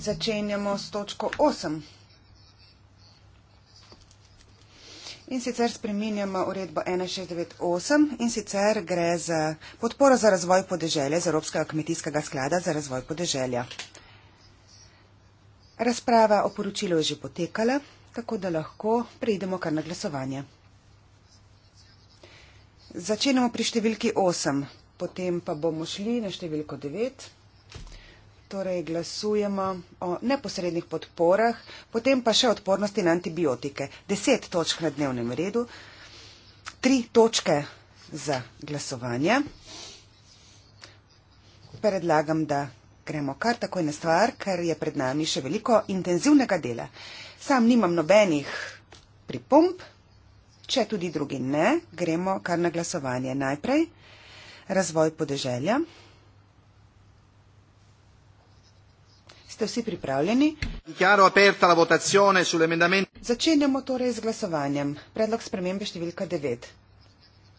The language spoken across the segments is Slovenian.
začenjamo s točko 8. In sicer spreminjamo uredbo 1698 in sicer gre za podporo za razvoj podeželja, za Evropskega kmetijskega sklada za razvoj podeželja. Razprava o poročilu je že potekala, tako da lahko prejdemo kar na glasovanje. Začenjamo pri številki 8, potem pa bomo šli na številko 9 torej glasujemo o neposrednih podporah, potem pa še odpornosti na antibiotike. Deset točk na dnevnem redu, tri točke za glasovanje. Predlagam, da gremo kar takoj na stvar, ker je pred nami še veliko intenzivnega dela. Sam nimam nobenih pripomp, če tudi drugi ne, gremo kar na glasovanje najprej. Razvoj podeželja. Ste vsi pripravljeni? Začenjamo torej z glasovanjem. Predlog spremembe številka 9.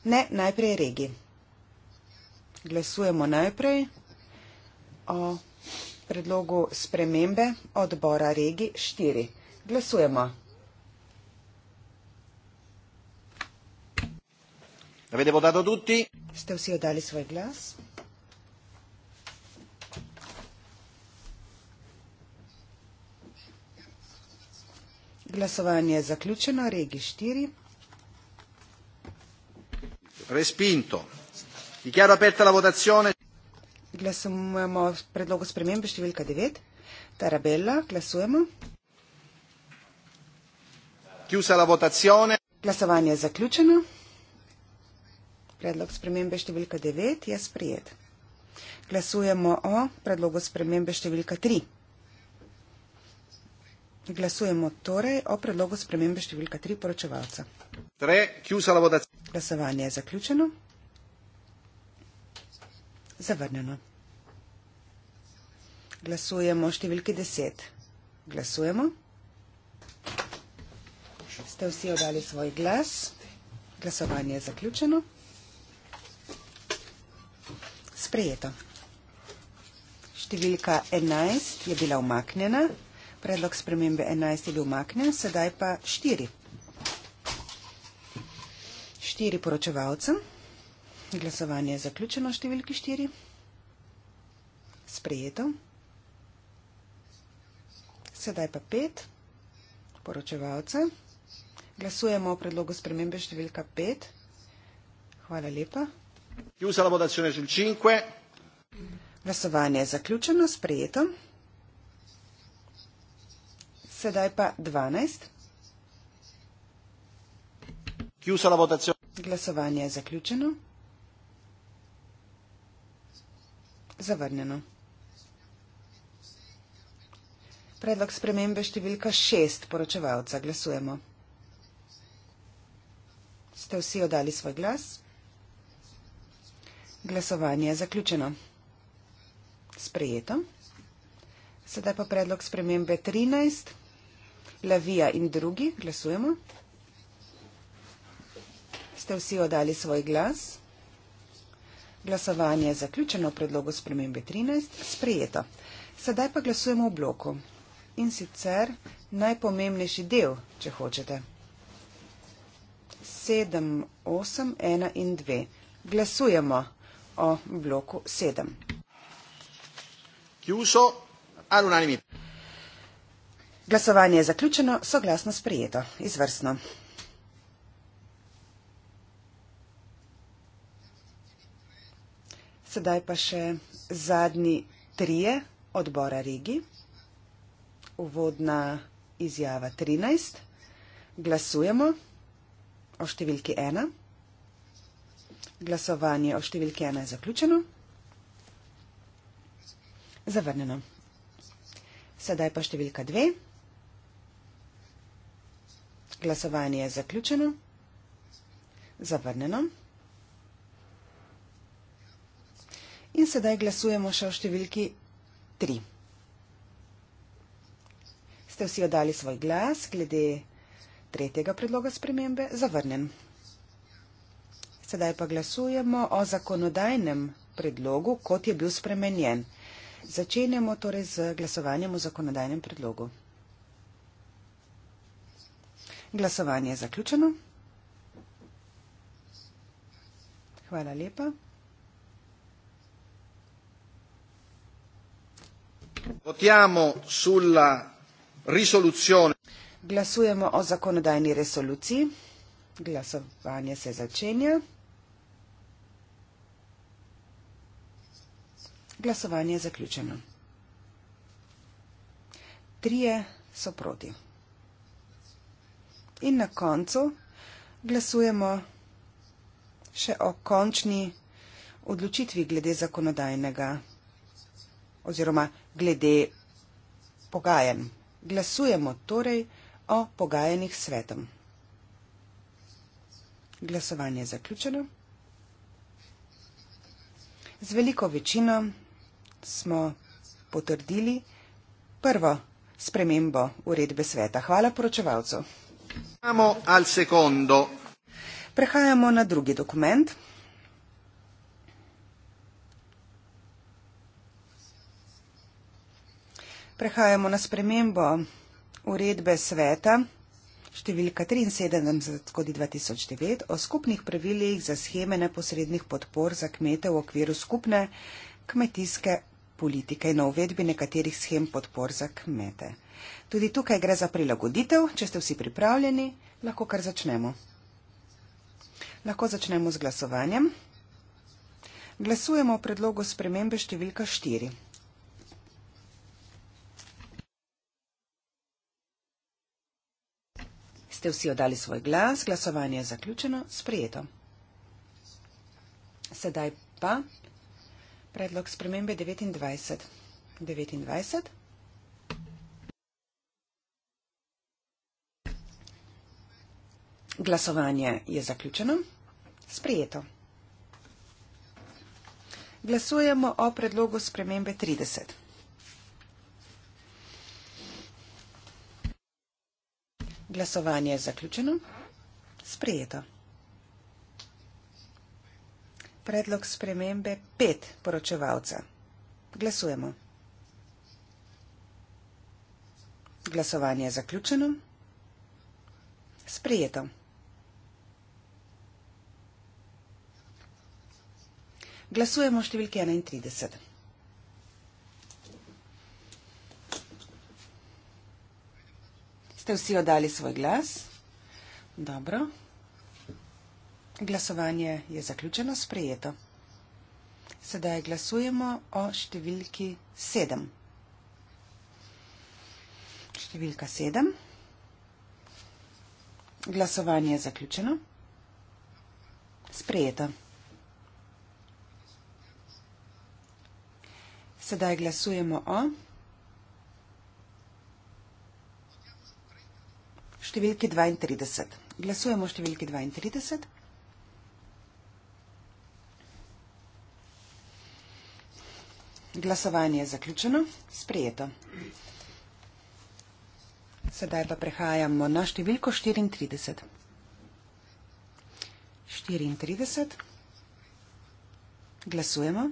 Ne, najprej regi. Glasujemo najprej o predlogu spremembe odbora regi 4. Glasujemo. Ste vsi oddali svoj glas? Glasovanje je zaključeno. Regi 4. Respinto. Dichiaro aperta la votazione. Glasujemo o predlogu spremembe številka 9. Tarabella, glasujemo. Chiusa la votazione. Glasovanje je zaključeno. Predlog spremembe številka 9 je sprijet. Glasujemo o predlogu spremembe številka 3. Glasujemo torej o predlogu spremembe številka 3 poročevalca. Glasovanje je zaključeno. Zavrnjeno. Glasujemo o številki 10. Glasujemo. Ste vsi oddali svoj glas. Glasovanje je zaključeno. Sprejeto. Številka 11 je bila umaknjena. Predlog spremembe 11 je bil umaknjen, sedaj pa 4. 4 poročevalcem. Glasovanje je zaključeno številki 4. Sprejeto. Sedaj pa 5 poročevalce. Glasujemo o predlogu spremembe številka 5. Hvala lepa. Glasovanje je zaključeno, sprejeto. Sedaj pa 12. Glasovanje je zaključeno. Zavrnjeno. Predlog spremembe številka 6 poročevalca. Glasujemo. Ste vsi oddali svoj glas? Glasovanje je zaključeno. Sprejeto. Sedaj pa predlog spremembe 13. Lavija in drugi. Glasujemo. Ste vsi oddali svoj glas? Glasovanje je zaključeno v predlogu spremembe 13. Sprejeto. Sedaj pa glasujemo v bloku. In sicer najpomembnejši del, če hočete. 7, 8, 1 in 2. Glasujemo o bloku 7. Chiuso all'unanimità. Glasovanje je zaključeno, soglasno sprejeto. Izvrstno. Sedaj pa še zadnji trije odbora regi. Uvodna izjava 13. Glasujemo o številki 1. Glasovanje o številki 1 je zaključeno. Zavrnjeno. Sedaj pa številka 2. Glasovanje je zaključeno. Zavrnjeno. In sedaj glasujemo še v številki 3. Ste vsi oddali svoj glas glede tretjega predloga spremembe? Zavrnen. Sedaj pa glasujemo o zakonodajnem predlogu, kot je bil spremenjen. Začenjamo torej z glasovanjem o zakonodajnem predlogu. Glasovanje je zaključeno. Hvala lepa. Votiamo sulla risoluzione. Glasujemo o zakonodajni resoluciji. Glasovanje se začenja. Glasovanje je zaključeno. Trije so proti in na koncu glasujemo še o končni odločitvi glede zakonodajnega oziroma glede pogajanj. Glasujemo torej o pogajanjih svetom. Glasovanje je zaključeno. Z veliko večino smo potrdili prvo spremembo uredbe sveta. Hvala poročevalcu. Siamo al secondo. Prehajamo na drugi dokument. Prehajamo na spremembo uredbe sveta številka 73.2009 o skupnih pravilih za scheme neposrednih podpor za kmete v okviru skupne kmetijske politike in o uvedbi nekaterih schem podpor za kmete. Tudi tukaj gre za prilagoditev. Če ste vsi pripravljeni, lahko kar začnemo. Lahko začnemo z glasovanjem. Glasujemo o predlogu spremembe številka 4. Ste vsi oddali svoj glas, glasovanje je zaključeno, sprejeto. Sedaj pa predlog spremembe 29. 29. Glasovanje je zaključeno. Sprijeto. Glasujemo o predlogu spremembe 30. Glasovanje je zaključeno. Sprijeto. Predlog spremembe 5 poročevalca. Glasujemo. Glasovanje je zaključeno. Sprijeto. Glasujemo številke 31. Ste vsi oddali svoj glas? Dobro. Glasovanje je zaključeno, sprejeto. Sedaj glasujemo o številki 7. Številka 7. Glasovanje je zaključeno. Sprejeto. Sedaj glasujemo o. Številki 32. Glasujemo o številki 32. Glasovanje je zaključeno. Sprejeto. Sedaj pa prehajamo na številko 34. 34. Glasujemo.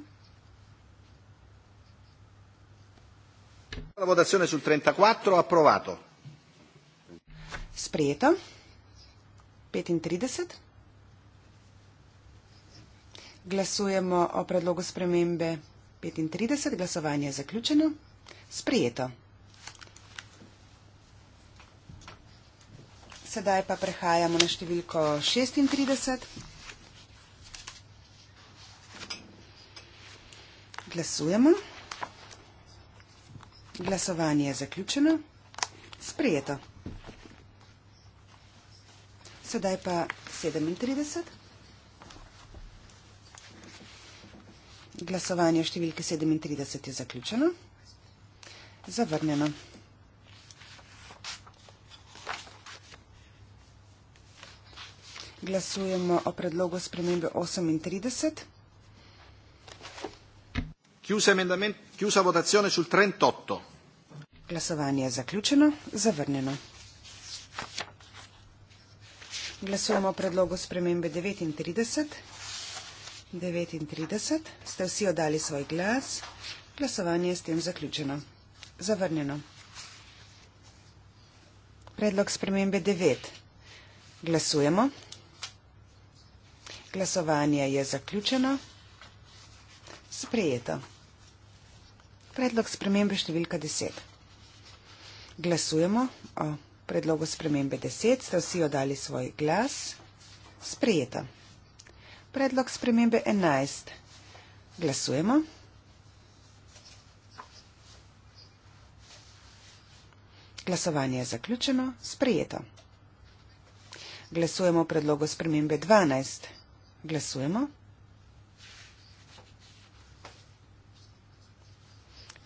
La votazione sul 34 approvato. Sprejeto. 35. Glasujemo o predlogu spremembe 35. Glasovanje je zaključeno. Sprejeto. Sedaj pa prehajamo na številko 36. Glasujemo. Glasovanje je zaključeno. Sprijeto. Sedaj pa 37. Glasovanje številke 37 je zaključeno. Zavrnjeno. Glasujemo o predlogu spremembe 38. Glasujemo chiusa votazione sul 38. Glasovanje je zaključeno, zavrnjeno. Glasujemo o predlogu spremembe 39. 39. Ste vsi oddali svoj glas. Glasovanje je s tem zaključeno. Zavrnjeno. Predlog spremembe 9. Glasujemo. Glasovanje je zaključeno. Sprejeto predlog spremembe številka 10. Glasujemo o predlogu spremembe 10. Ste vsi odali svoj glas? Sprejeta. Predlog spremembe 11. Glasujemo. Glasovanje je zaključeno. Sprejeto. Glasujemo o predlogu spremembe 12. Glasujemo.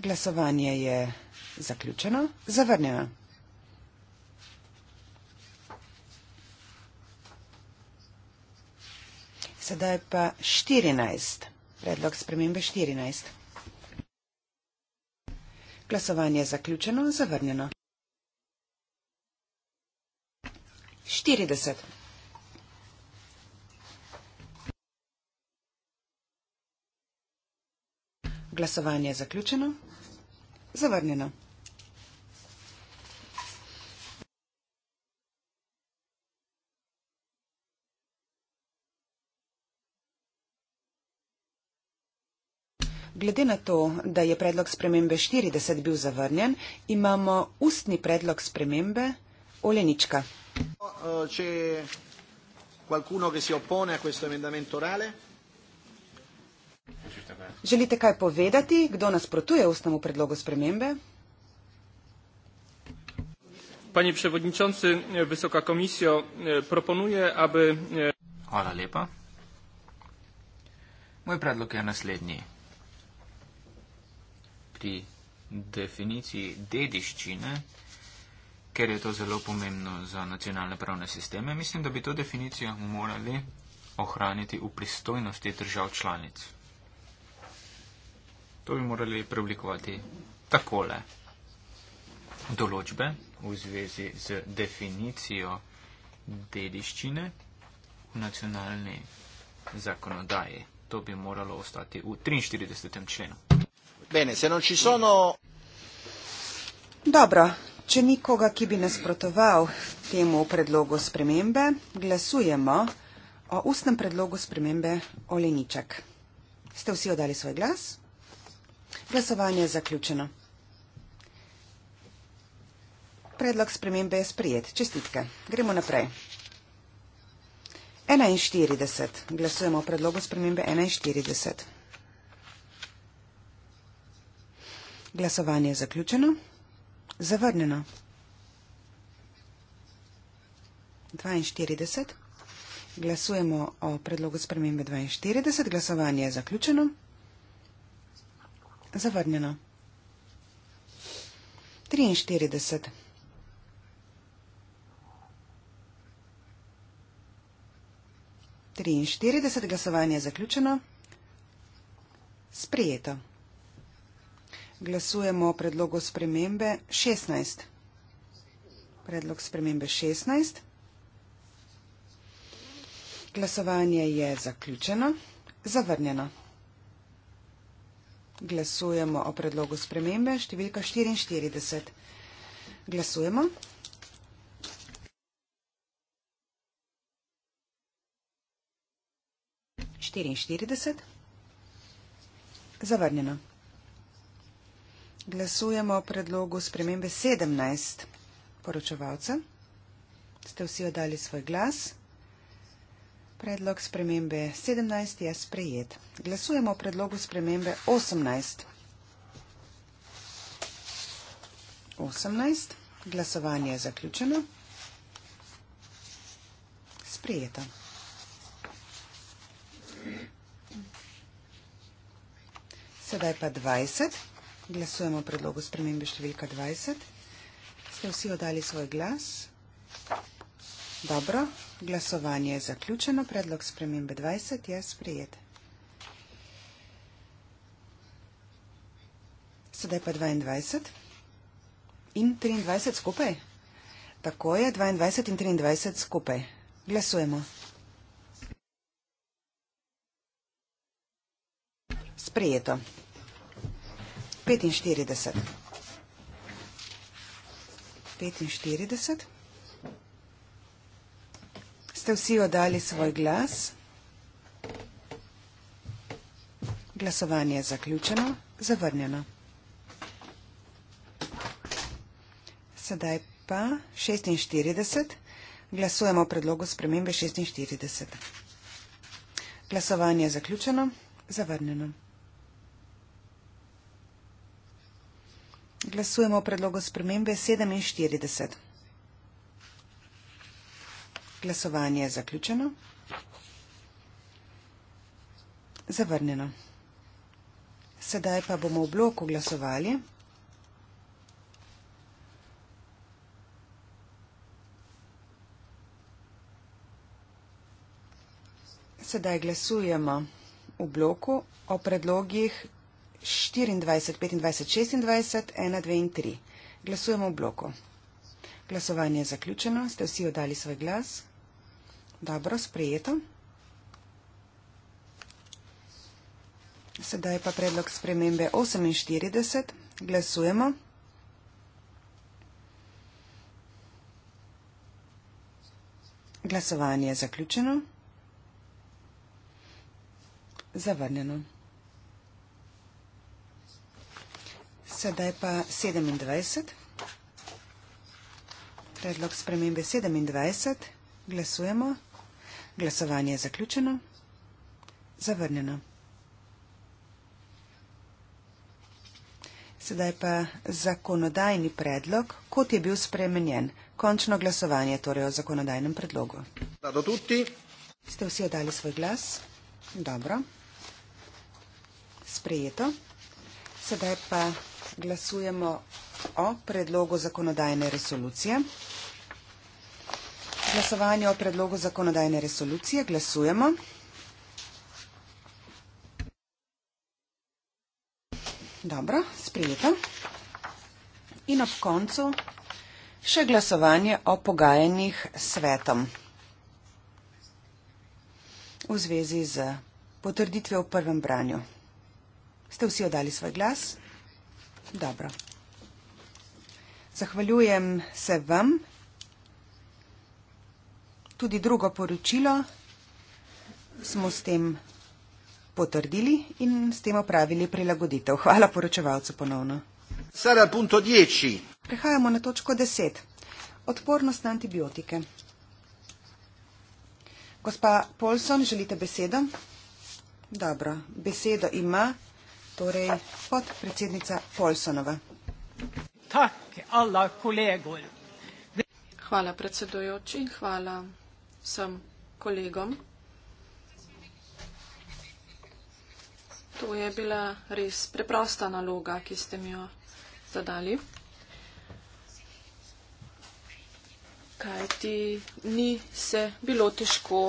Glasovanje je zaključeno. Zavrnjeno. Sedaj pa 14. Predlog spremembe 14. Glasovanje je zaključeno. Zavrnjeno. 40. Glasovanje je zaključeno zavrnjena. Glede na to, da je predlog spremembe 40 bil zavrnjen, imamo ustni predlog spremembe Olenička. Če je kakšno, ki se opone na to emendamento orale? Če Želite kaj povedati, kdo nasprotuje ustnemu predlogu spremembe? Panie przewodniczący, Wysoka Komisjo, proponuję, aby... E, Hvala lepa. Moj predlog je naslednji. Pri definiciji dediščine, ker je to zelo pomembno za nacionalne pravne sisteme, mislim, da bi to definicijo morali ohraniti v pristojnosti držav članic. To bi morali preoblikovati takole. Določbe v zvezi z definicijo dediščine v nacionalni zakonodaji. To bi moralo ostati v 43. členu. Bene, se non ci sono... Dobro, če nikoga, ki bi nasprotoval temu predlogu spremembe, glasujemo o ustnem predlogu spremembe Oleniček. Ste vsi oddali svoj glas? Glasovanje je zaključeno. Predlog spremembe je sprijet. Čestitke. Gremo naprej. 41. Glasujemo o predlogu spremembe 41. Glasovanje je zaključeno. Zavrnjeno. 42. Glasujemo o predlogu spremembe 42. Glasovanje je zaključeno. Zavrnjeno. 43. Triinštirideset glasovanje je zaključeno. Sprijeto. Glasujemo o predlogu spremembe šestnajst. Predlog spremembe šestnajst. Glasovanje je zaključeno. Zavrnjeno. Glasujemo o predlogu spremembe številka 44. Glasujemo. Štiriinštirideset. Zavrnjeno. Glasujemo o predlogu spremembe sedemnajst poročevalca. Ste vsi oddali svoj glas? Predlog spremembe 17 je sprejet. Glasujemo o predlogu spremembe 18. 18. Glasovanje je zaključeno. Sprejeto. Sedaj pa 20. Glasujemo o predlogu spremembe številka 20. Ste vsi oddali svoj glas? Dobro. Glasovanje je zaključeno. Predlog spremembe 20 je sprejet. Sedaj pa 22 in 23 skupaj. Tako je, 22 in 23 skupaj. Glasujemo. Sprejeto. 45. 45. Ste vsi oddali svoj glas? Glasovanje je zaključeno. Zavrnjeno. Sedaj pa 46. Glasujemo o predlogu spremembe 46. Glasovanje je zaključeno. Zavrnjeno. Glasujemo o predlogu spremembe 47. Glasovanje je zaključeno. Zavrnjeno. Sedaj pa bomo v bloku glasovali. Sedaj glasujemo v bloku o predlogih 24, 25, 26, 1, 2 in 3. Glasujemo v bloku. Glasovanje je zaključeno. Ste vsi oddali svoj glas? dobro sprejeto. Sedaj pa predlog spremembe 48. Glasujemo. Glasovanje je zaključeno. Zavrnjeno. Sedaj pa 27. Predlog spremembe 27. Glasujemo. Glasujemo. Glasovanje je zaključeno. Zavrnjeno. Sedaj pa zakonodajni predlog, kot je bil spremenjen. Končno glasovanje torej o zakonodajnem predlogu. Ste vsi oddali svoj glas? Dobro. Sprejeto. Sedaj pa glasujemo o predlogu zakonodajne resolucije glasovanje o predlogu zakonodajne resolucije. Glasujemo. Dobro, sprejeto. In ob koncu še glasovanje o pogajanjih s svetom v zvezi z potrditvijo v prvem branju. Ste vsi oddali svoj glas? Dobro. Zahvaljujem se vam tudi drugo poročilo smo s tem potrdili in s tem opravili prilagoditev. Hvala poročevalcu ponovno. Prehajamo na točko 10. Odpornost na antibiotike. Gospa Polson, želite besedo? Dobro, besedo ima torej podpredsednica Polsonova. Hvala predsedujoči, hvala vsem kolegom. To je bila res preprosta naloga, ki ste mi jo zadali. Kaj ti ni se bilo težko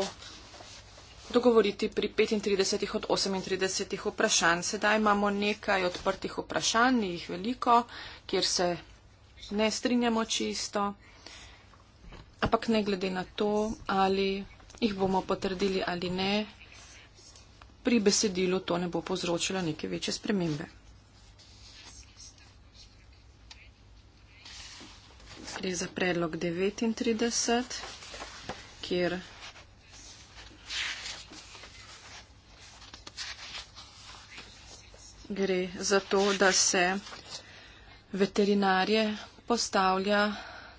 dogovoriti pri 35 od 38 vprašanj. Sedaj imamo nekaj odprtih vprašanj, jih veliko, kjer se ne strinjamo čisto ampak ne glede na to, ali jih bomo potrdili ali ne, pri besedilu to ne bo povzročilo neke večje spremembe. Gre za predlog 39, kjer gre za to, da se veterinarje postavlja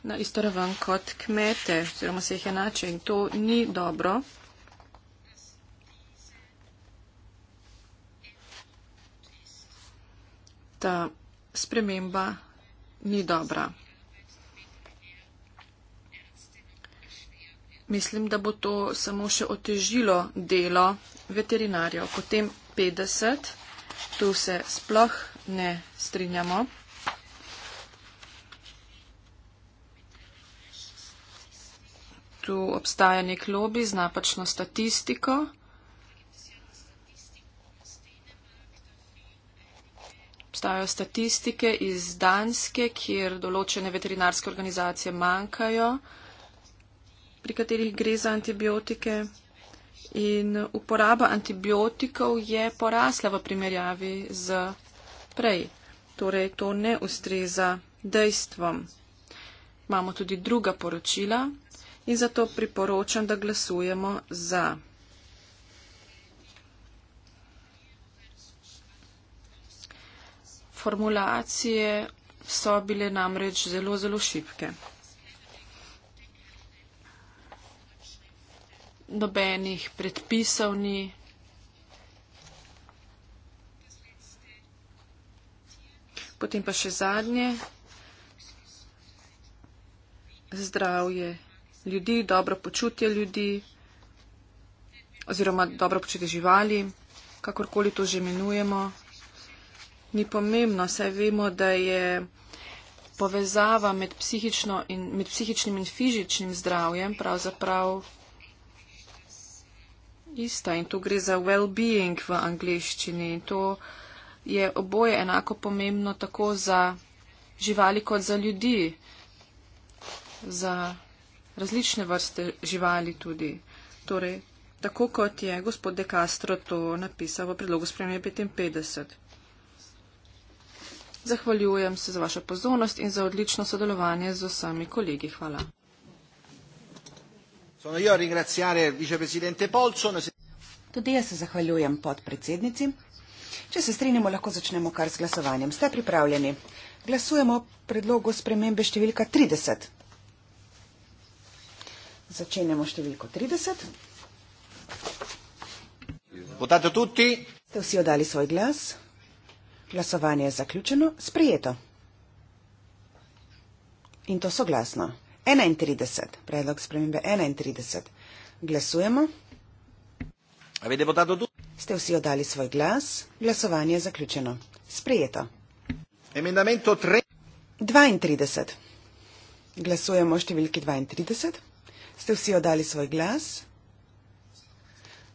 na isto raven kot kmete, oziroma se jih enače in to ni dobro. Ta sprememba ni dobra. Mislim, da bo to samo še otežilo delo veterinarjev. Potem 50, tu se sploh ne strinjamo. tu obstaja nek lobby z napačno statistiko. Obstajajo statistike iz Danske, kjer določene veterinarske organizacije manjkajo, pri katerih gre za antibiotike. In uporaba antibiotikov je porasla v primerjavi z prej. Torej, to ne ustreza dejstvom. Imamo tudi druga poročila in zato priporočam, da glasujemo za. Formulacije so bile namreč zelo, zelo šipke. Nobenih predpisov ni. Potem pa še zadnje. Zdravje ljudi, dobro počutje ljudi oziroma dobro počutje živali, kakorkoli to že imenujemo. Ni pomembno, saj vemo, da je povezava med, in, med psihičnim in fizičnim zdravjem pravzaprav ista in tu gre za well-being v angliščini. In to je oboje enako pomembno tako za živali kot za ljudi. Za različne vrste živali tudi. Torej, tako kot je gospod De Castro to napisal v predlogu spremembe 55. Zahvaljujem se za vašo pozornost in za odlično sodelovanje z vsemi kolegi. Hvala. Tudi jaz se zahvaljujem podpredsednici. Če se strinjamo, lahko začnemo kar z glasovanjem. Ste pripravljeni? Glasujemo o predlogu spremembe številka 30. Začenjamo številko 30. Votate tutti. Ste vsi oddali svoj glas? Glasovanje je zaključeno, sprijeto. In to so glasno. 31. Predlog spremembe 31. Glasujemo. Avete votato tutti? Ste vsi oddali svoj glas? Glasovanje je zaključeno. Sprijeto. Emendamento 3. 32. Glasujemo o številki 32. Ste vsi oddali svoj glas?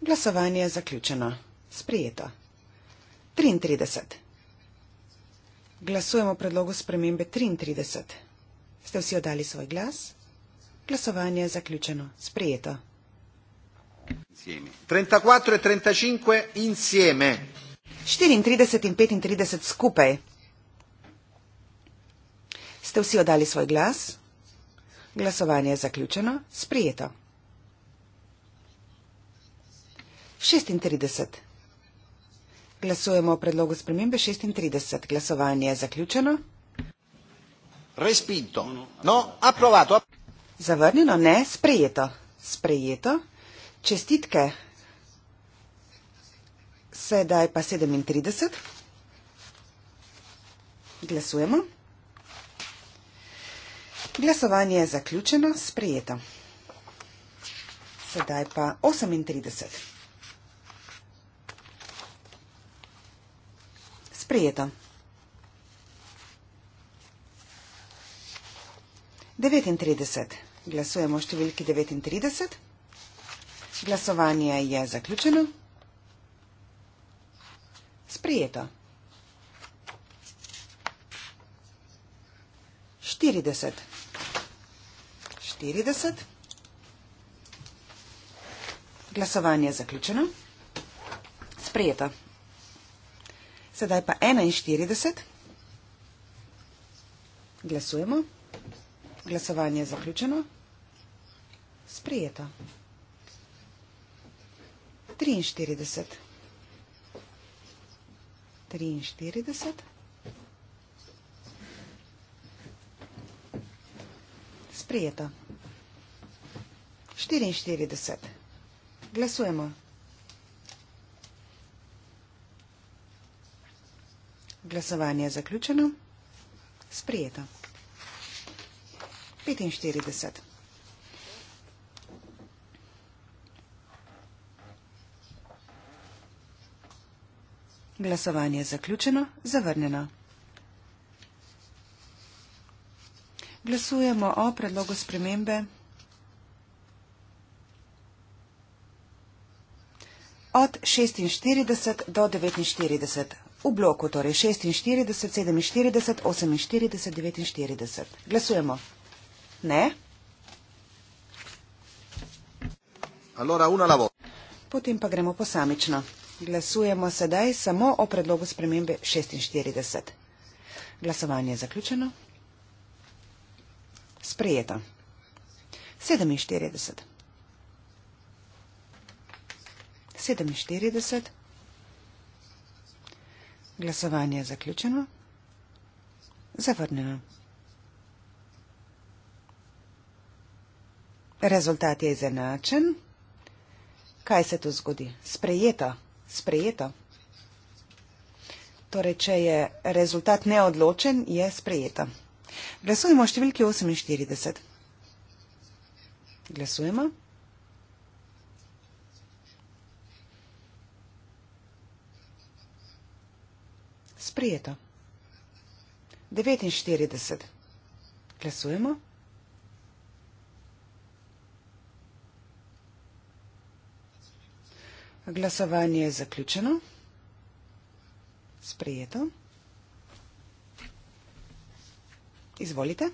Glasovanje je zaključeno. Sprijeto. 33. Glasujemo predlogu spremembe 33. Ste vsi oddali svoj glas? Glasovanje je zaključeno. Sprijeto. 34 e in 35 insieme. 34 in 35 skupaj. Ste vsi oddali svoj glas? Glasovanje je zaključeno. Sprijeto. 36. Glasujemo o predlogu spremembe 36. Glasovanje je zaključeno. Respinto. No, approvato. Zavrnjeno, ne, sprejeto. Sprejeto. Čestitke. Sedaj pa 37. Glasujemo. Glasovanje je zaključeno, sprejeto. Sedaj pa 38. Sprejeto. 39. Glasujemo o številki 39. Glasovanje je zaključeno. Sprejeto. 40. 40. Glasovanje zaključeno. Sprejeto. Sedaj pa 41. Glasujemo. Glasovanje zaključeno. Sprejeto. 43. 43. Sprejeto. 44. Glasujemo. Glasovanje je zaključeno. Sprijeto. 45. Glasovanje je zaključeno. Zavrnjeno. Glasujemo o predlogu spremembe. od 46 do 49. V bloku torej 46, 47, 48, 49. Glasujemo. Ne. Allora una la volta. Potem pa gremo posamično. Glasujemo sedaj samo o predlogu spremembe 46. Glasovanje je zaključeno. Sprejeto. 47. 47. Glasovanje je zaključeno. Zavrnjeno. Rezultat je izenačen. Kaj se tu zgodi? Sprejeto. Sprejeto. Torej, če je rezultat neodločen, je sprejeto. Glasujemo o številki 48. Glasujemo. Sprijeto. 49. Glasujemo. Glasovanje je zaključeno. Sprijeto. Izvolite.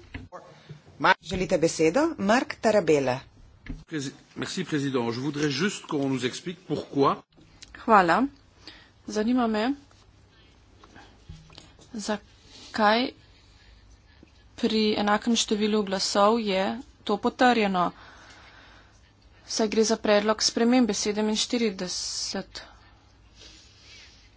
Želite besedo? Mark Tarabela. Hvala. Zanima me, zakaj pri enakem številu glasov je to potrjeno. Saj gre za predlog spremembe 47.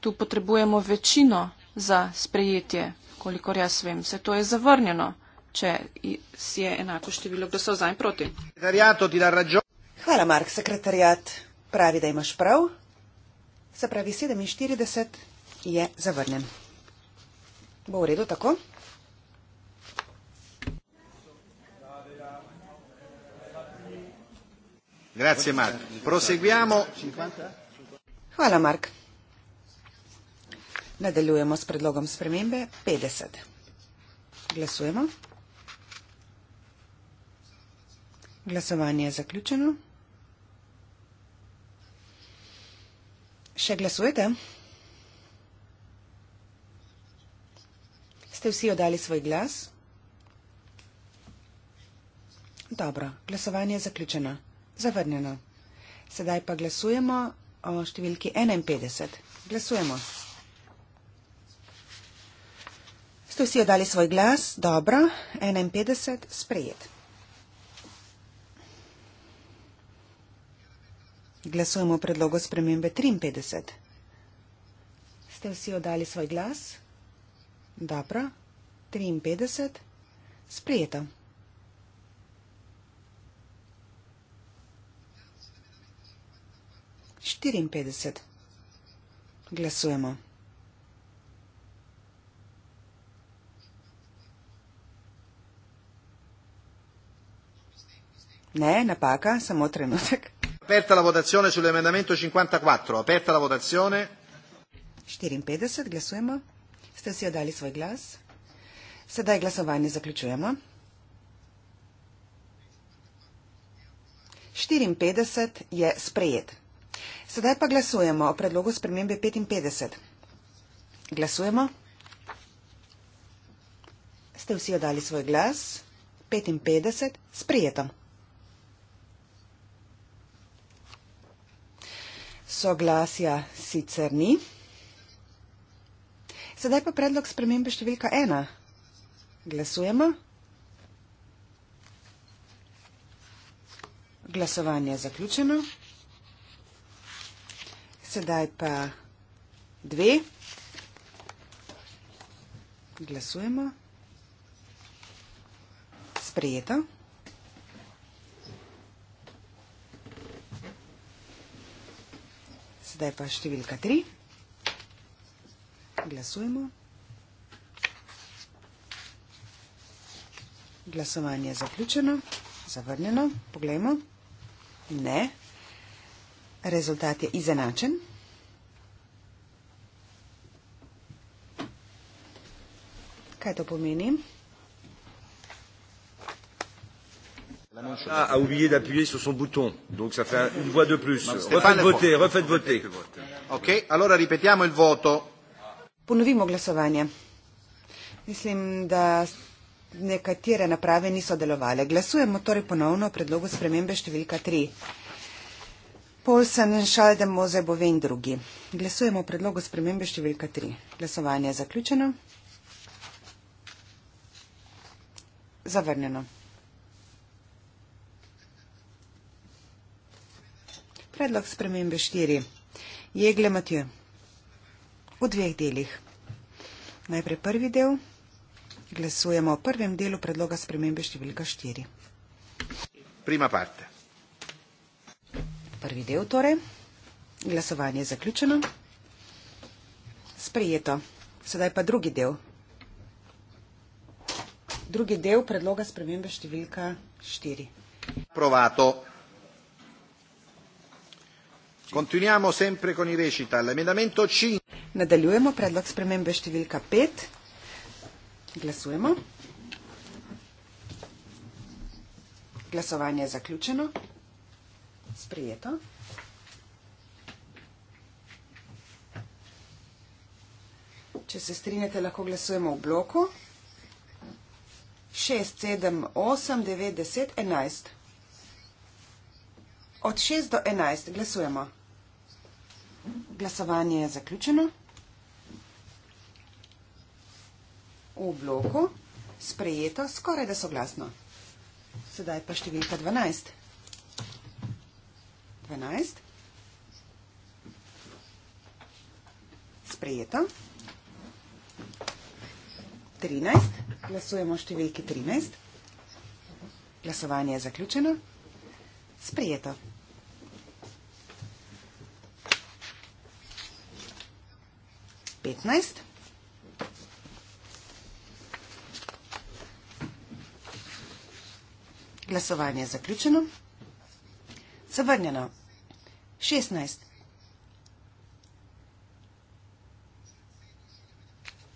Tu potrebujemo večino za sprejetje, kolikor jaz vem. Se to je zavrnjeno, če je enako število glasov za in proti. Hvala, Mark, sekretarjat. Pravi, da imaš prav. Se pravi, 47 je zavrnjen. Bo v redu tako? Grazie, Mark. Proseguiamo. Hvala, Mark. Nadaljujemo s predlogom spremembe 50. Glasujemo. Glasovanje je zaključeno. Še glasujete? Ste vsi oddali svoj glas? Dobro, glasovanje je zaključeno. Zavrnjeno. Sedaj pa glasujemo o številki 51. Glasujemo. Ste vsi oddali svoj glas? Dobro, 51, sprejet. Glasujemo o predlogu spremembe 53. Ste vsi oddali svoj glas? Dobro, 53, sprijeto. Štiriinpetdeset. Glasujemo. Ne, napaka, samo trenutek. Aperta la votazione sull'emendamento 54. Aperta la votazione. Štiriinpetdeset, glasujemo ste si oddali svoj glas. Sedaj glasovanje zaključujemo. 54 je sprejet. Sedaj pa glasujemo o predlogu spremembe 55. Glasujemo. Ste vsi oddali svoj glas. 55 sprejeto. Soglasja sicer ni. Sedaj pa predlog spremembe številka ena. Glasujemo. Glasovanje je zaključeno. Sedaj pa dve. Glasujemo. Sprejeto. Sedaj pa številka tri glasujemo. Glasovanje je zaključeno, zavrnjeno. Poglejmo. Ne. Rezultat je izenačen. Kaj to pomeni? Ah, a oublié d'appuyer sur son bouton, donc ça fait une voix de plus. Refaites voter, refaites voter. Ok, alors répétons le vote. Refaites voter. Ponovimo glasovanje. Mislim, da nekatere naprave niso delovale. Glasujemo torej ponovno o predlogu spremembe številka 3. Polsen, Šaldem, Moze, Bove in drugi. Glasujemo o predlogu spremembe številka 3. Glasovanje je zaključeno. Zavrnjeno. Predlog spremembe 4. Jegle Matjo v dveh delih. Najprej prvi del. Glasujemo o prvem delu predloga spremembe številka 4. Prima parte. Prvi del torej. Glasovanje je zaključeno. Sprejeto. Sedaj pa drugi del. Drugi del predloga spremembe številka 4. Provato. Continuiamo sempre con i recital. Emendamento 5. Nadaljujemo predlog spremembe številka 5. Glasujemo. Glasovanje je zaključeno. Sprijeto. Če se strinjate, lahko glasujemo v bloku. 6, 7, 8, 9, 10, 11. Od 6 do 11 glasujemo. Glasovanje je zaključeno. v bloku, sprejeto skoraj da soglasno. Sedaj pa številka 12. 12. Sprejeto. 13. Glasujemo o številki 13. Glasovanje je zaključeno. Sprejeto. Petnajst. Glasovanje je zaključeno. Zavrnjeno. 16.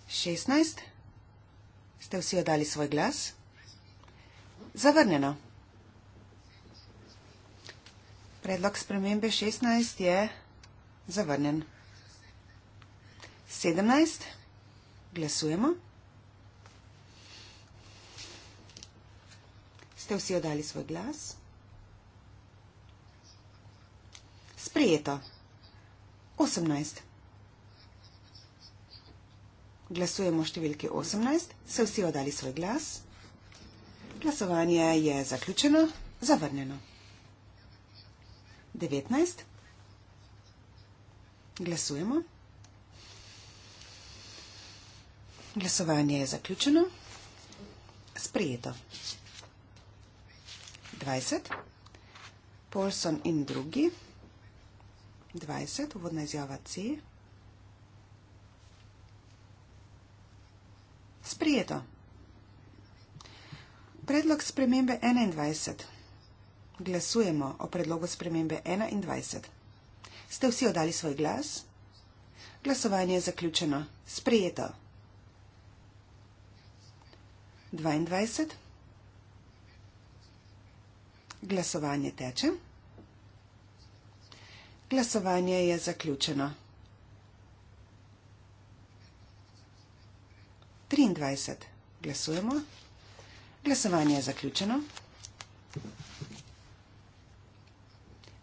16. Ste vsi oddali svoj glas? Zavrnjeno. Predlog spremembe 16 je zavrnjen. 17. Glasujemo. 17. ste vsi odali svoj glas? Sprijeto. 18. Glasujemo številki 18. Se vsi odali svoj glas? Glasovanje je zaključeno, zavrneno. 19. Glasujemo. Glasovanje je zaključeno. Sprijeto. 20, Paulson in drugi, 20, uvodna izjava C. Sprijeto. Predlog spremembe 21. Glasujemo o predlogu spremembe 21. Ste vsi oddali svoj glas? Glasovanje je zaključeno. Sprijeto. 22. Glasovanje teče. Glasovanje je zaključeno. 23. Glasujemo. Glasovanje je zaključeno.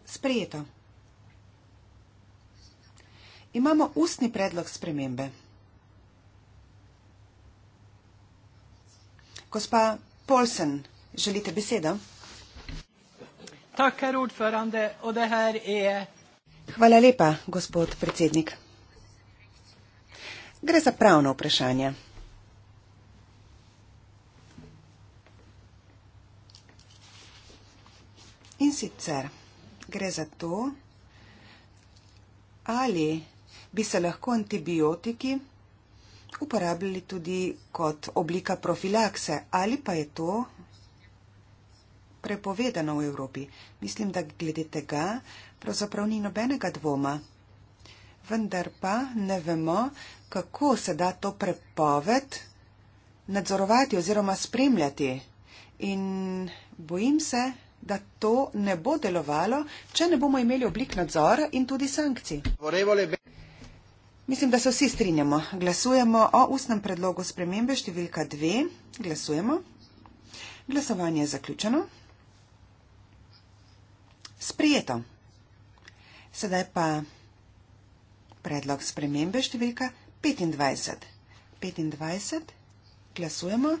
Sprejeto. Imamo ustni predlog spremembe. Gospa Polsen, želite besedo? Tak, ordförande, och det här är... Hvala lepa, gospod predsednik. Gre za pravno vprašanje. In sicer gre za to, ali bi se lahko antibiotiki uporabljali tudi kot oblika profilakse, ali pa je to prepovedano v Evropi. Mislim, da glede tega pravzaprav ni nobenega dvoma. Vendar pa ne vemo, kako se da to prepoved nadzorovati oziroma spremljati. In bojim se, da to ne bo delovalo, če ne bomo imeli oblik nadzora in tudi sankcij. Mislim, da se vsi strinjamo. Glasujemo o ustnem predlogu spremembe številka 2. Glasujemo. Glasovanje je zaključeno. Sprijeto. Sedaj pa predlog spremembe številka 25. 25. Glasujemo.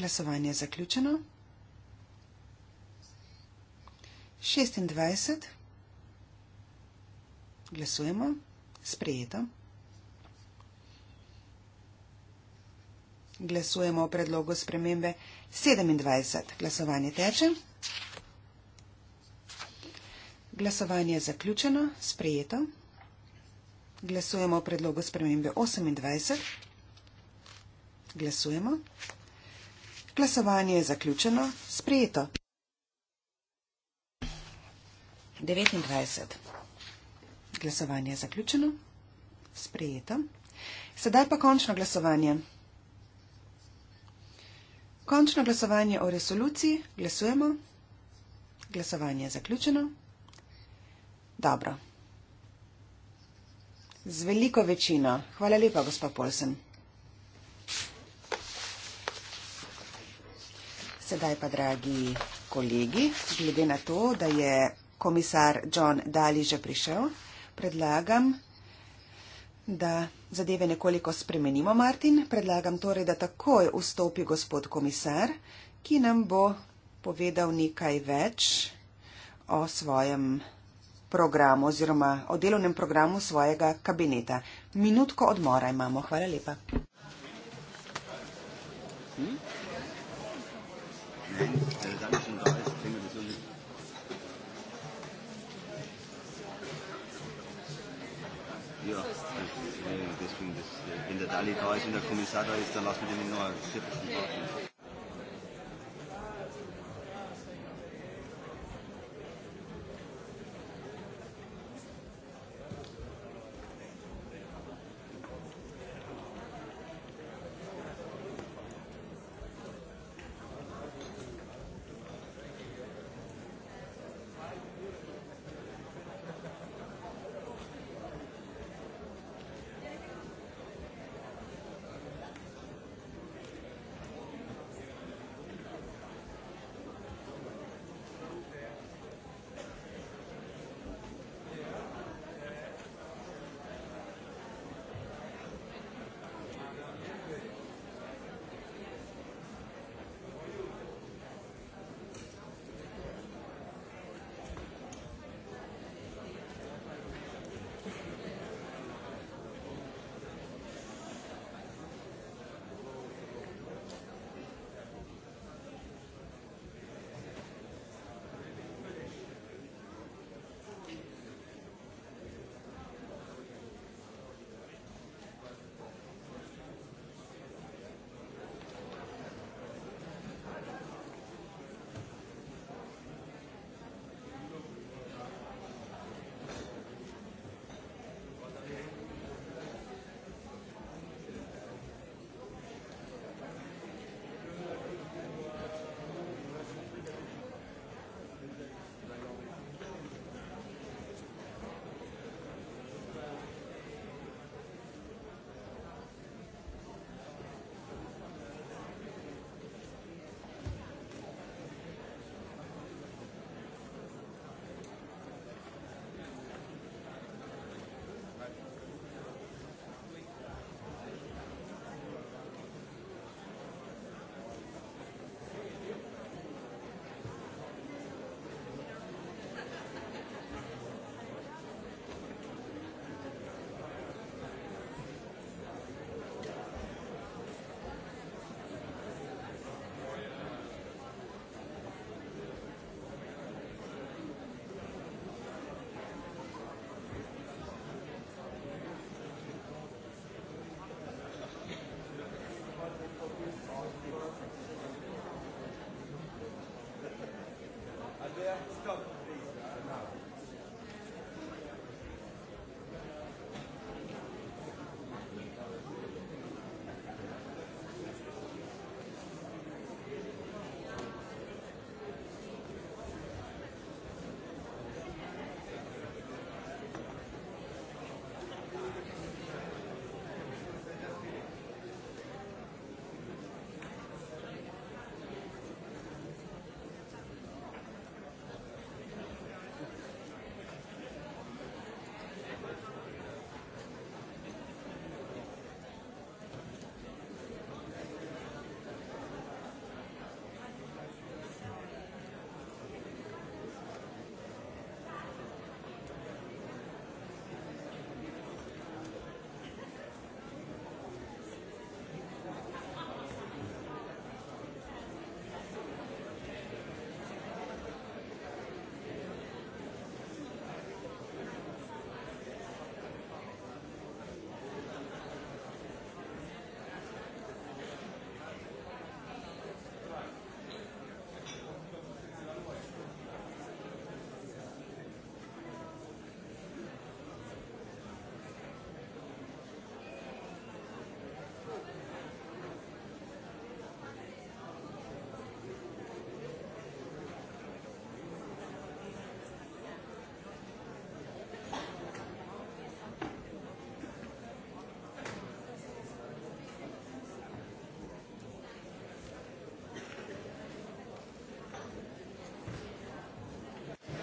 Glasovanje je zaključeno. 26. Glasujemo. Sprijeto. Glasujemo o predlogu spremembe 26. 27. Glasovanje teče. Glasovanje je zaključeno, sprejeto. Glasujemo o predlogu spremembe 28. Glasujemo. Glasovanje je zaključeno, sprejeto. 29. Glasovanje je zaključeno, sprejeto. Sedaj pa končno glasovanje. Končno glasovanje o resoluciji. Glasujemo. Glasovanje je zaključeno. Dobro. Z veliko večino. Hvala lepa, gospod Polsen. Sedaj pa, dragi kolegi, glede na to, da je komisar John Dali že prišel, predlagam, da zadeve nekoliko spremenimo, Martin. Predlagam torej, da takoj vstopi gospod komisar, ki nam bo povedal nekaj več o svojem programu oziroma o delovnem programu svojega kabineta. Minutko odmora imamo. Hvala lepa. Hm? Ja alle da ist in der Kommissar da ist, dann lassen wir den in nur einen Tipp.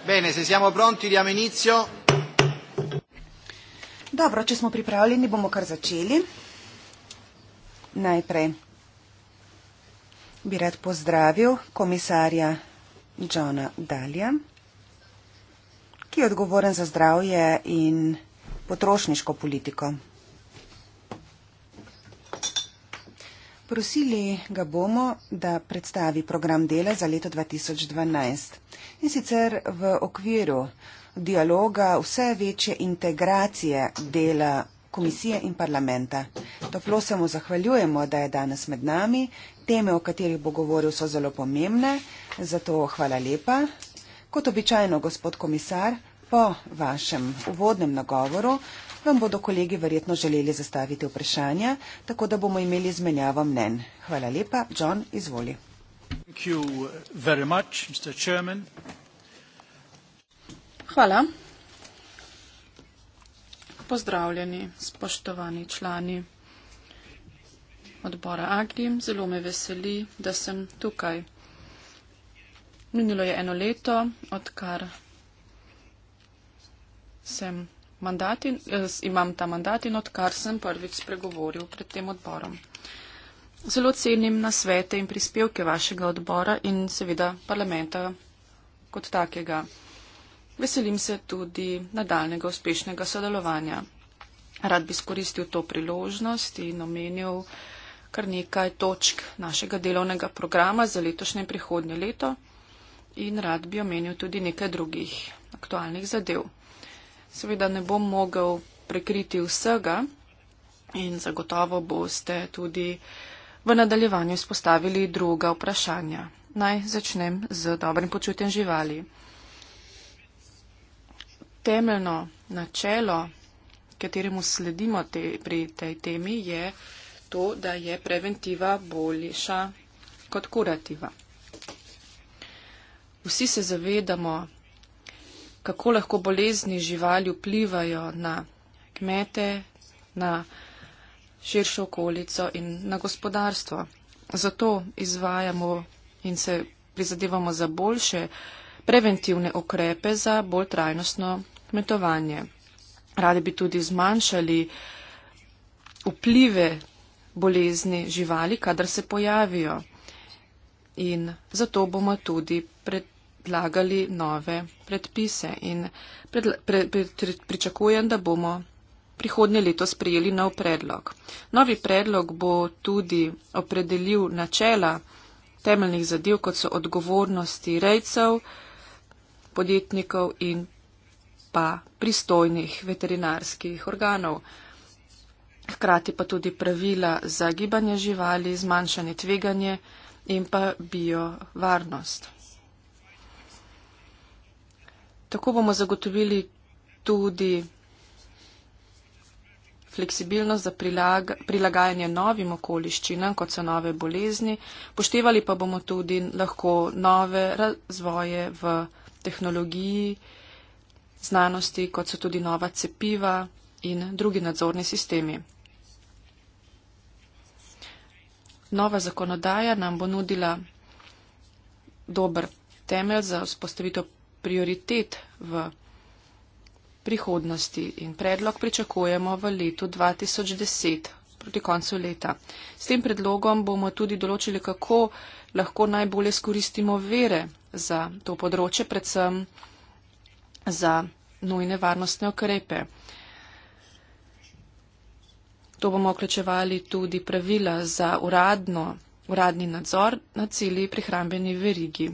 Bene, se siamo pronti diamo inizio. Dobro, če smo pripravljeni, bomo kar začeli. Najprej bi rad pozdravil komisarja Johna Dalja, ki je odgovoren za zdravje in potrošniško politiko. Prosili ga bomo, da predstavi program dela za leto 2012 in sicer v okviru dialoga vse večje integracije dela komisije in parlamenta. Toplo se mu zahvaljujemo, da je danes med nami. Teme, o katerih bo govoril, so zelo pomembne, zato hvala lepa. Kot običajno, gospod komisar, po vašem uvodnem nagovoru vam bodo kolegi verjetno želeli zastaviti vprašanja, tako da bomo imeli izmenjavo mnen. Hvala lepa. John, izvoli. Thank you very much, Mr. Chairman. Hvala. Pozdravljeni, spoštovani člani odbora Agri. Zelo me veseli, da sem tukaj. Minilo je eno leto, odkar sem mandat in, eh, imam ta mandat in odkar sem prvič spregovoril pred tem odborom. Zelo cenim nasvete in prispevke vašega odbora in seveda parlamenta kot takega. Veselim se tudi nadaljnega uspešnega sodelovanja. Rad bi skoristil to priložnost in omenil kar nekaj točk našega delovnega programa za letošnje in prihodnje leto in rad bi omenil tudi nekaj drugih aktualnih zadev. Seveda ne bom mogel prekriti vsega in zagotovo boste tudi v nadaljevanju izpostavili druga vprašanja. Naj začnem z dobrim počutjem živali temeljno načelo, kateremu sledimo te, pri tej temi, je to, da je preventiva boljša kot kurativa. Vsi se zavedamo, kako lahko bolezni živali vplivajo na kmete, na širšo okolico in na gospodarstvo. Zato izvajamo in se prizadevamo za boljše uh, preventivne ukrepe za bolj trajnostno kmetovanje. Radi bi tudi zmanjšali vplive bolezni živali, kadar se pojavijo. In zato bomo tudi predlagali nove predpise. In pre pre pre pričakujem, da bomo prihodnje leto sprejeli nov predlog. Novi predlog bo tudi opredelil načela temeljnih zadev, kot so odgovornosti rejcev, podjetnikov in pa pristojnih veterinarskih organov. Hkrati pa tudi pravila za gibanje živali, zmanjšanje tveganje in pa biovarnost. Tako bomo zagotovili tudi fleksibilnost za prilaga, prilagajanje novim okoliščinam, kot so nove bolezni, poštevali pa bomo tudi lahko nove razvoje v okolju tehnologiji, znanosti, kot so tudi nova cepiva in drugi nadzorni sistemi. Nova zakonodaja nam bo nudila dober temelj za vzpostavitev prioritet v prihodnosti in predlog pričakujemo v letu 2010 proti koncu leta. S tem predlogom bomo tudi določili, kako lahko najbolje skoristimo vere za to področje, predvsem za nujne varnostne okrepe. To bomo vključevali tudi pravila za uradno, uradni nadzor na cilji prihrambeni verigi.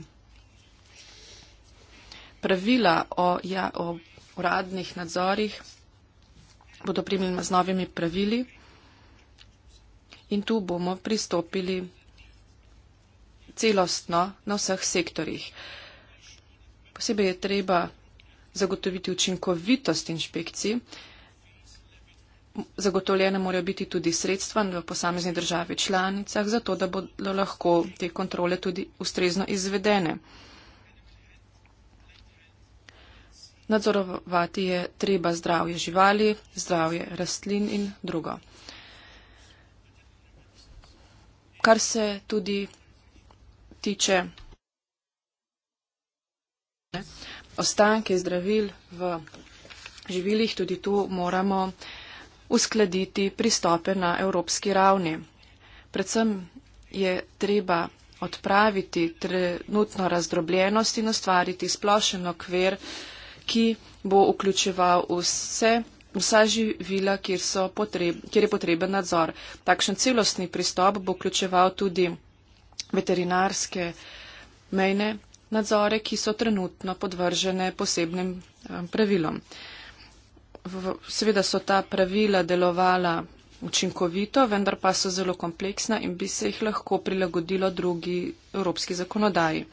Pravila o, ja, o uradnih nadzorih bodo primljena z novimi pravili in tu bomo pristopili celostno na vseh sektorjih. Posebej je treba zagotoviti učinkovitost inšpekcij. Zagotovljene morajo biti tudi sredstva v posamezni državi članicah, zato da bodo lahko te kontrole tudi ustrezno izvedene. Nadzorovati je treba zdravje živali, zdravje rastlin in drugo. Kar se tudi tiče ostanke zdravil v živilih, tudi tu moramo uskladiti pristope na evropski ravni. Predvsem je treba odpraviti trenutno razdrobljenost in ustvariti splošen okvir, ki bo vključeval vse, vsa živila, kjer, potreb, kjer je potreben nadzor. Takšen celostni pristop bo vključeval tudi veterinarske mejne nadzore, ki so trenutno podvržene posebnim eh, pravilom. Seveda so ta pravila delovala učinkovito, vendar pa so zelo kompleksna in bi se jih lahko prilagodilo drugi evropski zakonodaji.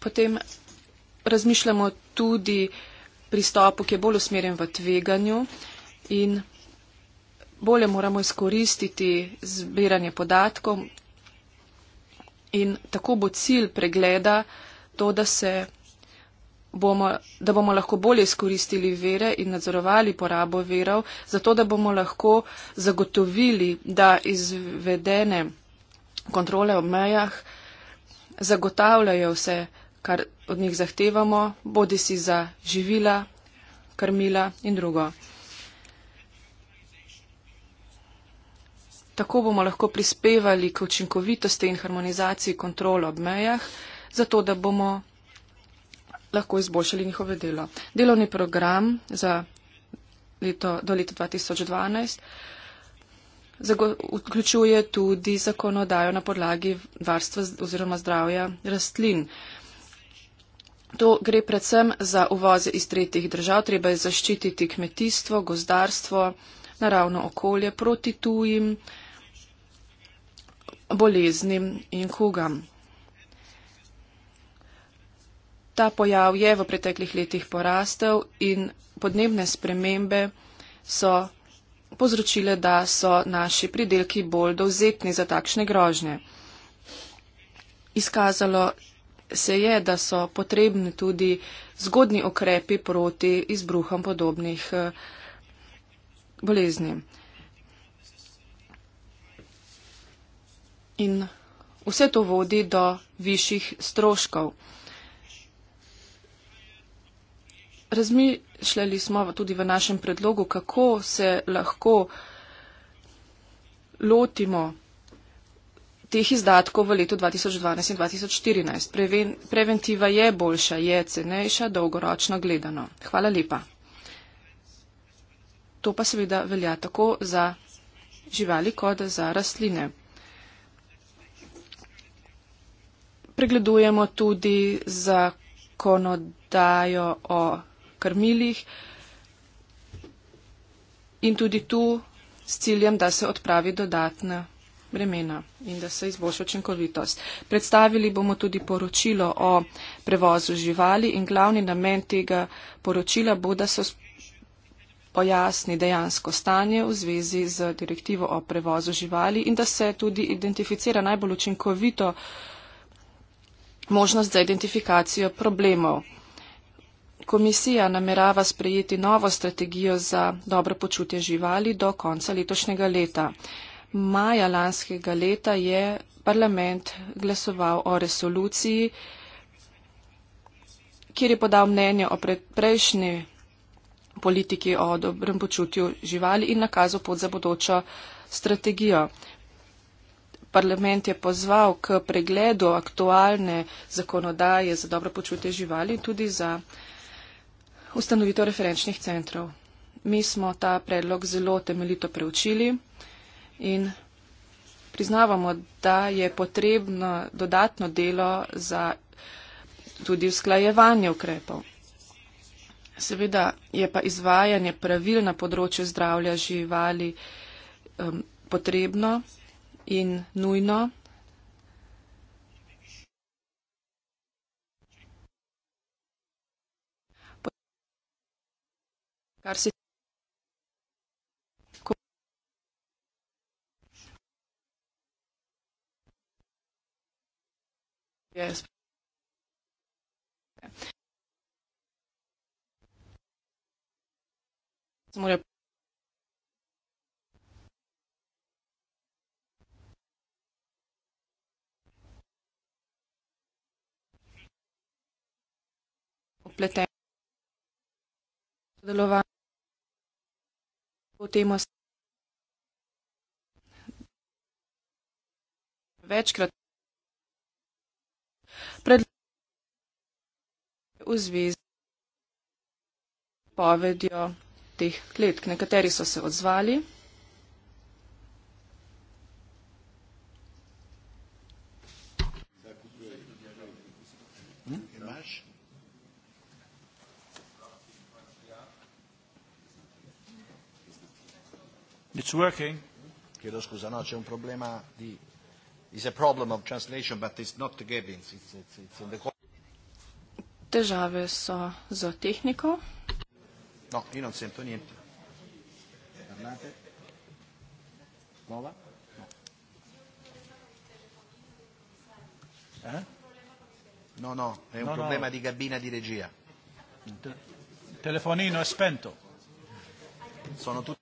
Potem razmišljamo tudi pristopu, ki je bolj usmerjen v tveganju in bolje moramo izkoristiti zbiranje podatkov in tako bo cilj pregleda to, da, bomo, da bomo lahko bolje izkoristili vere in nadzorovali porabo verov, zato da bomo lahko zagotovili, da izvedene kontrole ob mejah zagotavljajo vse, kar od njih zahtevamo, bodi si za živila, krmila in drugo. Tako bomo lahko prispevali k učinkovitosti in harmonizaciji kontrol ob mejah, zato da bomo lahko izboljšali njihove delo. Delovni program za leto, do leta 2012 vključuje tudi zakonodajo na podlagi varstva oziroma zdravja rastlin. To gre predvsem za uvoze iz tretjih držav. Treba je zaščititi kmetijstvo, gozdarstvo, naravno okolje proti tujim boleznim in kugam. Ta pojav je v preteklih letih porastel in podnebne spremembe so povzročile, da so naši pridelki bolj dovzetni za takšne grožnje. Izkazalo se je, da so potrebni tudi zgodni okrepi proti izbruhom podobnih eh, bolezni. in vse to vodi do višjih stroškov. Razmišljali smo tudi v našem predlogu, kako se lahko lotimo teh izdatkov v letu 2012 in 2014. Preven, preventiva je boljša, je cenejša, dolgoročno gledano. Hvala lepa. To pa seveda velja tako za živali kot za rastline. pregledujemo tudi zakonodajo o krmilih in tudi tu s ciljem, da se odpravi dodatna bremena in da se izboljša učinkovitost. Predstavili bomo tudi poročilo o prevozu živali in glavni namen tega poročila bo, da se pojasni dejansko stanje v zvezi z direktivo o prevozu živali in da se tudi identificira najbolj učinkovito uh, možnost za identifikacijo problemov. Komisija namerava sprejeti novo strategijo za dobro počutje živali do konca letošnjega leta. Maja lanskega leta je parlament glasoval o resoluciji, kjer je podal mnenje o prejšnji politiki o dobrem počutju živali in nakazal pot za bodočo strategijo parlament je pozval k pregledu aktualne zakonodaje za dobro počutje živali in tudi za ustanovitev referenčnih centrov. Mi smo ta predlog zelo temeljito preučili in priznavamo, da je potrebno dodatno delo za tudi usklajevanje ukrepov. Seveda je pa izvajanje pravil na področju zdravja živali um, potrebno in nujno. Kar si tako. Yes. Zmore. Yeah. vpleteni v delovanje po tem osebi. Večkrat predlagam v zvezi povedjo teh kletk. Nekateri so se odzvali. It's working. Chiedo scusa, no, c'è un problema di... It's a problem of translation, but it's not the Gabins. It's, it's, it's in the... Težave so za tehniko. No, io non sento niente. Parlate. Nova? No. Eh? No, no, è un no, no. problema no. di cabina di regia. Il telefonino è spento. Sono tutti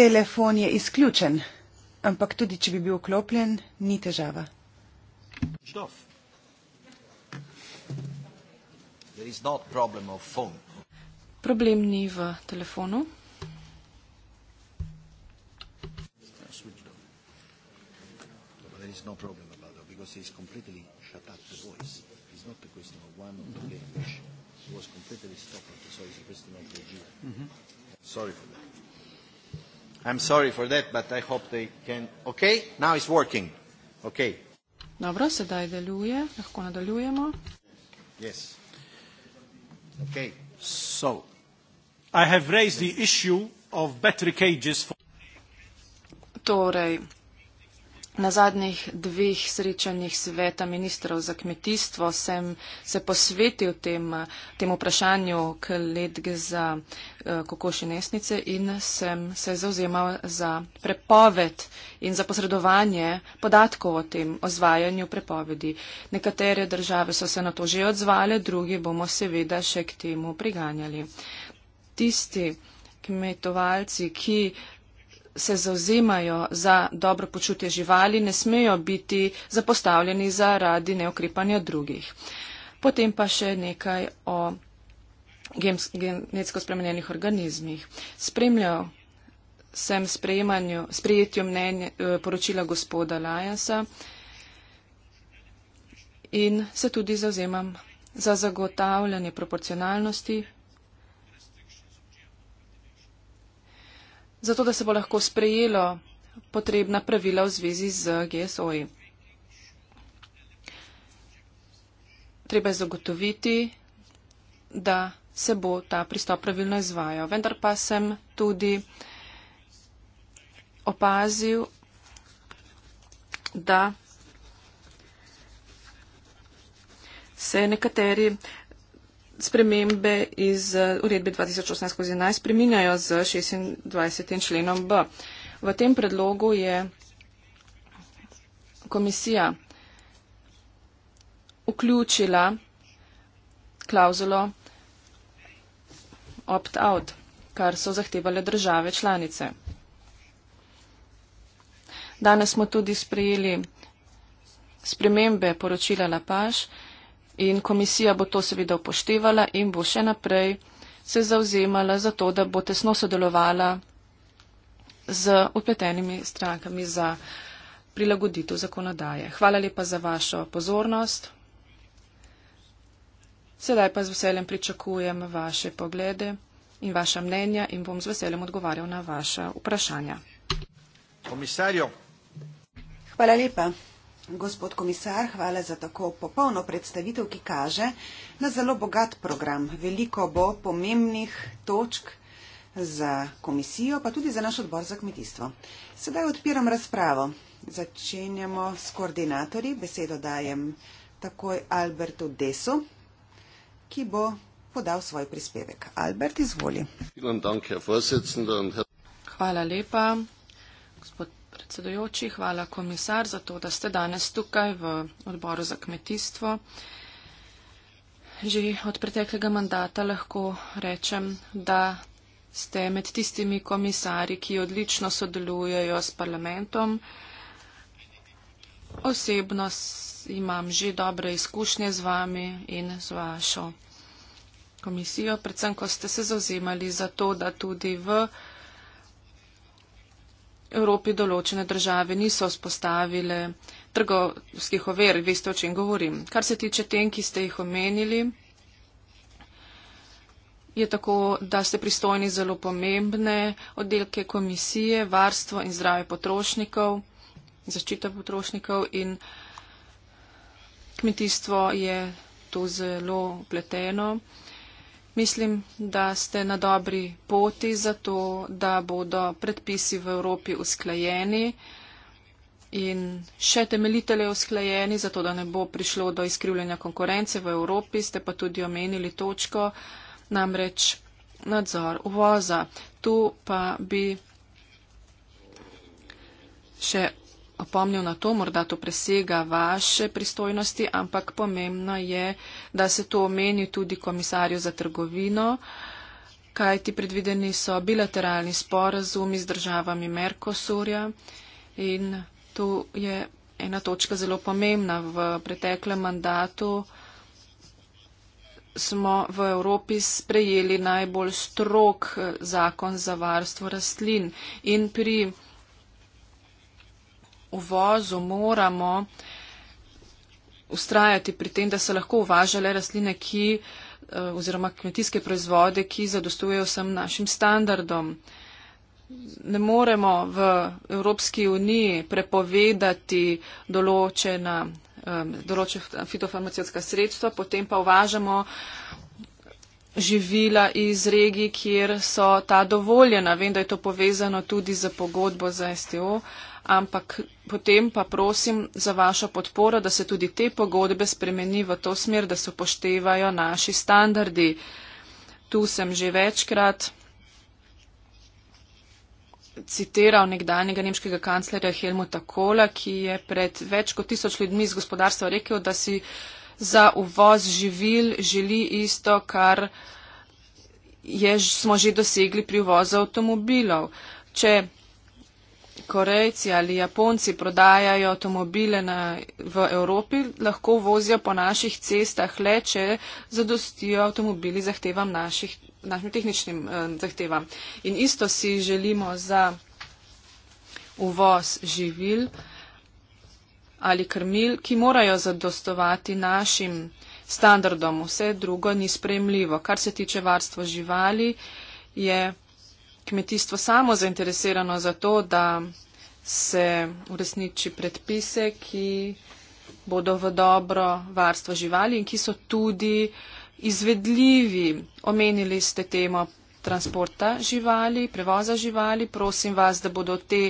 telefon je izključen, ampak tudi če bi bil vklopljen, ni težava. No problem ni v telefonu. Mm -hmm. I'm sorry for that, but I hope they can. Okay, now it's working. Okay. Dobro, sedaj deluje. Lahko nadaljujemo. Yes. Okay. So, I have raised the issue of battery cages for... Torej, Na zadnjih dveh srečanjih sveta ministrov za kmetijstvo sem se posvetil tem, tem vprašanju kledge za eh, kokošinesnice in sem se zauzemal za prepoved in za posredovanje podatkov o tem ozvajanju prepovedi. Nekatere države so se na to že odzvale, drugi bomo seveda še k temu priganjali. Tisti kmetovalci, ki se zauzemajo za dobro počutje živali, ne smejo biti zapostavljeni zaradi neokrepanja drugih. Potem pa še nekaj o genetsko spremenjenih organizmih. Spremljal sem sprejetju mnenje, eh, poročila gospoda Lajansa in se tudi zauzemam za zagotavljanje proporcionalnosti zato da se bo lahko sprejelo potrebna pravila v zvezi z GSO-ji. Treba je zagotoviti, da se bo ta pristop pravilno izvajal. Vendar pa sem tudi opazil, da se nekateri spremembe iz eh, uredbe 2018-11 preminjajo z 26. členom B. V tem predlogu je komisija vključila klauzulo opt-out, kar so zahtevale države članice. Danes smo tudi sprejeli spremembe poročila Lapaš in komisija bo to seveda upoštevala in bo še naprej se zauzemala za to, da bo tesno sodelovala z upletenimi strankami za prilagoditev zakonodaje. Hvala lepa za vašo pozornost. Sedaj pa z veseljem pričakujem vaše poglede in vaša mnenja in bom z veseljem odgovarjal na vaša vprašanja. Komisarjo. Hvala lepa. Gospod komisar, hvala za tako popolno predstavitev, ki kaže na zelo bogat program. Veliko bo pomembnih točk za komisijo, pa tudi za naš odbor za kmetijstvo. Sedaj odpiram razpravo. Začenjamo s koordinatorji. Besedo dajem takoj Albertu Desu, ki bo podal svoj prispevek. Albert, izvoli. Hvala lepa, gospod predsedujoči, hvala komisar za to, da ste danes tukaj v odboru za kmetijstvo. Že od preteklega mandata lahko rečem, da ste med tistimi komisari, ki odlično sodelujejo s parlamentom. Osebno imam že dobre izkušnje z vami in z vašo komisijo, predvsem ko ste se zauzemali za to, da tudi v Evropi določene države niso spostavile trgovskih ovir, veste, o čem govorim. Kar se tiče tem, ki ste jih omenili, je tako, da ste pristojni zelo pomembne oddelke komisije, varstvo in zdrave potrošnikov, zaščita potrošnikov in kmetijstvo je tu zelo pleteno. Mislim, da ste na dobri poti za to, da bodo predpisi v Evropi usklajeni in še temeljitele usklajeni, zato da ne bo prišlo do izkrivljanja konkurence v Evropi. Ste pa tudi omenili točko, namreč nadzor uvoza. Tu pa bi še opomnil na to, morda to presega vaše pristojnosti, ampak pomembno je, da se to omeni tudi komisarju za trgovino, kaj ti predvideni so bilateralni sporazumi z državami Merkosurja in tu je ena točka zelo pomembna. V preteklem mandatu smo v Evropi sprejeli najbolj strok eh, zakon za varstvo rastlin in pri uvozu moramo ustrajati pri tem, da se lahko uvažale rastline, ki eh, oziroma kmetijske proizvode, ki zadostujejo vsem našim standardom. Ne moremo v Evropski uniji prepovedati določena, določena fitofarmacijska sredstva, potem pa uvažamo živila iz regij, kjer so ta dovoljena. Vem, da je to povezano tudi z pogodbo za STO ampak potem pa prosim za vašo podporo, da se tudi te pogodbe spremeni v to smer, da se upoštevajo naši standardi. Tu sem že večkrat citiral nekdanjega nemškega kanclerja Helmuta Kola, ki je pred več kot tisoč ljudmi iz gospodarstva rekel, da si za uvoz živil želi isto, kar je, smo že dosegli pri uvozu avtomobilov. Če Korejci ali Japonci prodajajo avtomobile na, v Evropi, lahko vozijo po naših cestah le, če zadostijo avtomobili zahtevam naših, našim tehničnim eh, zahtevam. In isto si želimo za uvoz živil ali krmil, ki morajo zadostovati našim standardom. Vse drugo ni spremljivo. Kar se tiče varstva živali, je kmetijstvo samo zainteresirano za to, da se uresniči predpise, ki bodo v dobro varstvo živali in ki so tudi izvedljivi. Omenili ste temo transporta živali, prevoza živali. Prosim vas, da bodo te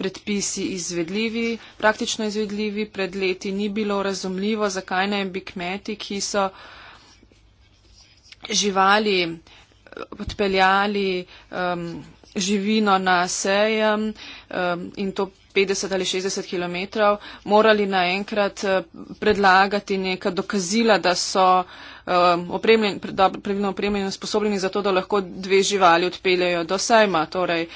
predpisi izvedljivi, praktično izvedljivi. Pred leti ni bilo razumljivo, zakaj naj bi kmeti, ki so živali, odpeljali um, živino na sejem um, in to 50 ali 60 km, morali naenkrat uh, predlagati neka dokazila, da so um, opremljen, da, pravilno opremljeni in sposobljeni za to, da lahko dve živali odpeljajo do sejma. Torej, uh,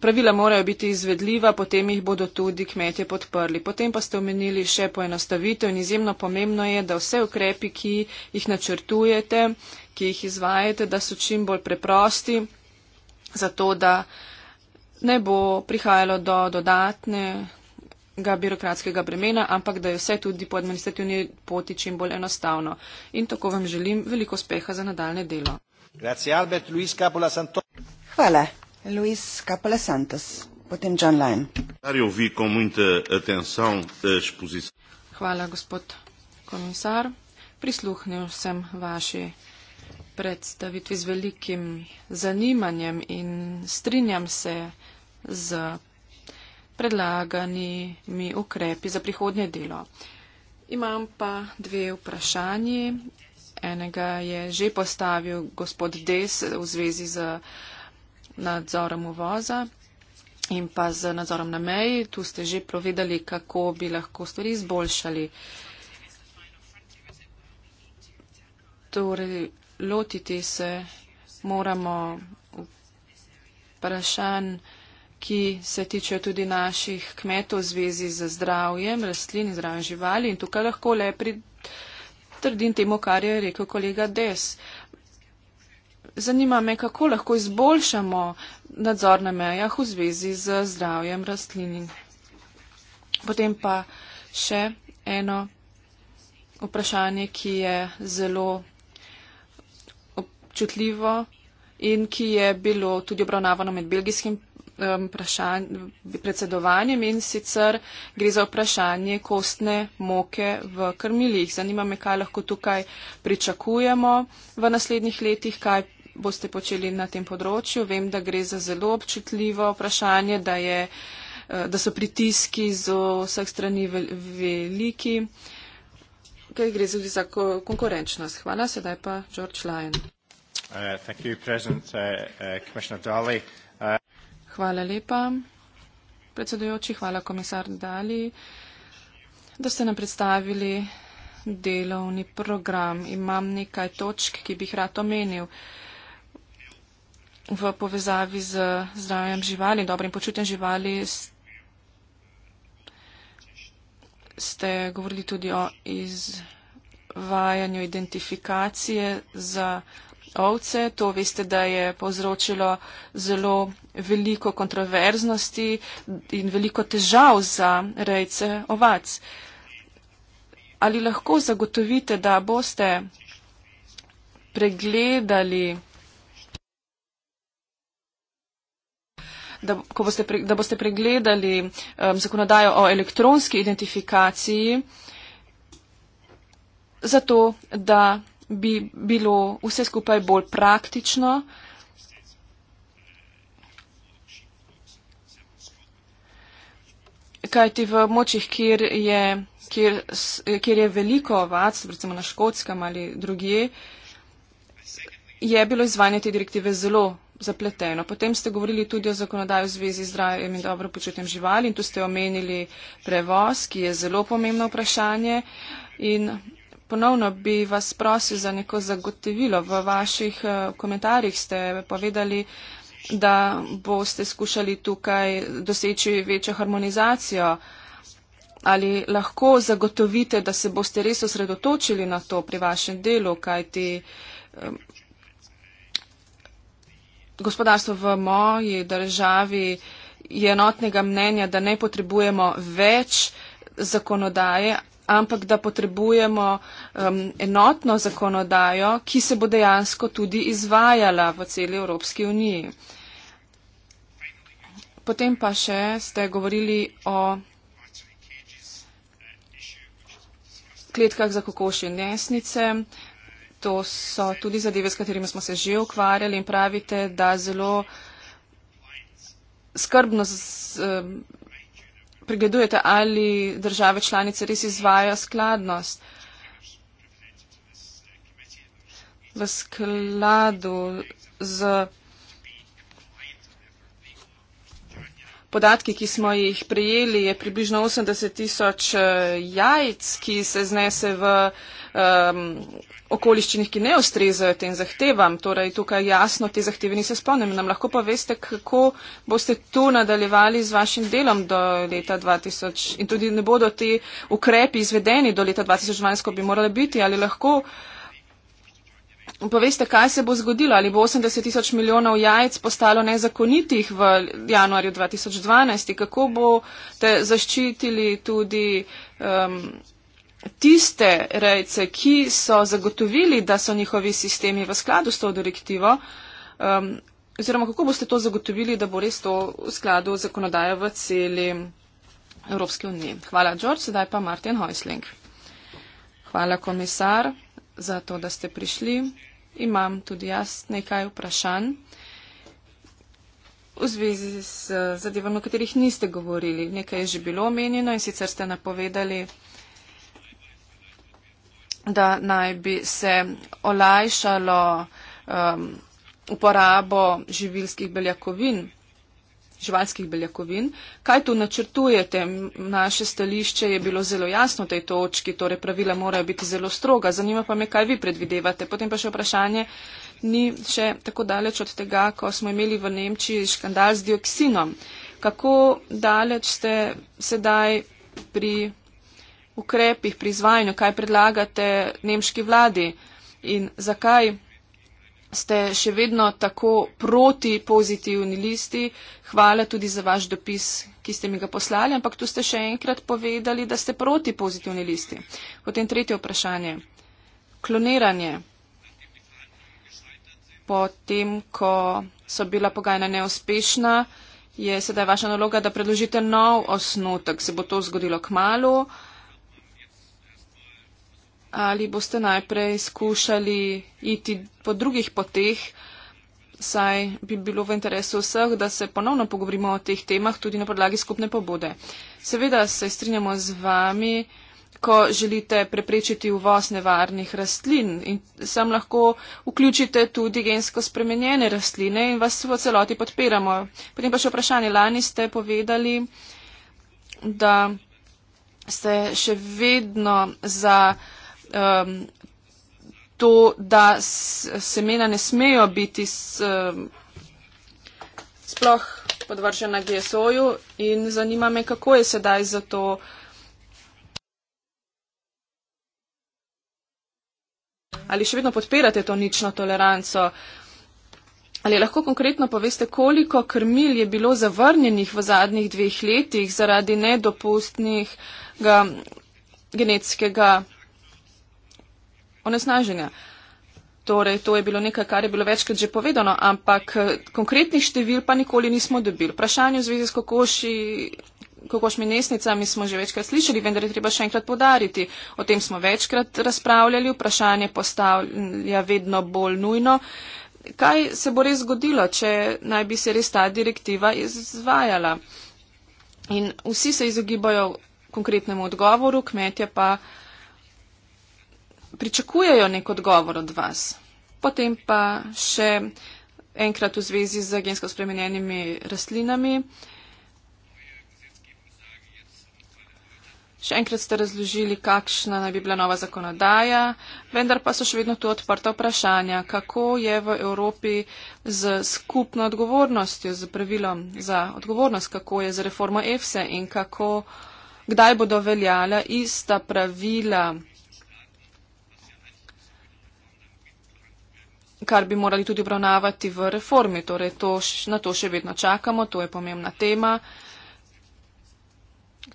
pravila morajo biti izvedljiva, potem jih bodo tudi kmetje podprli. Potem pa ste omenili še poenostavitev in izjemno pomembno je, da vse ukrepi, ki jih načrtujete, ki jih izvajate, da so čim bolj preprosti, zato da ne bo prihajalo do dodatne birokratskega bremena, ampak da je vse tudi po administrativni poti čim bolj enostavno. In tako vam želim veliko uspeha za nadaljne delo. Grazie, Albert, Luis, Capola, Hvala. Luís Capela Santos, potem John Lyon. Hvala, gospod komisar. Prisluhnil sem vaši predstavitvi z velikim zanimanjem in strinjam se z predlaganimi ukrepi za prihodnje delo. Imam pa dve vprašanji. Enega je že postavil gospod Des v zvezi z nadzorom uvoza in pa z nadzorom na meji. Tu ste že provedali, kako bi lahko stvari izboljšali. Torej, lotiti se moramo vprašanj, ki se tiče tudi naših kmetov v zvezi z zdravjem, rastlin in zdravjem živali. In tukaj lahko le pritrdim temu, kar je rekel kolega Des. Uh, zanima me, kako lahko izboljšamo nadzor na mejah v zvezi z zdravjem rastlin. Potem pa še eno vprašanje, ki je zelo občutljivo in ki je bilo tudi obravnavano med belgijskim predsedovanjem in sicer gre za vprašanje kostne moke v krmilih. Zanima me, kaj lahko tukaj pričakujemo v naslednjih letih, kaj boste počeli na tem področju? Vem, da gre za zelo občutljivo vprašanje, da, je, eh, da so pritiski z vseh strani veliki. Kaj gre tudi za konkurenčnost? Hvala, sedaj pa George Lyon. Uh, uh, uh, hvala lepa, predsedujoči, hvala komisar Dali, da ste nam predstavili delovni program. Imam nekaj točk, ki bi jih rad omenil v povezavi z zdravjem živali, dobrim počutjem živali, ste govorili tudi o izvajanju identifikacije za ovce. To veste, da je povzročilo zelo veliko kontroverznosti in veliko težav za rejce ovac. Ali lahko zagotovite, da boste pregledali da, boste, pre, da boste pregledali um, zakonodajo o elektronski identifikaciji, zato da bi bilo vse skupaj bolj praktično. Kajti v močjih, kjer je, kjer, kjer je veliko ovac, recimo na Škotskem ali drugje, je bilo izvajanje te direktive zelo zapleteno. Potem ste govorili tudi o zakonodaju v zvezi z zdravjem in dobro počutjem živali in tu ste omenili prevoz, ki je zelo pomembno vprašanje. In ponovno bi vas prosil za neko zagotovilo. V vaših eh, komentarjih ste povedali, da boste skušali tukaj doseči večjo harmonizacijo. Ali lahko zagotovite, da se boste res osredotočili na to pri vašem delu, kajti eh, gospodarstvo v moji državi je enotnega mnenja, da ne potrebujemo več zakonodaje, ampak da potrebujemo um, enotno zakonodajo, ki se bo dejansko tudi izvajala v celi Evropski uniji. Potem pa še ste govorili o kletkah za kokošje nesnice, to so tudi zadeve, s katerimi smo se že ukvarjali in pravite, da zelo skrbno pregledujete, ali države članice res izvajo skladnost. V skladu z podatki, ki smo jih prejeli, je približno 80 tisoč eh, jajc, ki se znese v um, okoliščinah, ki ne ustrezajo tem zahtevam. Torej, tukaj jasno te zahteve niso spolne. Nam lahko poveste, kako boste tu nadaljevali z vašim delom do leta 2000 in tudi ne bodo ti ukrepi izvedeni do leta 2012, ko bi morali biti ali lahko. Poveste, kaj se bo zgodilo, ali bo 80 tisoč milijonov jajc postalo nezakonitih v januarju 2012, kako boste zaščitili tudi um, tiste rejce, ki so zagotovili, da so njihovi sistemi v skladu s to direktivo, um, oziroma kako boste to zagotovili, da bo res to v skladu z zakonodajo v celi Evropski uniji. Hvala, George, sedaj pa Martin Heusling. Hvala, komisar, za to, da ste prišli. Imam tudi jaz nekaj vprašanj v zvezi z zadevami, o katerih niste govorili. Nekaj je že bilo omenjeno in sicer ste napovedali, da naj bi se olajšalo um, uporabo živilskih beljakovin, živalskih beljakovin. Kaj tu načrtujete? Naše stališče je bilo zelo jasno v tej točki, torej pravila morajo biti zelo stroga. Zanima pa me, kaj vi predvidevate. Potem pa še vprašanje, ni še tako daleč od tega, ko smo imeli v Nemčiji škandal z dioksinom. Kako daleč ste sedaj pri ukrepih, pri izvajanju, kaj predlagate nemški vladi in zakaj ste še vedno tako proti pozitivni listi. Hvala tudi za vaš dopis, ki ste mi ga poslali, ampak tu ste še enkrat povedali, da ste proti pozitivni listi. Potem tretje vprašanje. Kloniranje. Potem, ko so bila pogajna neuspešna, je sedaj vaša naloga, da predložite nov osnutek. Se bo to zgodilo k malu. Uh, ali boste najprej skušali iti po drugih poteh, saj bi bilo v interesu vseh, da se ponovno pogovorimo o teh temah tudi na podlagi skupne pobude. Seveda se strinjamo z vami, ko želite preprečiti uvoz nevarnih rastlin in sem lahko vključite tudi gensko spremenjene rastline in vas v celoti podpiramo. Potem pa še vprašanje, lani ste povedali, da ste še vedno za um, to, da semena ne smejo biti s, um, sploh podvržena GSO-ju in zanima me, kako je sedaj za to. Ali še vedno podpirate to nično toleranco? Ali lahko konkretno poveste, koliko krmil je bilo zavrnjenih v zadnjih dveh letih zaradi nedopustnih genetskega onesnaženja. Torej, to je bilo nekaj, kar je bilo večkrat že povedano, ampak eh, konkretnih števil pa nikoli nismo dobili. Vprašanje v zvezi s kokoši, kokošmi nesnicami smo že večkrat slišali, vendar je treba še enkrat podariti. O tem smo večkrat razpravljali, vprašanje postavlja vedno bolj nujno. Kaj se bo res zgodilo, če naj bi se res ta direktiva izvajala? In vsi se izogibajo konkretnemu odgovoru, kmetje pa pričakujejo nek odgovor od vas. Potem pa še enkrat v zvezi z gensko spremenjenimi rastlinami. Še enkrat ste razložili, kakšna naj bi bila nova zakonodaja, vendar pa so še vedno tu odprta vprašanja, kako je v Evropi z skupno odgovornostjo, z pravilom za odgovornost, kako je z reformo EFSE in kako, kdaj bodo veljala ista pravila kar bi morali tudi obravnavati v reformi. Torej, to, na to še vedno čakamo, to je pomembna tema.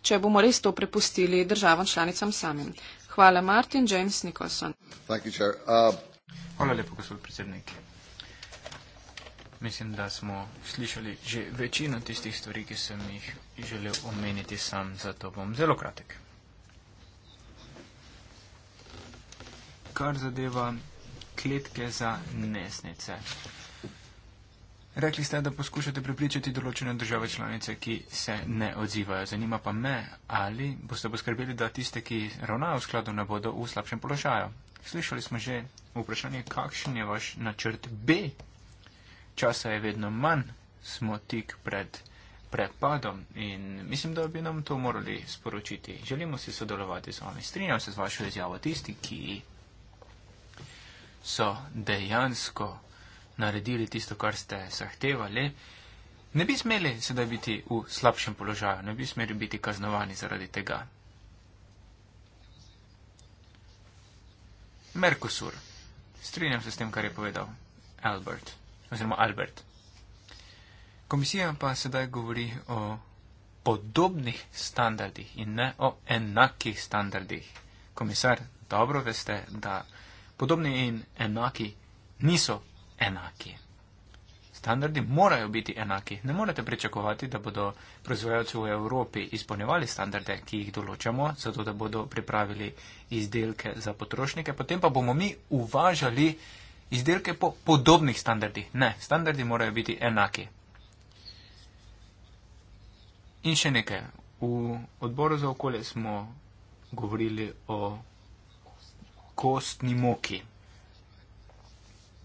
Če bomo res to prepustili državam članicam samim. Hvala, Martin. James Nicholson. You, uh... Hvala lepo, gospod predsednik. Mislim, da smo slišali že večino tistih stvari, ki sem jih želel omeniti sam, zato bom zelo kratek. Kar zadeva kletke za nesnice. Rekli ste, da poskušate prepričati določene države članice, ki se ne odzivajo. Zanima pa me, ali boste poskrbeli, da tiste, ki ravnajo v skladu, ne bodo v slabšem položaju. Slišali smo že vprašanje, kakšen je vaš načrt B. Časa je vedno manj, smo tik pred prepadom in mislim, da bi nam to morali sporočiti. Želimo si sodelovati z vami. Strinjam se z vašo izjavo. Tisti, ki so dejansko naredili tisto, kar ste zahtevali, ne bi smeli sedaj biti v slabšem položaju, ne bi smeli biti kaznovani zaradi tega. Merkosur. Strinjam se s tem, kar je povedal Albert. Oziroma Albert. Komisija pa sedaj govori o podobnih standardih in ne o enakih standardih. Komisar, dobro veste, da podobni in enaki niso enaki. Standardi morajo biti enaki. Ne morete pričakovati, da bodo proizvajalci v Evropi izpolnjevali standarde, ki jih določamo, zato da bodo pripravili izdelke za potrošnike, potem pa bomo mi uvažali izdelke po podobnih standardih. Ne, standardi morajo biti enaki. In še nekaj. V odboru za okolje smo govorili o kostni moki.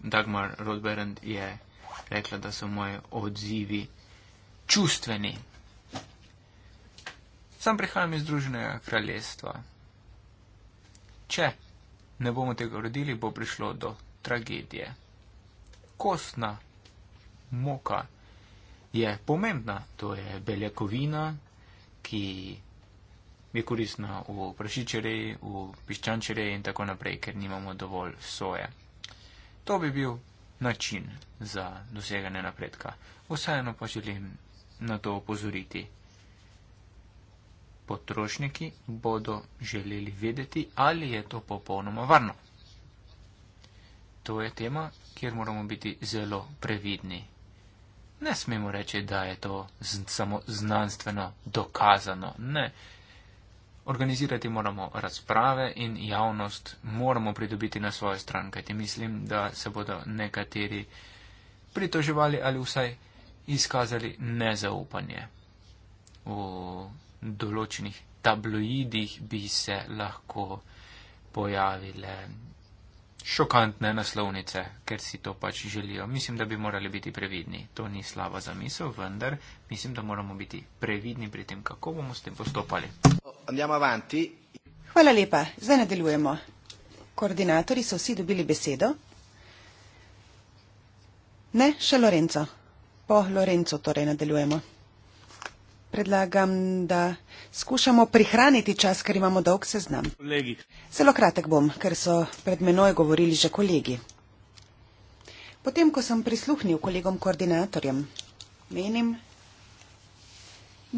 Dagmar Rodberend je rekla, da so moje odzivi čustveni. Sam prihajam iz Združenega kraljestva. Če ne bomo tega uredili, bo prišlo do tragedije. Kostna moka je pomembna, to je beljakovina, ki mi koristno v prašičereji, v piščančereji in tako naprej, ker nimamo dovolj soje. To bi bil način za doseganje napredka. Vseeno pa želim na to upozoriti. Potrošniki bodo želeli vedeti, ali je to popolnoma varno. To je tema, kjer moramo biti zelo previdni. Ne smemo reči, da je to samo znanstveno dokazano. Ne, organizirati moramo razprave in javnost moramo pridobiti na svojo stran, kajti mislim, da se bodo nekateri pritoževali ali vsaj izkazali nezaupanje. V določenih tabloidih bi se lahko pojavile šokantne naslovnice, ker si to pač želijo. Mislim, da bi morali biti previdni. To ni slaba zamisel, vendar mislim, da moramo biti previdni pri tem, kako bomo s tem postopali andiamo avanti. Hvala lepa, zdaj nadaljujemo. Koordinatori so vsi dobili besedo. Ne, še Lorenzo. Po Lorenzo torej nadaljujemo. Predlagam, da skušamo prihraniti čas, ker imamo dolg seznam. Kolegi. Zelo kratek bom, ker so pred menoj govorili že kolegi. Potem, ko sem prisluhnil kolegom koordinatorjem, menim,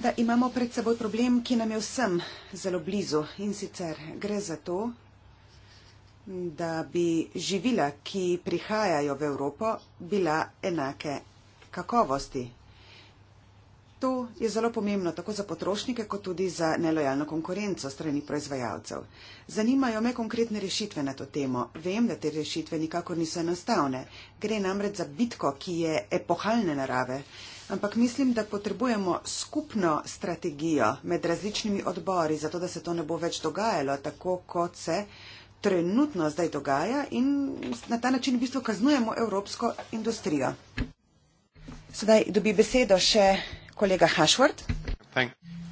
da imamo pred seboj problem, ki nam je vsem zelo blizu in sicer gre za to, da bi živila, ki prihajajo v Evropo, bila enake kakovosti To je zelo pomembno tako za potrošnike, kot tudi za nelojalno konkurenco strani proizvajalcev. Zanimajo me konkretne rešitve na to temo. Vem, da te rešitve nikako niso enostavne. Gre namreč za bitko, ki je epohalne narave. Ampak mislim, da potrebujemo skupno strategijo med različnimi odbori, zato da se to ne bo več dogajalo tako, kot se trenutno zdaj dogaja in na ta način v bistvu kaznujemo evropsko industrijo. Sedaj dobi besedo še kolega Hašvard.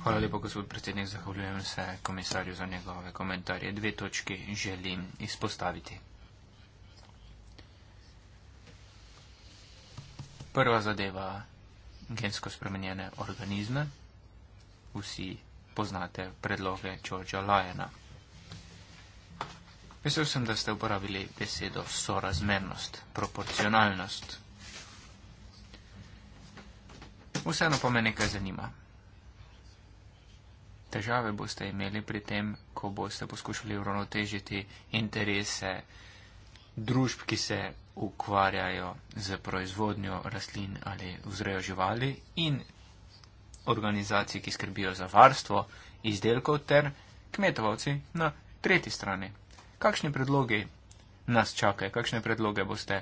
Hvala lepa, gospod predsednik. Zahvaljujem se komisarju za njegove komentarje. Dve točke želim izpostaviti. Prva zadeva gensko spremenjene organizme. Vsi poznate predloge Georgea Lajena. Vesel sem, da ste uporabili besedo sorazmernost, proporcionalnost vseeno pa me nekaj zanima. Težave boste imeli pri tem, ko boste poskušali uravnotežiti interese družb, ki se ukvarjajo z proizvodnjo rastlin ali vzrejo živali in organizacij, ki skrbijo za varstvo izdelkov ter kmetovalci na tretji strani. Kakšni predlogi nas čakajo, kakšne predloge boste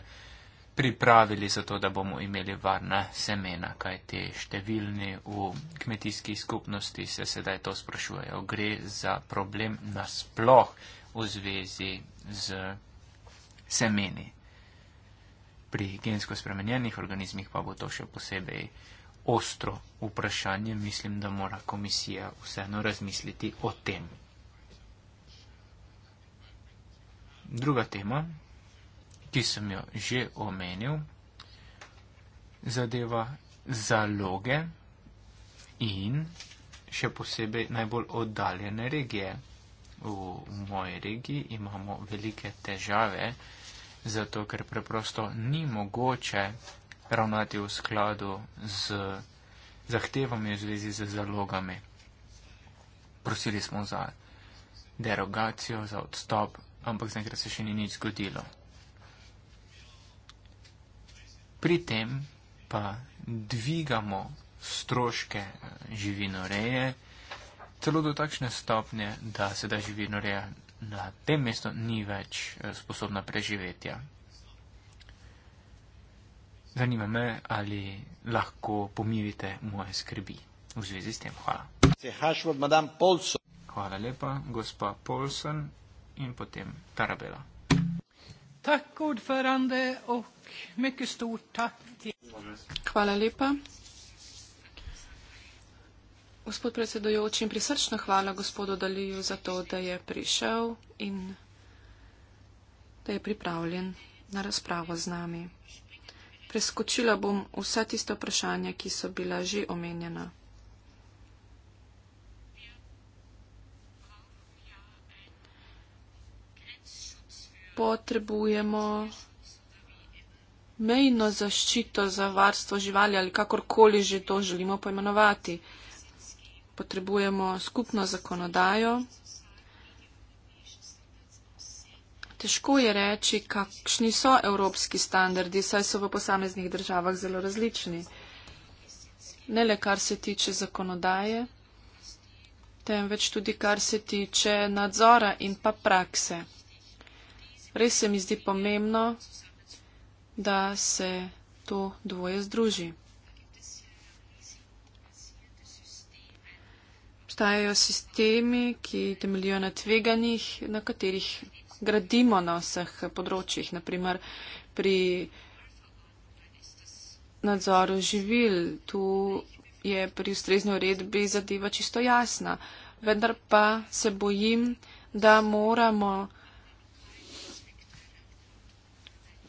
pripravili za to, da bomo imeli varna semena, kaj ti številni v kmetijski skupnosti se sedaj to sprašujejo. Gre za problem nasploh v zvezi z semeni. Pri gensko spremenjenih organizmih pa bo to še posebej ostro vprašanje. Mislim, da mora komisija vseeno razmisliti o tem. Druga tema, ki sem jo že omenil, zadeva zaloge in še posebej najbolj oddaljene regije. V moji regiji imamo velike težave, zato ker preprosto ni mogoče ravnati v skladu z zahtevami v zvezi z zalogami. Prosili smo za derogacijo, za odstop, ampak zdaj, ker se še ni nič zgodilo pri tem pa dvigamo stroške eh, živinoreje celo do takšne stopnje, da sedaj živinoreja na tem mestu ni več eh, sposobna preživetja. Zanima me, ali lahko pomirite moje skrbi v zvezi s tem. Hvala. Hvala lepa, gospa Polson in potem Tarabela. Tak, ordförande, och mycket stort tack till... Hvala lepa. Gospod predsedujoči, prisrčno hvala gospodu Daliju za to, da je prišel in da je pripravljen na razpravo z nami. Preskočila bom vsa tista vprašanja, ki so bila že omenjena. potrebujemo mejno zaščito za varstvo živali ali kakorkoli že to želimo poimenovati. Potrebujemo skupno zakonodajo. Težko je reči, kakšni so evropski standardi, saj so v posameznih državah zelo različni. Ne le kar se tiče zakonodaje, temveč tudi kar se tiče nadzora in pa prakse. Res se mi zdi pomembno, da se to dvoje združi. Obstajajo sistemi, ki temeljijo na tveganjih, na katerih gradimo na vseh področjih, naprimer pri nadzoru živil. Tu je pri ustrezni uredbi zadeva čisto jasna, vendar pa se bojim, da moramo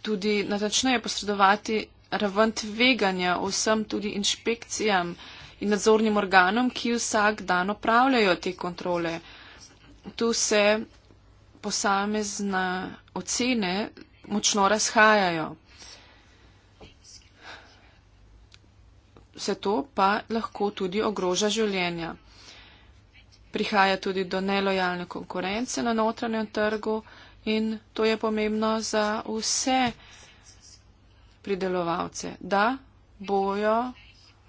tudi natančneje posredovati raven tveganja vsem tudi inšpekcijam in nadzornim organom, ki vsak dan opravljajo te kontrole. Tu se posamezne ocene močno razhajajo. Vse to pa lahko tudi ogroža življenja. Prihaja tudi do nelojalne konkurence na notranjem trgu. In to je pomembno za vse pridelovalce, da, bojo,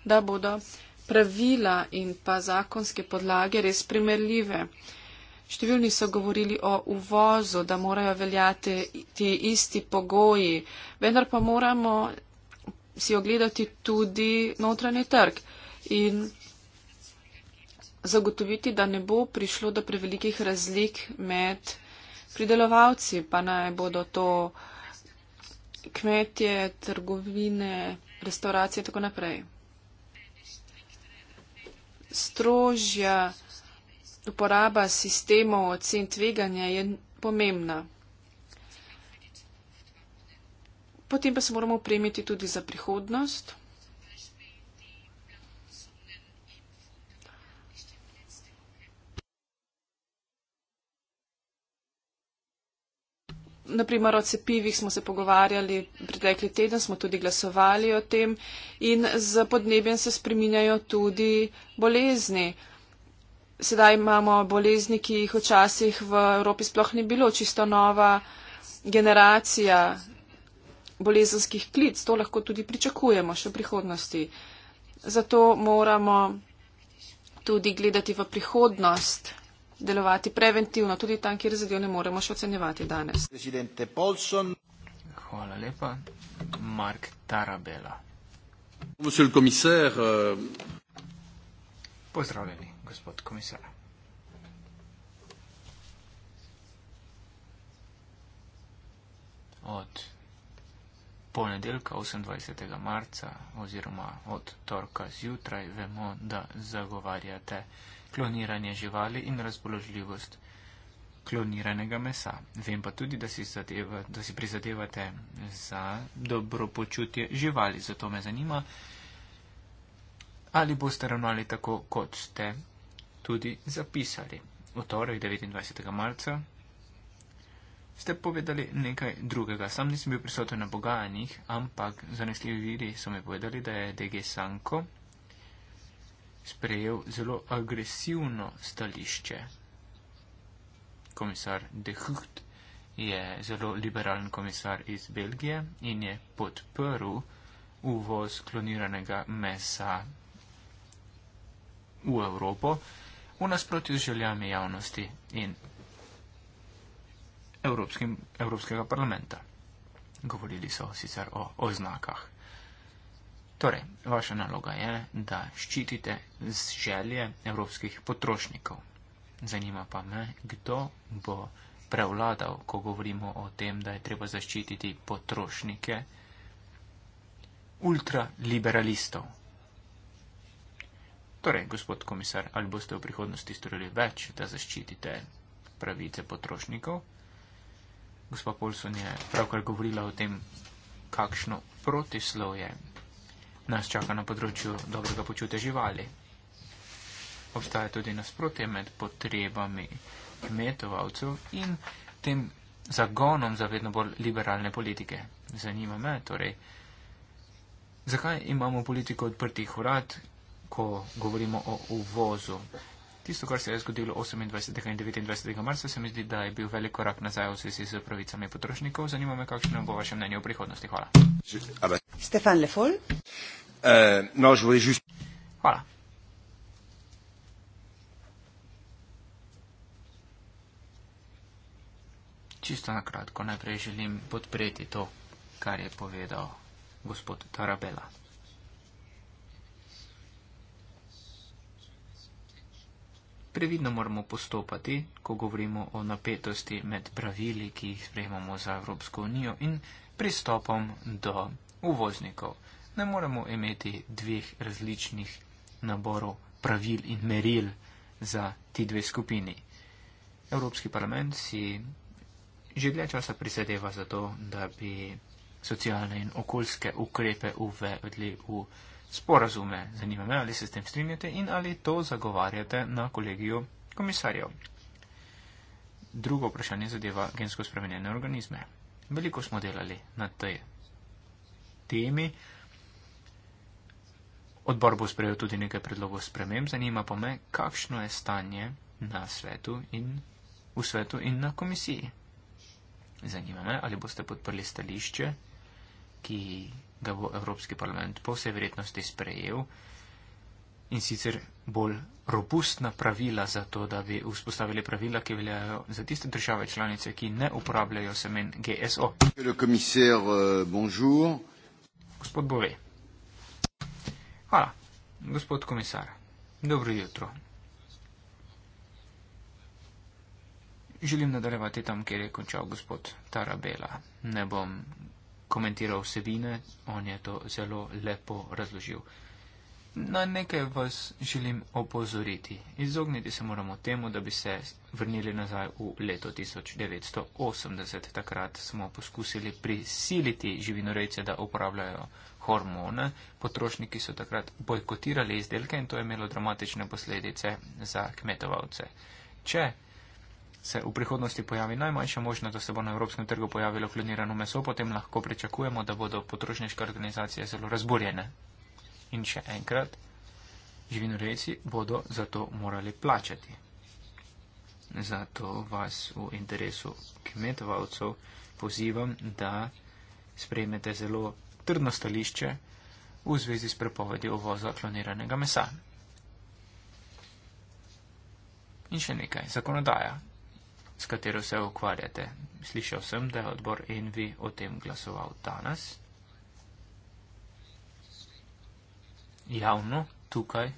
da bodo pravila in pa zakonske podlage res primerljive. Številni so govorili o uvozu, da morajo veljati ti isti pogoji, vendar pa moramo si ogledati tudi notranji trg in zagotoviti, da ne bo prišlo do prevelikih razlik med pridelovalci, pa naj bodo to kmetje, trgovine, restauracije in tako naprej. Strožja uporaba sistemov ocen tveganja je pomembna. Potem pa se moramo opremiti tudi za prihodnost. naprimer o cepivih smo se pogovarjali pretekli teden, smo tudi glasovali o tem in z podnebjem se spreminjajo tudi bolezni. Sedaj imamo bolezni, ki jih včasih v Evropi sploh ni bilo, čisto nova generacija bolezenskih klic, to lahko tudi pričakujemo še v prihodnosti. Zato moramo tudi gledati v prihodnost delovati preventivno, tudi tam, kjer zadev ne moremo še ocenjevati danes. Hvala lepa. Mark Tarabela. Euh, Pozdravljeni, gospod komisar. Od ponedeljka 28. marca oziroma od torka zjutraj vemo, da zagovarjate kloniranje živali in razpoložljivost kloniranega mesa. Vem pa tudi, da si, zadeva, da si prizadevate za dobro počutje živali. Zato me zanima, ali boste ravnali tako, kot ste tudi zapisali. V torek 29. marca ste povedali nekaj drugega. Sam nisem bil prisoten na pogajanjih, ampak zanesljivi viri so mi povedali, da je DG Sanko sprejel zelo agresivno stališče. Komisar De Hucht je zelo liberalen komisar iz Belgije in je podprl uvoz kloniranega mesa v Evropo v nasprotju z željami javnosti in Evropskim, Evropskega parlamenta. Govorili so sicer o oznakah. Torej, vaša naloga je, da ščitite želje evropskih potrošnikov. Zanima pa me, kdo bo prevladal, ko govorimo o tem, da je treba zaščititi potrošnike ultraliberalistov. Torej, gospod komisar, ali boste v prihodnosti storili več, da zaščitite pravice potrošnikov? Gospa Polson je pravkar govorila o tem, kakšno protislov je nas čaka na področju dobrega počutja živali. Obstaja tudi nasprotje med potrebami kmetovalcev in tem zagonom za vedno bolj liberalne politike. Zanima me torej, zakaj imamo politiko odprtih vrat, ko govorimo o uvozu Tisto, kar se je zgodilo 28. in 29. marca, se mi zdi, da je bil velik korak nazaj v svesi z pravicami potrošnikov. Zanima me, kakšno bo vaše mnenje v prihodnosti. Hvala. Stefan Lefol. Eh, no, Hvala. Čisto na kratko, najprej želim podpreti to, kar je povedal gospod Tarabela. previdno moramo postopati, ko govorimo o napetosti med pravili, ki jih sprejemamo za Evropsko unijo in pristopom do uvoznikov. Ne moremo imeti dveh različnih naborov pravil in meril za ti dve skupini. Evropski parlament si že dlje časa prisedeva za to, da bi socialne in okoljske ukrepe uvedli v sporazume. Zanima me, ali se s tem strinjate in ali to zagovarjate na kolegiju komisarjev. Drugo vprašanje zadeva gensko spremenjene organizme. Veliko smo delali na tej temi. Odbor bo sprejel tudi nekaj predlogov sprememb. Zanima pa me, kakšno je stanje na svetu in v svetu in na komisiji. Zanima me, ali boste podprli stališče, ki ga bo Evropski parlament po vsej verjetnosti sprejel in sicer bolj robustna pravila za to, da bi vzpostavili pravila, ki veljajo za tiste države članice, ki ne uporabljajo semen GSO. Euh, gospod Bove. Hvala. Gospod komisar. Dobro jutro. Želim nadaljevati tam, kjer je končal gospod Tarabela. Ne bom komentiral vsebine, on je to zelo lepo razložil. Na nekaj vas želim opozoriti. Izogniti se moramo temu, da bi se vrnili nazaj v leto 1980. Takrat smo poskusili prisiliti živinorejce, da uporabljajo hormone. Potrošniki so takrat bojkotirali izdelke in to je imelo dramatične posledice za kmetovalce. Če se v prihodnosti pojavi najmanjša možnost, da se bo na evropskem trgu pojavilo klonirano meso, potem lahko pričakujemo, da bodo potrošniške organizacije zelo razburjene. In še enkrat, živinorejci bodo zato morali plačati. Zato vas v interesu kmetovalcev pozivam, da sprejmete zelo trdno stališče v zvezi s prepovedi ovoza kloniranega mesa. In še nekaj, zakonodaja s katero se ukvarjate. Slišal sem, da je odbor Envi o tem glasoval danes. Javno, tukaj,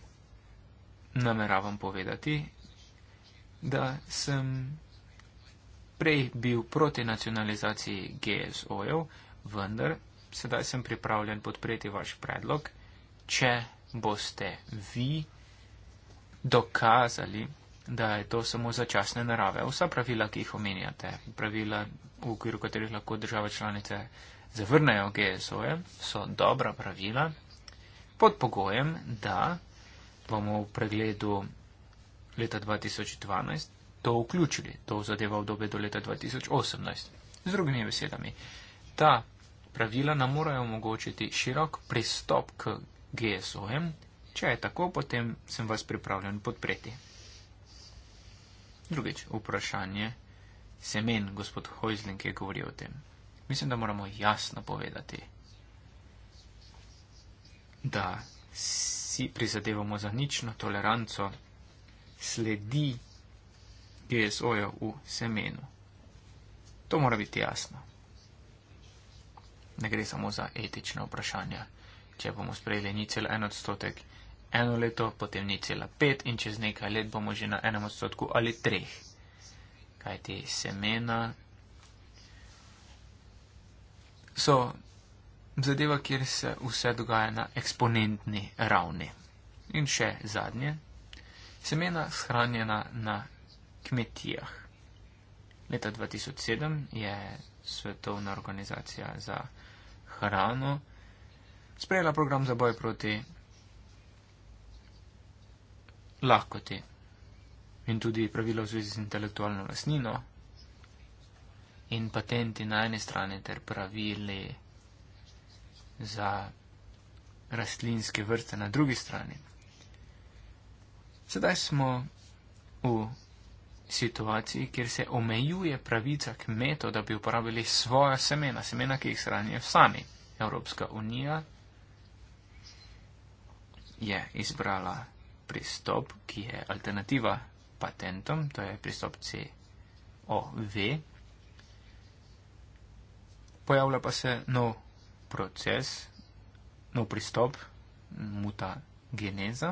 nameravam povedati, da sem prej bil proti nacionalizaciji GSO-jev, vendar sedaj sem pripravljen podpreti vaš predlog, če boste vi dokazali, da je to samo začasne narave. Vsa pravila, ki jih omenjate, pravila, v okviru katerih lahko države članice zavrnejo GSO-je, so dobra pravila pod pogojem, da bomo v pregledu leta 2012 to vključili. To zadeva obdobje do leta 2018. Z drugimi besedami, ta pravila nam morajo omogočiti širok pristop k GSO-jem. Če je tako, potem sem vas pripravljen podpreti. Drugič, vprašanje semen, gospod Hojzling je govoril o tem. Mislim, da moramo jasno povedati, da si prizadevamo za nično toleranco, sledi GSO-ja v semenu. To mora biti jasno. Ne gre samo za etična vprašanja. Če bomo sprejeli ni cel en odstotek, eno leto, potem ni cela pet in čez nekaj let bomo že na enem odstotku ali treh. Kaj ti semena so zadeva, kjer se vse dogaja na eksponentni ravni. In še zadnje, semena shranjena na kmetijah. Leta 2007 je Svetovna organizacija za hrano sprejela program za boj proti lakoti in tudi pravila v zvezi z intelektualno lasnino in patenti na eni strani ter pravili za rastlinske vrste na drugi strani. Sedaj smo v situaciji, kjer se omejuje pravica kmetov, da bi uporabili svoja semena, semena, ki jih shranijo sami. Evropska unija je izbrala pristop, ki je alternativa patentom, to je pristop COV. Pojavlja pa se nov proces, nov pristop, muta geneza.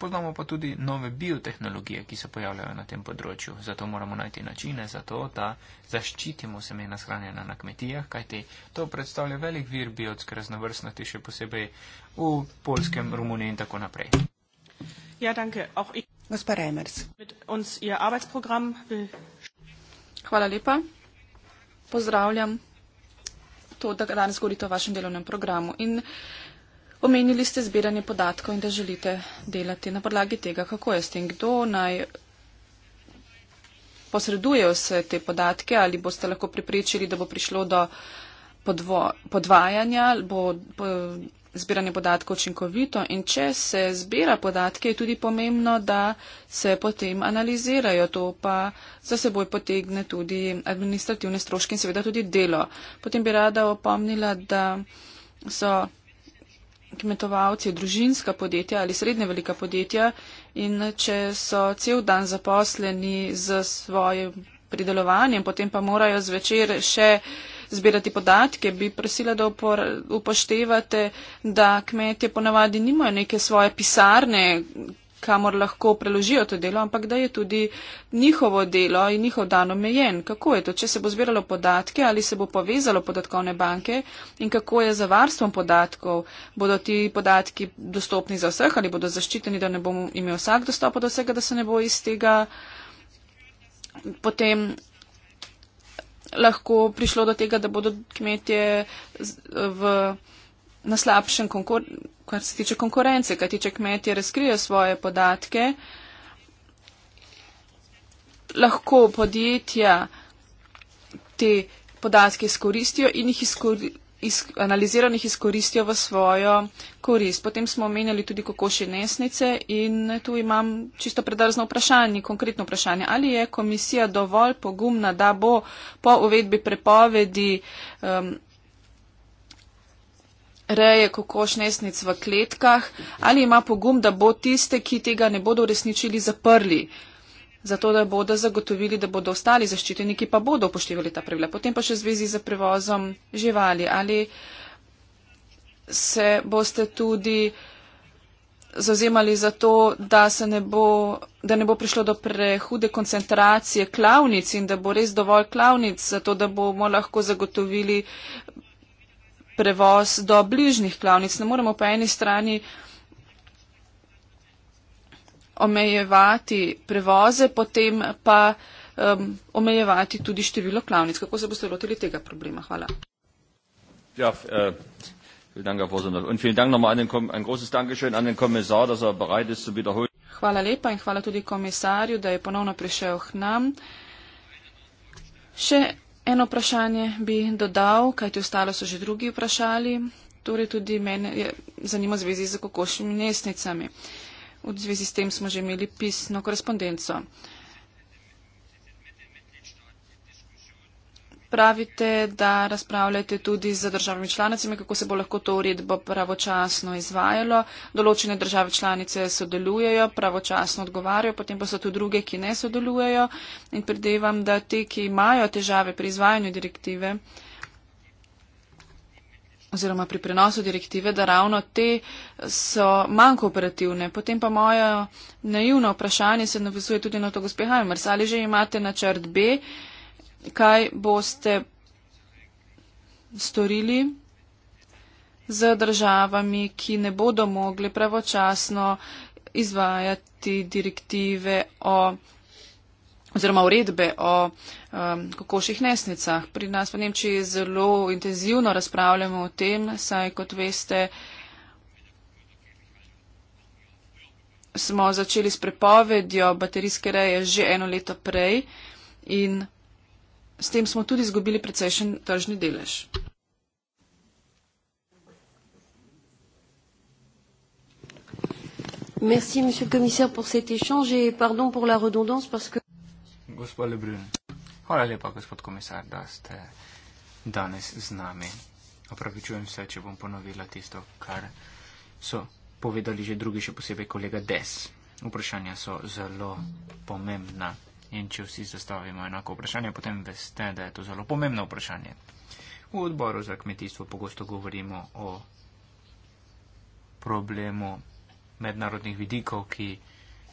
Poznamo pa tudi nove biotehnologije, ki se pojavljajo na tem področju. Zato moramo najti načine za to, da zaščitimo semena shranjena na kmetijah, kajti to predstavlja velik vir biotske raznovrstnosti, še posebej v polskem, Romuniji in tako naprej. Ja, danke. Auch ich Gospa Reimers. Mit uns ihr Arbeitsprogramm will Hvala lepa. Pozdravljam to, da danes govorite o vašem delovnem programu. In omenili ste zbiranje podatkov in da želite delati na podlagi tega, kako je s tem, kdo naj posreduje vse te podatke ali boste lahko pripričali, da bo prišlo do podvo, podvajanja, bo, bo, zbiranje podatkov učinkovito in če se zbira podatke, je tudi pomembno, da se potem analizirajo. To pa za seboj potegne tudi administrativne stroške in seveda tudi delo. Potem bi rada opomnila, da so kmetovalci družinska podjetja ali srednje velika podjetja in če so cel dan zaposleni z svojim pridelovanjem, potem pa morajo zvečer še zbirati podatke, bi prosila, da upoštevate, da kmetje ponavadi nimajo neke svoje pisarne, kamor lahko preložijo to delo, ampak da je tudi njihovo delo in njihov dan omejen. Kako je to, če se bo zbiralo podatke ali se bo povezalo podatkovne banke in kako je za varstvom podatkov, bodo ti podatki dostopni za vseh ali bodo zaščiteni, da ne bo imel vsak dostopa do vsega, da se ne bo iz tega potem lahko prišlo do tega, da bodo kmetje v naslabšem, kar se tiče konkurence, kaj tiče kmetje razkrijo svoje podatke, lahko podjetja te podatke izkoristijo in jih izkoristijo iz, analizirali jih izkoristijo v svojo korist. Potem smo omenjali tudi kokoši nesnice in tu imam čisto predarzno vprašanje, konkretno vprašanje. Ali je komisija dovolj pogumna, da bo po uvedbi prepovedi um, reje kokoš nesnic v kletkah, ali ima pogum, da bo tiste, ki tega ne bodo uresničili, zaprli? Uh, zato da bodo zagotovili, da bodo ostali zaščiteniki, pa bodo upoštevali ta pravila. Potem pa še zvezi za prevozom živali. Ali se boste tudi zazemali za to, da, ne bo, da ne bo prišlo do prehude koncentracije klavnic in da bo res dovolj klavnic, zato da bomo lahko zagotovili prevoz do bližnjih klavnic. Ne moremo pa eni strani omejevati prevoze, potem pa um, omejevati tudi število klavnic. Kako se boste lotili tega problema? Hvala. Ja, eh. Hvala lepa in hvala tudi komisarju, da je ponovno prišel k nam. Še eno vprašanje bi dodal, kajti ostalo so že drugi vprašali. Torej tudi mene je zanimivo zvezi z kokošnimi nesnicami. Uh, V zvezi s tem smo že imeli pisno korespondenco. Pravite, da razpravljate tudi z državami članicami, kako se bo lahko to uredbo pravočasno izvajalo. Določene države članice sodelujejo, pravočasno odgovarjajo, potem pa so tu druge, ki ne sodelujejo. In predevam, da te, ki imajo težave pri izvajanju direktive, oziroma pri prenosu direktive, da ravno te so manj kooperativne. Potem pa moja naivna vprašanje se navezuje tudi na to, gospod Heimers, ali že imate načrt B, kaj boste storili z državami, ki ne bodo mogli pravočasno izvajati direktive o oziroma uredbe o um, kokoših nesnicah. Pri nas v Nemčiji zelo intenzivno razpravljamo o tem, saj kot veste, smo začeli s prepovedjo baterijske reje že eno leto prej in s tem smo tudi izgubili precejšen tržni delež. Merci, monsieur le commissaire, pour cet échange et pardon pour la redondance parce que gospod Lebrun. Hvala lepa, gospod komisar, da ste danes z nami. Opravičujem se, če bom ponovila tisto, kar so povedali že drugi, še posebej kolega Des. Vprašanja so zelo pomembna in če vsi zastavimo enako vprašanje, potem veste, da je to zelo pomembno vprašanje. V odboru za kmetijstvo pogosto govorimo o problemu mednarodnih vidikov, ki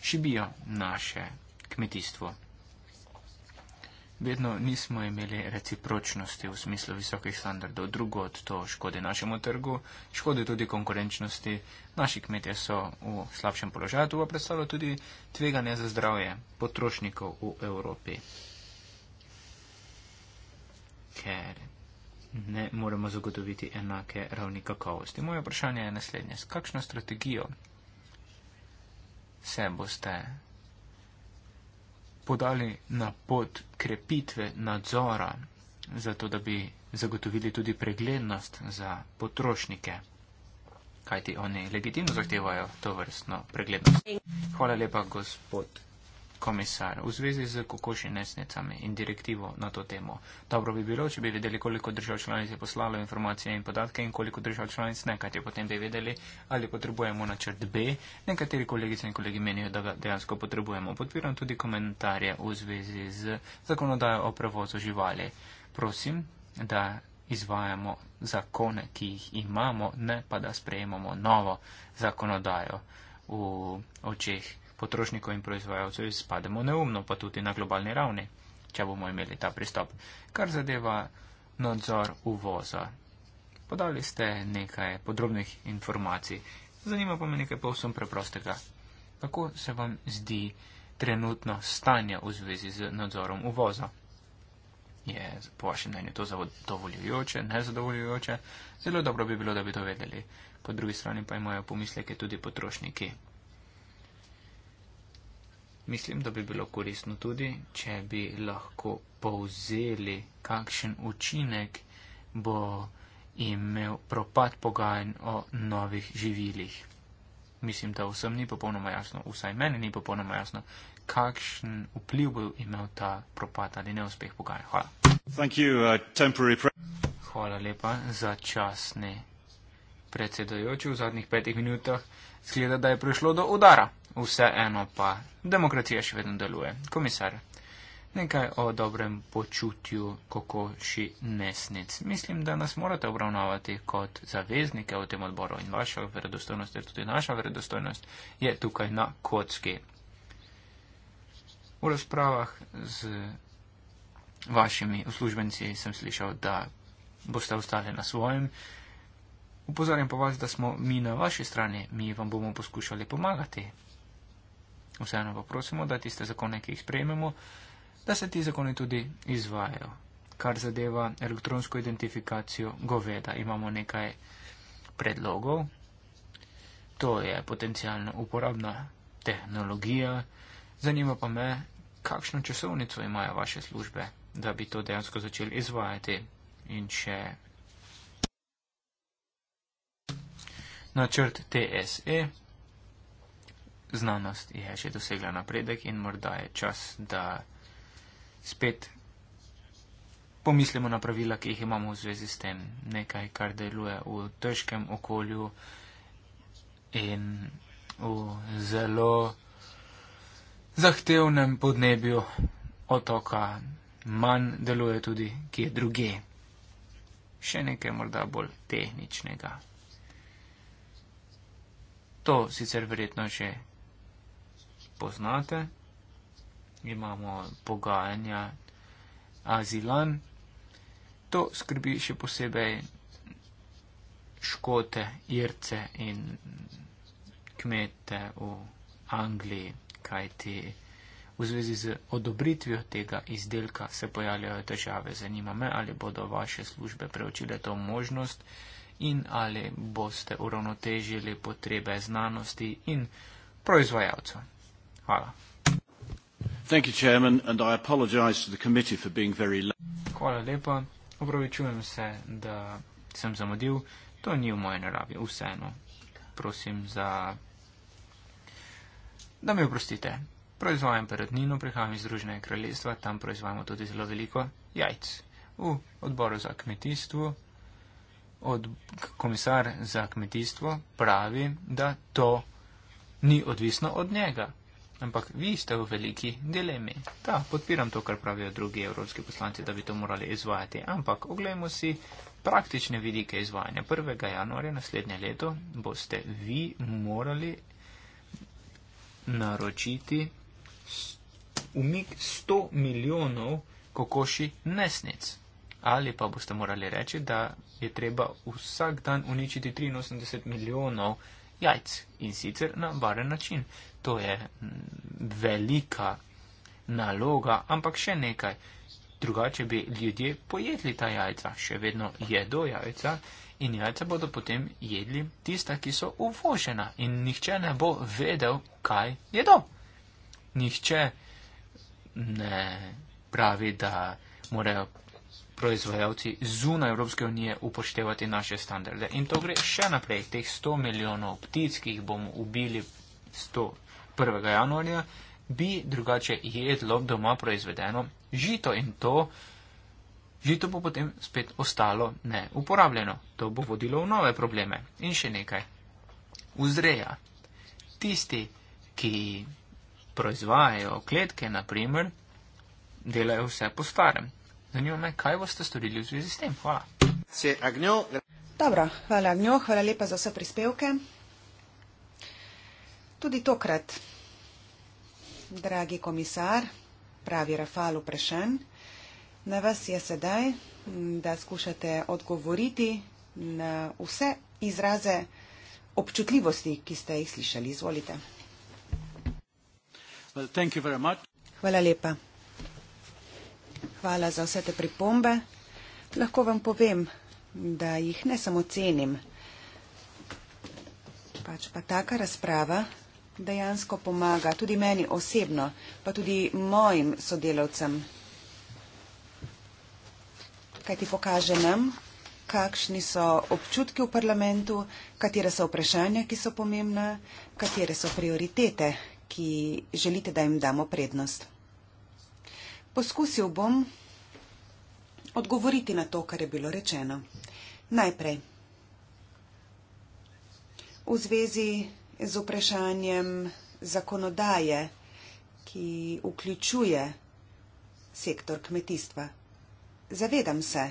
šibijo naše kmetijstvo. Vedno nismo imeli recipročnosti v smislu visokih standardov, drugo od to škode našemu trgu, škode tudi konkurenčnosti. Naši kmetje so v slabšem položaju, to pa predstavlja tudi tveganje za zdravje potrošnikov v Evropi. Ker ne moremo zagotoviti enake ravni kakovosti. Moje vprašanje je naslednje. S kakšno strategijo se boste podali na pot krepitve nadzora, zato da bi zagotovili tudi preglednost za potrošnike, kajti oni legitimno zahtevajo to vrstno preglednost. Hvala lepa, gospod komisar v zvezi z kokoši nesnicami in direktivo na to temo. Dobro bi bilo, če bi vedeli, koliko držav članic je poslalo informacije in podatke in koliko držav članic ne, kajte potem bi vedeli, ali potrebujemo načrt B. Nekateri kolegice in kolegi menijo, da ga dejansko potrebujemo. Podpiram tudi komentarje v zvezi z zakonodajo o prevozu živali. Prosim, da izvajamo zakone, ki jih imamo, ne pa da sprejemamo novo zakonodajo v očeh potrošnikov in proizvajalcev izpademo neumno, pa tudi na globalni ravni, če bomo imeli ta pristop. Kar zadeva nadzor uvoza. Podali ste nekaj podrobnih informacij. Zanima pa me nekaj povsem preprostega. Kako se vam zdi trenutno stanje v zvezi z nadzorom uvoza? Je po vašem mnenju to zadovoljujoče, nezadovoljujoče? Zelo dobro bi bilo, da bi to vedeli. Po drugi strani pa imajo pomisleke tudi potrošniki Mislim, da bi bilo korisno tudi, če bi lahko povzeli, kakšen učinek bo imel propad pogajanj o novih živilih. Mislim, da vsem ni popolnoma jasno, vsaj meni ni popolnoma jasno, kakšen vpliv bo imel ta propad ali neuspeh pogajanj. Hvala. Uh, Hvala lepa za časne predsedojoče v zadnjih petih minutah. Skleda, da je prišlo do udara vseeno pa demokracija še vedno deluje. Komisar, nekaj o dobrem počutju kokoši nesnic. Mislim, da nas morate obravnavati kot zaveznike v tem odboru in vaša verodostojnost, ter tudi naša verodostojnost je tukaj na kocki. V razpravah z vašimi uslužbenci sem slišal, da boste ostali na svojem. Upozorjam pa vas, da smo mi na vaši strani, mi vam bomo poskušali pomagati. Vseeno pa prosimo, da tiste zakone, ki jih sprejmemo, da se ti zakoni tudi izvajajo. Kar zadeva elektronsko identifikacijo goveda, imamo nekaj predlogov. To je potencijalno uporabna tehnologija. Zanima pa me, kakšno časovnico imajo vaše službe, da bi to dejansko začeli izvajati in še. Načrt TSE znanost je že dosegla napredek in morda je čas, da spet pomislimo na pravila, ki jih imamo v zvezi s tem. Nekaj, kar deluje v težkem okolju in v zelo zahtevnem podnebju otoka, manj deluje tudi kje druge. Še nekaj morda bolj tehničnega. To sicer verjetno že poznate. Imamo pogajanja azilan. To skrbi še posebej škote, irce in kmete v Angliji, kajti v zvezi z odobritvijo tega izdelka se pojavljajo težave. Zanima me, ali bodo vaše službe preučile to možnost in ali boste uravnotežili potrebe znanosti in proizvajalcev. Hvala. Thank you, Chairman, and I apologize to the committee for being very late. Hvala lepa. Opravičujem se, da sem zamudil. To ni v moje naravi. Vseeno. Prosim za... Da mi oprostite. Proizvajam perutnino, prihajam iz Združenega kraljestva, tam proizvajamo tudi zelo veliko jajc. V odboru za kmetijstvo, od komisar za kmetijstvo pravi, da to ni odvisno od njega. Ampak vi ste v veliki dilemi. Da, podpiram to, kar pravijo drugi evropski poslanci, da bi to morali izvajati. Ampak oglejmo si praktične vidike izvajanja. 1. januarja naslednje leto boste vi morali naročiti umik 100 milijonov kokoši nesnic. Ali pa boste morali reči, da je treba vsak dan uničiti 83 milijonov kokoši nesnic jajc in sicer na varen način. To je mm, velika naloga, ampak še nekaj. Drugače bi ljudje pojedli ta jajca, še vedno jedo jajca in jajca bodo potem jedli tista, ki so uvožena in nihče ne bo vedel, kaj jedo. Nihče ne pravi, da morajo proizvajalci zunaj Evropske unije upoštevati naše standarde. In to gre še naprej. Teh 100 milijonov ptic, ki jih bomo ubili 101. januarja, bi drugače jedlo doma proizvedeno žito in to žito bo potem spet ostalo neuporabljeno. To bo vodilo v nove probleme. In še nekaj. Vzreja. Tisti, ki proizvajajo kletke, naprimer, delajo vse po starem. Zanima me, kaj boste storili v zvezi s tem. Hvala. Se, agnjo. Dobro, hvala agnjo, hvala lepa za vse prispevke. Tudi tokrat, dragi komisar, pravi Rafal vprešen, na vas je sedaj, da skušate odgovoriti na vse izraze občutljivosti, ki ste jih slišali. Izvolite. Well, hvala lepa. Hvala za vse te pripombe. Lahko vam povem, da jih ne samo cenim, pač pa taka razprava dejansko pomaga tudi meni osebno, pa tudi mojim sodelavcem. Kaj ti pokaže nam, kakšni so občutki v parlamentu, katere so vprašanja, ki so pomembna, katere so prioritete, ki želite, da jim damo prednost. Poskusil bom odgovoriti na to, kar je bilo rečeno. Najprej. V zvezi z vprašanjem zakonodaje, ki vključuje sektor kmetijstva. Zavedam se,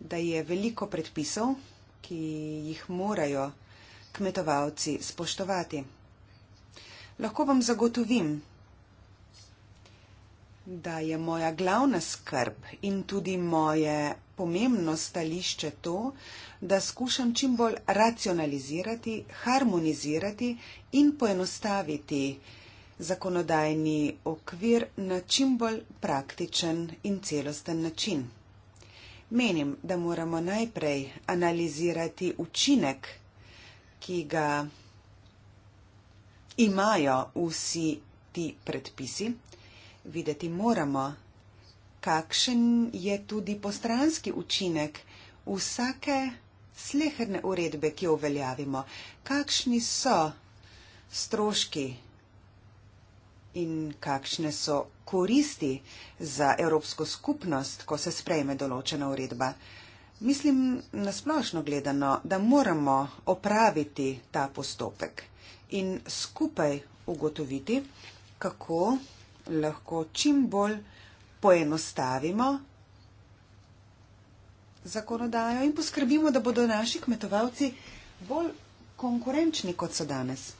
da je veliko predpisov, ki jih morajo kmetovalci spoštovati. Lahko vam zagotovim, da je moja glavna skrb in tudi moje pomembno stališče to, da skušam čim bolj racionalizirati, harmonizirati in poenostaviti zakonodajni okvir na čim bolj praktičen in celosten način. Menim, da moramo najprej analizirati učinek, ki ga imajo vsi ti predpisi videti moramo. Kakšen je tudi postranski učinek vsake sleherne uredbe, ki jo uveljavimo? Kakšni so stroški in kakšne so koristi za Evropsko skupnost, ko se sprejme določena uredba? Mislim nasplošno gledano, da moramo opraviti ta postopek in skupaj ugotoviti, kako lahko čim bolj poenostavimo zakonodajo in poskrbimo, da bodo naši kmetovalci bolj konkurenčni, kot so danes.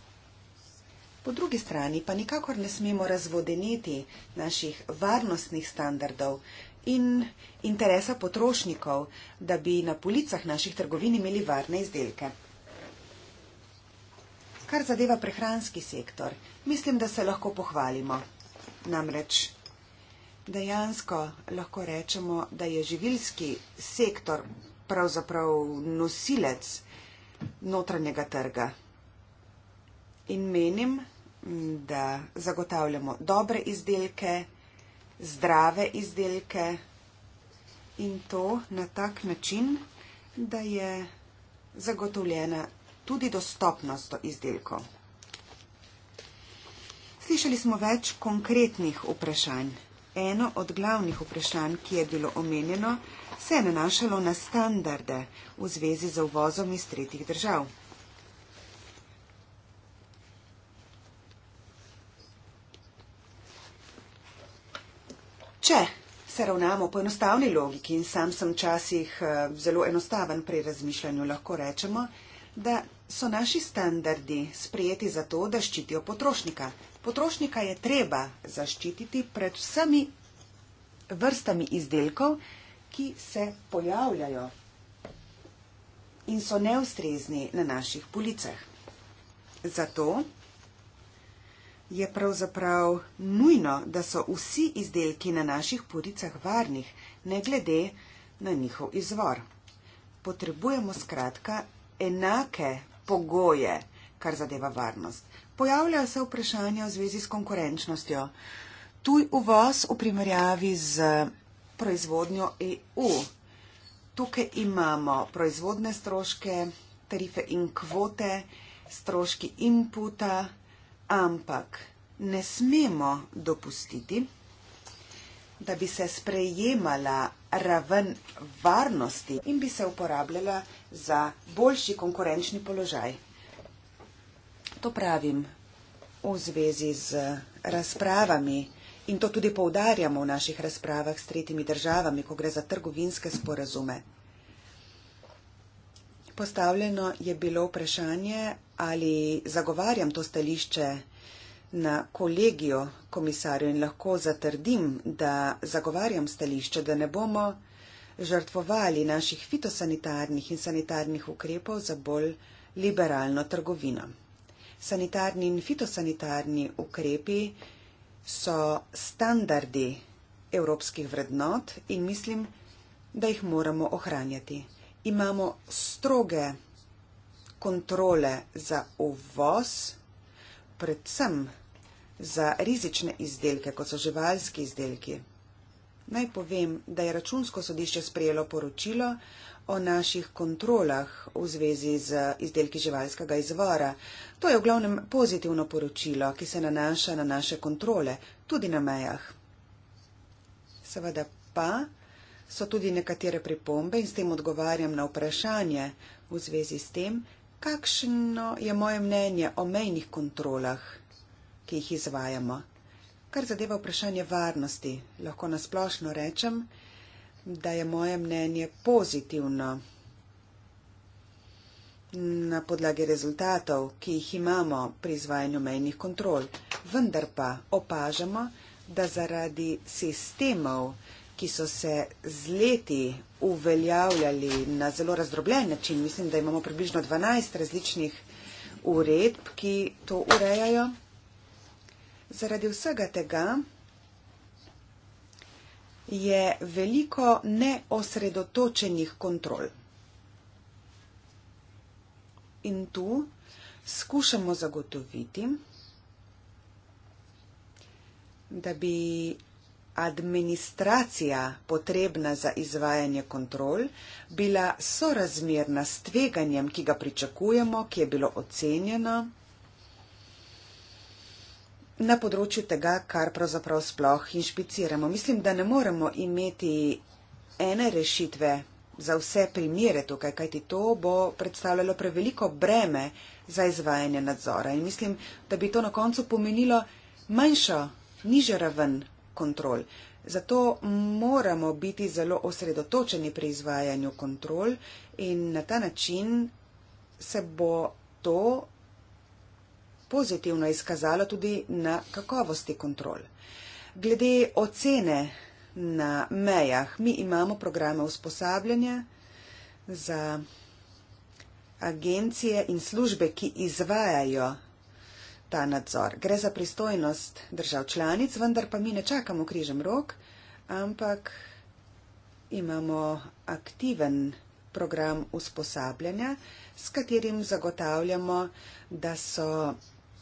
Po drugi strani pa nikakor ne smemo razvodeniti naših varnostnih standardov in interesa potrošnikov, da bi na policah naših trgovin imeli varne izdelke. Kar zadeva prehranski sektor, mislim, da se lahko pohvalimo. Namreč dejansko lahko rečemo, da je živilski sektor pravzaprav nosilec notranjega trga. In menim, da zagotavljamo dobre izdelke, zdrave izdelke in to na tak način, da je zagotovljena tudi dostopnost do izdelkov. Slišali smo več konkretnih vprašanj. Eno od glavnih vprašanj, ki je bilo omenjeno, se je nanašalo na standarde v zvezi z uvozom iz tretjih držav. Če se ravnamo po enostavni logiki, in sam sem včasih eh, zelo enostaven pri razmišljanju, lahko rečemo, da so naši standardi sprejeti zato, da ščitijo potrošnika. Potrošnika je treba zaščititi pred vsemi vrstami izdelkov, ki se pojavljajo in so neustrezni na naših policah. Zato je pravzaprav nujno, da so vsi izdelki na naših policah varnih, ne glede na njihov izvor. Potrebujemo skratka enake pogoje, kar zadeva varnost. Pojavljajo se vprašanja v zvezi s konkurenčnostjo. Tuj uvoz v primerjavi z proizvodnjo EU. Tukaj imamo proizvodne stroške, tarife in kvote, stroški inputa, ampak ne smemo dopustiti, da bi se sprejemala raven varnosti in bi se uporabljala za boljši konkurenčni položaj. To pravim v zvezi z razpravami in to tudi poudarjamo v naših razpravah s tretjimi državami, ko gre za trgovinske sporazume. Postavljeno je bilo vprašanje, ali zagovarjam to stališče na kolegijo komisarjev in lahko zatrdim, da zagovarjam stališče, da ne bomo žrtvovali naših fitosanitarnih in sanitarnih ukrepov za bolj liberalno trgovino. Sanitarni in fitosanitarni ukrepi so standardi evropskih vrednot in mislim, da jih moramo ohranjati. Imamo stroge kontrole za uvoz, predvsem za rizične izdelke, kot so živalski izdelki. Naj povem, da je računsko sodišče sprejelo poročilo o naših kontrolah v zvezi z izdelki živalskega izvora. To je v glavnem pozitivno poročilo, ki se nanaša na naše kontrole, tudi na mejah. Seveda pa so tudi nekatere pripombe in s tem odgovarjam na vprašanje v zvezi s tem, kakšno je moje mnenje o mejnih kontrolah, ki jih izvajamo. Kar zadeva vprašanje varnosti, lahko nasplošno rečem, da je moje mnenje pozitivno. Na podlagi rezultatov, ki jih imamo pri izvajanju mejnih kontrol, vendar pa opažamo, da zaradi sistemov, ki so se z leti uveljavljali na zelo razdrobljen način. Mislim, da imamo približno 12 različnih uredb, ki to urejajo. Zaradi vsega tega je veliko neosredotočenih kontrol. In tu skušamo zagotoviti, da bi administracija potrebna za izvajanje kontrol bila sorazmerna s tveganjem, ki ga pričakujemo, ki je bilo ocenjeno na področju tega, kar pravzaprav sploh inšpiciramo. Mislim, da ne moremo imeti ene rešitve za vse primere tukaj, kajti to bo predstavljalo preveliko breme za izvajanje nadzora. In mislim, da bi to na koncu pomenilo manjšo, nižjo raven kontrol. Zato moramo biti zelo osredotočeni pri izvajanju kontrol in na ta način se bo to pozitivno izkazalo tudi na kakovosti kontrol. Glede ocene na mejah, mi imamo programe usposabljanja za agencije in službe, ki izvajajo ta nadzor. Gre za pristojnost držav članic, vendar pa mi ne čakamo križem rok, ampak imamo aktiven program usposabljanja, s katerim zagotavljamo, da so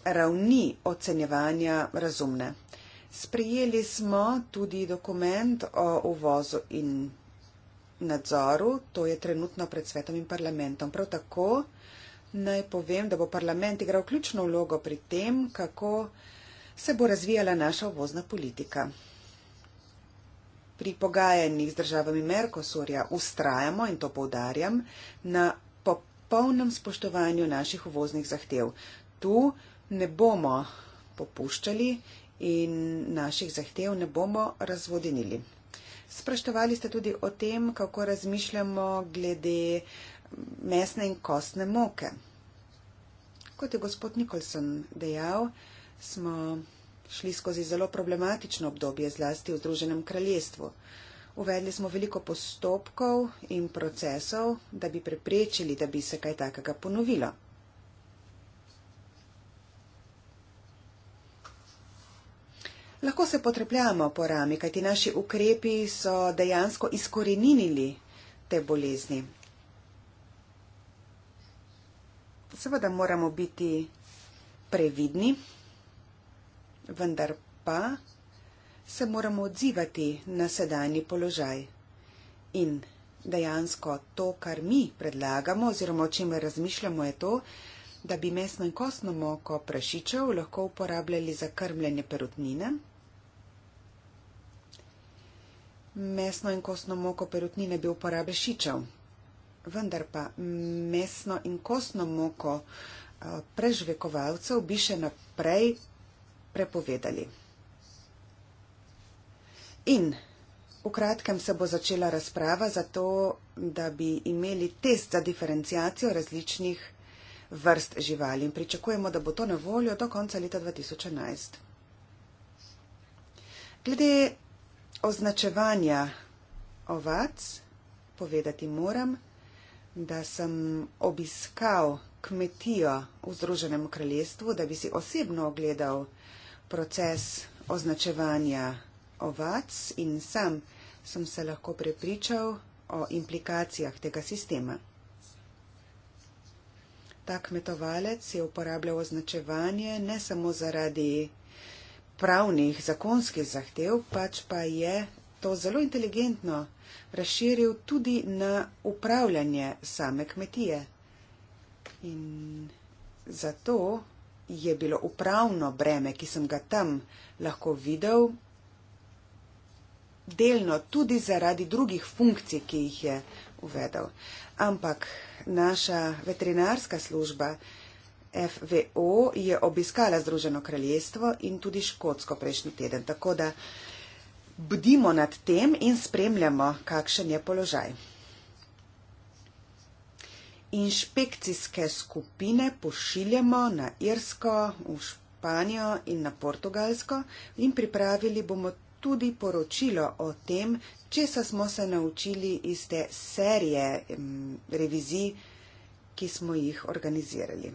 ravni ocenjevanja razumne. Sprijeli smo tudi dokument o uvozu in nadzoru, to je trenutno pred svetovim parlamentom. Prav tako naj povem, da bo parlament igral ključno vlogo pri tem, kako se bo razvijala naša uvozna politika. Pri pogajanjih z državami Merkosurja ustrajamo in to poudarjam na popolnem spoštovanju naših uvoznih zahtev. Tu ne bomo popuščali in naših zahtev ne bomo razvodinili. Spraševali ste tudi o tem, kako razmišljamo glede uh, mesne in kostne moke. Kot je gospod Nikolson dejal, smo šli skozi zelo problematično obdobje zlasti v Združenem kraljestvu. Uvedli smo veliko postopkov in procesov, da bi preprečili, da bi se kaj takega ponovilo. Lahko se potrepljamo po rami, kajti naši ukrepi so dejansko izkoreninili te bolezni. seveda moramo biti previdni, vendar pa se moramo odzivati na sedajni položaj. In dejansko to, kar mi predlagamo oziroma o čem razmišljamo, je to, da bi mesno in kostno moko prašičev lahko uporabljali za krmljenje perutnine. Mesno in kostno moko perutnine bi uporabljali šičev vendar pa mesno in kostno moko eh, preživekovalcev bi še naprej prepovedali. In v kratkem se bo začela razprava za to, da bi imeli test za diferencijacijo različnih vrst živali. In pričakujemo, da bo to na voljo do konca leta 2011. Glede označevanja ovac, povedati moram, da sem obiskal kmetijo v Združenem kraljestvu, da bi si osebno ogledal proces označevanja ovac in sam sem se lahko prepričal o implikacijah tega sistema. Ta kmetovalec je uporabljal označevanje ne samo zaradi pravnih zakonskih zahtev, pač pa je to zelo inteligentno razširil tudi na upravljanje same kmetije. In zato je bilo upravno breme, ki sem ga tam lahko videl, delno tudi zaradi drugih funkcij, ki jih je uvedel. Ampak naša veterinarska služba FVO je obiskala Združeno kraljestvo in tudi Škotsko prejšnji teden. Tako da bdimo nad tem in spremljamo, kakšen je položaj. Inšpekcijske skupine pošiljamo na Irsko, v Španijo in na Portugalsko in pripravili bomo tudi poročilo o tem, česa smo se naučili iz te serije revizij, ki smo jih organizirali.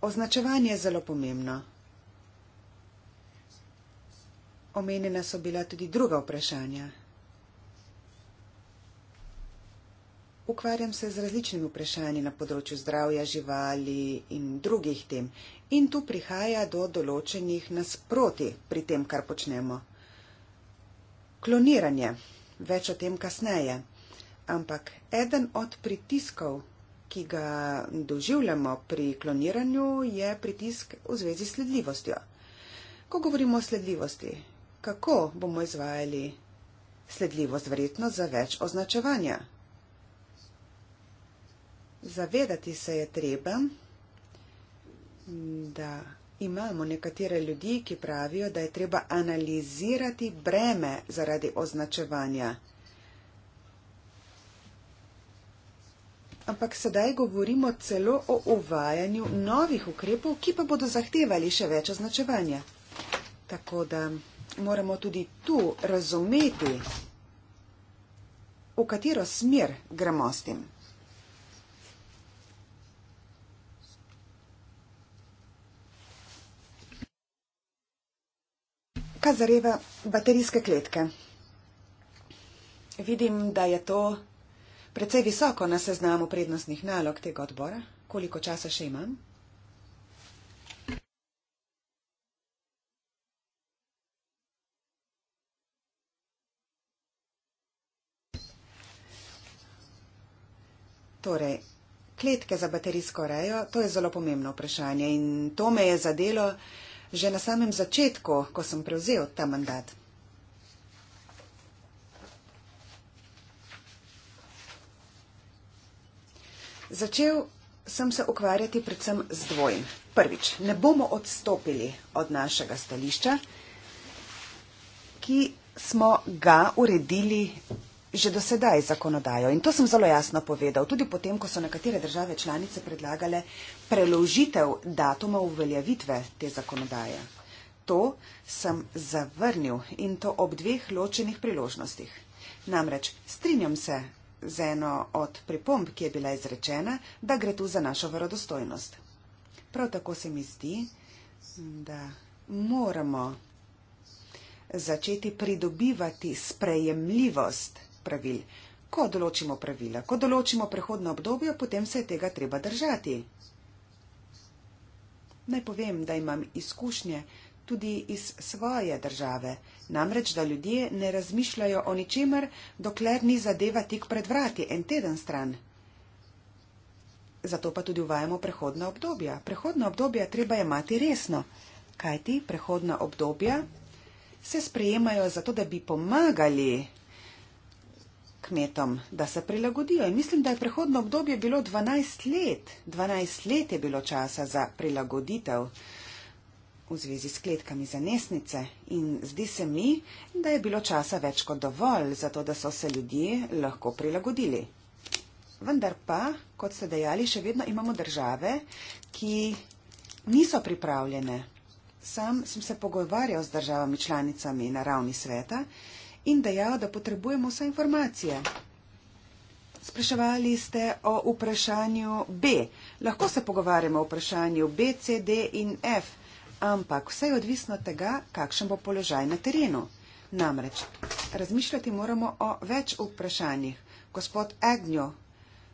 Označevanje je zelo pomembno omenjena so bila tudi druga vprašanja. Ukvarjam se z različnimi vprašanji na področju zdravja živali in drugih tem in tu prihaja do določenih nasproti pri tem, kar počnemo. Kloniranje, več o tem kasneje, ampak eden od pritiskov, ki ga doživljamo pri kloniranju, je pritisk v zvezi s sledljivostjo. Ko govorimo o sledljivosti, kako bomo izvajali sledljivost verjetno za več označevanja. Zavedati se je treba, da imamo nekatere ljudi, ki pravijo, da je treba analizirati breme zaradi označevanja. Ampak sedaj govorimo celo o uvajanju novih ukrepov, ki pa bodo zahtevali še več označevanja. Tako da moramo tudi tu razumeti, v katero smer gremo s tem. Kazareva baterijske kletke. Vidim, da je to precej visoko na seznamu prednostnih nalog tega odbora. Koliko časa še imam? Torej, kletke za baterijsko rejo, to je zelo pomembno vprašanje in to me je zadelo že na samem začetku, ko sem prevzel ta mandat. Začel sem se ukvarjati predvsem z dvojim. Prvič, ne bomo odstopili od našega stališča, ki smo ga uredili že dosedaj zakonodajo. In to sem zelo jasno povedal. Tudi potem, ko so nekatere države članice predlagale preložitev datuma uveljavitve te zakonodaje. To sem zavrnil in to ob dveh ločenih priložnostih. Namreč strinjam se z eno od pripomb, ki je bila izrečena, da gre tu za našo verodostojnost. Prav tako se mi zdi, da moramo začeti pridobivati sprejemljivost pravil. Ko določimo pravila, ko določimo prehodno obdobje, potem se je tega treba držati. Naj povem, da imam izkušnje tudi iz svoje države, namreč, da ljudje ne razmišljajo o ničemer, dokler ni zadeva tik pred vrati, en teden stran. Zato pa tudi uvajamo prehodna obdobja. Prehodna obdobja treba je mati resno, kajti prehodna obdobja se sprejemajo zato, da bi pomagali kmetom, da se prilagodijo. In mislim, da je prehodno obdobje bilo 12 let. 12 let je bilo časa za prilagoditev v zvezi s kletkami za nesnice. In zdi se mi, da je bilo časa več kot dovolj, zato da so se ljudje lahko prilagodili. Vendar pa, kot ste dejali, še vedno imamo države, ki niso pripravljene. Sam sem se pogovarjal z državami članicami na ravni sveta in dejal, da potrebujemo vse informacije. Spraševali ste o vprašanju B. Lahko se pogovarjamo o vprašanju B, C, D in F, ampak vse je odvisno od tega, kakšen bo položaj na terenu. Namreč, razmišljati moramo o več vprašanjih. Gospod Agnjo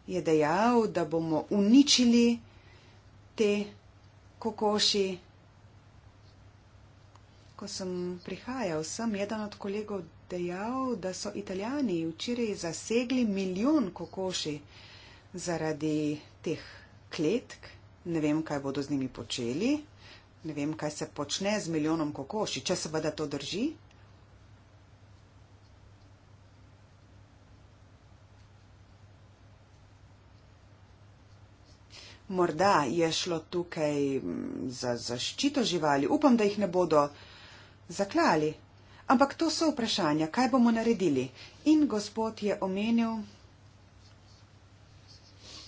je dejal, da bomo uničili te kokoši. Ko sem prihajal, sem eden od kolegov dejal, da so italijani včeraj zasegli milijon kokoši zaradi teh kletk. Ne vem, kaj bodo z njimi počeli, ne vem, kaj se počne z milijonom kokoši, če seveda to drži. Morda je šlo tukaj mm, za zaščito živali, upam, da jih ne bodo zaklali. Ampak to so vprašanja, kaj bomo naredili. In gospod je omenil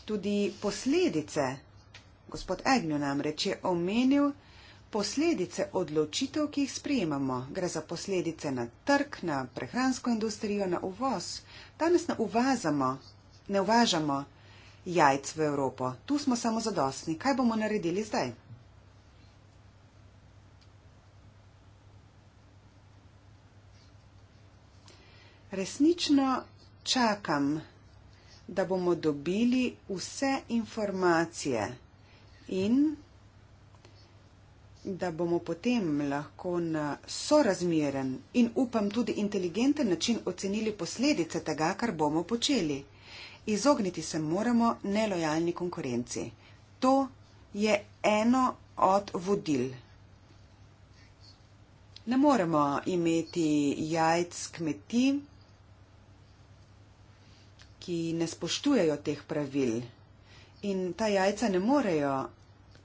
tudi posledice, gospod Egnjo namreč je omenil posledice odločitev, ki jih sprejemamo. Gre za posledice na trg, na prehransko industrijo, na uvoz. Danes ne uvažamo, ne uvažamo jajc v Evropo. Tu smo samo zadostni. Kaj bomo naredili zdaj? Resnično čakam, da bomo dobili vse informacije in da bomo potem lahko na sorazmeren in upam tudi inteligenten način ocenili posledice tega, kar bomo počeli. Izogniti se moramo nelojalni konkurenci. To je eno od vodil. Ne moremo imeti jajc kmetij, ki ne spoštujejo teh pravil in ta jajca ne morejo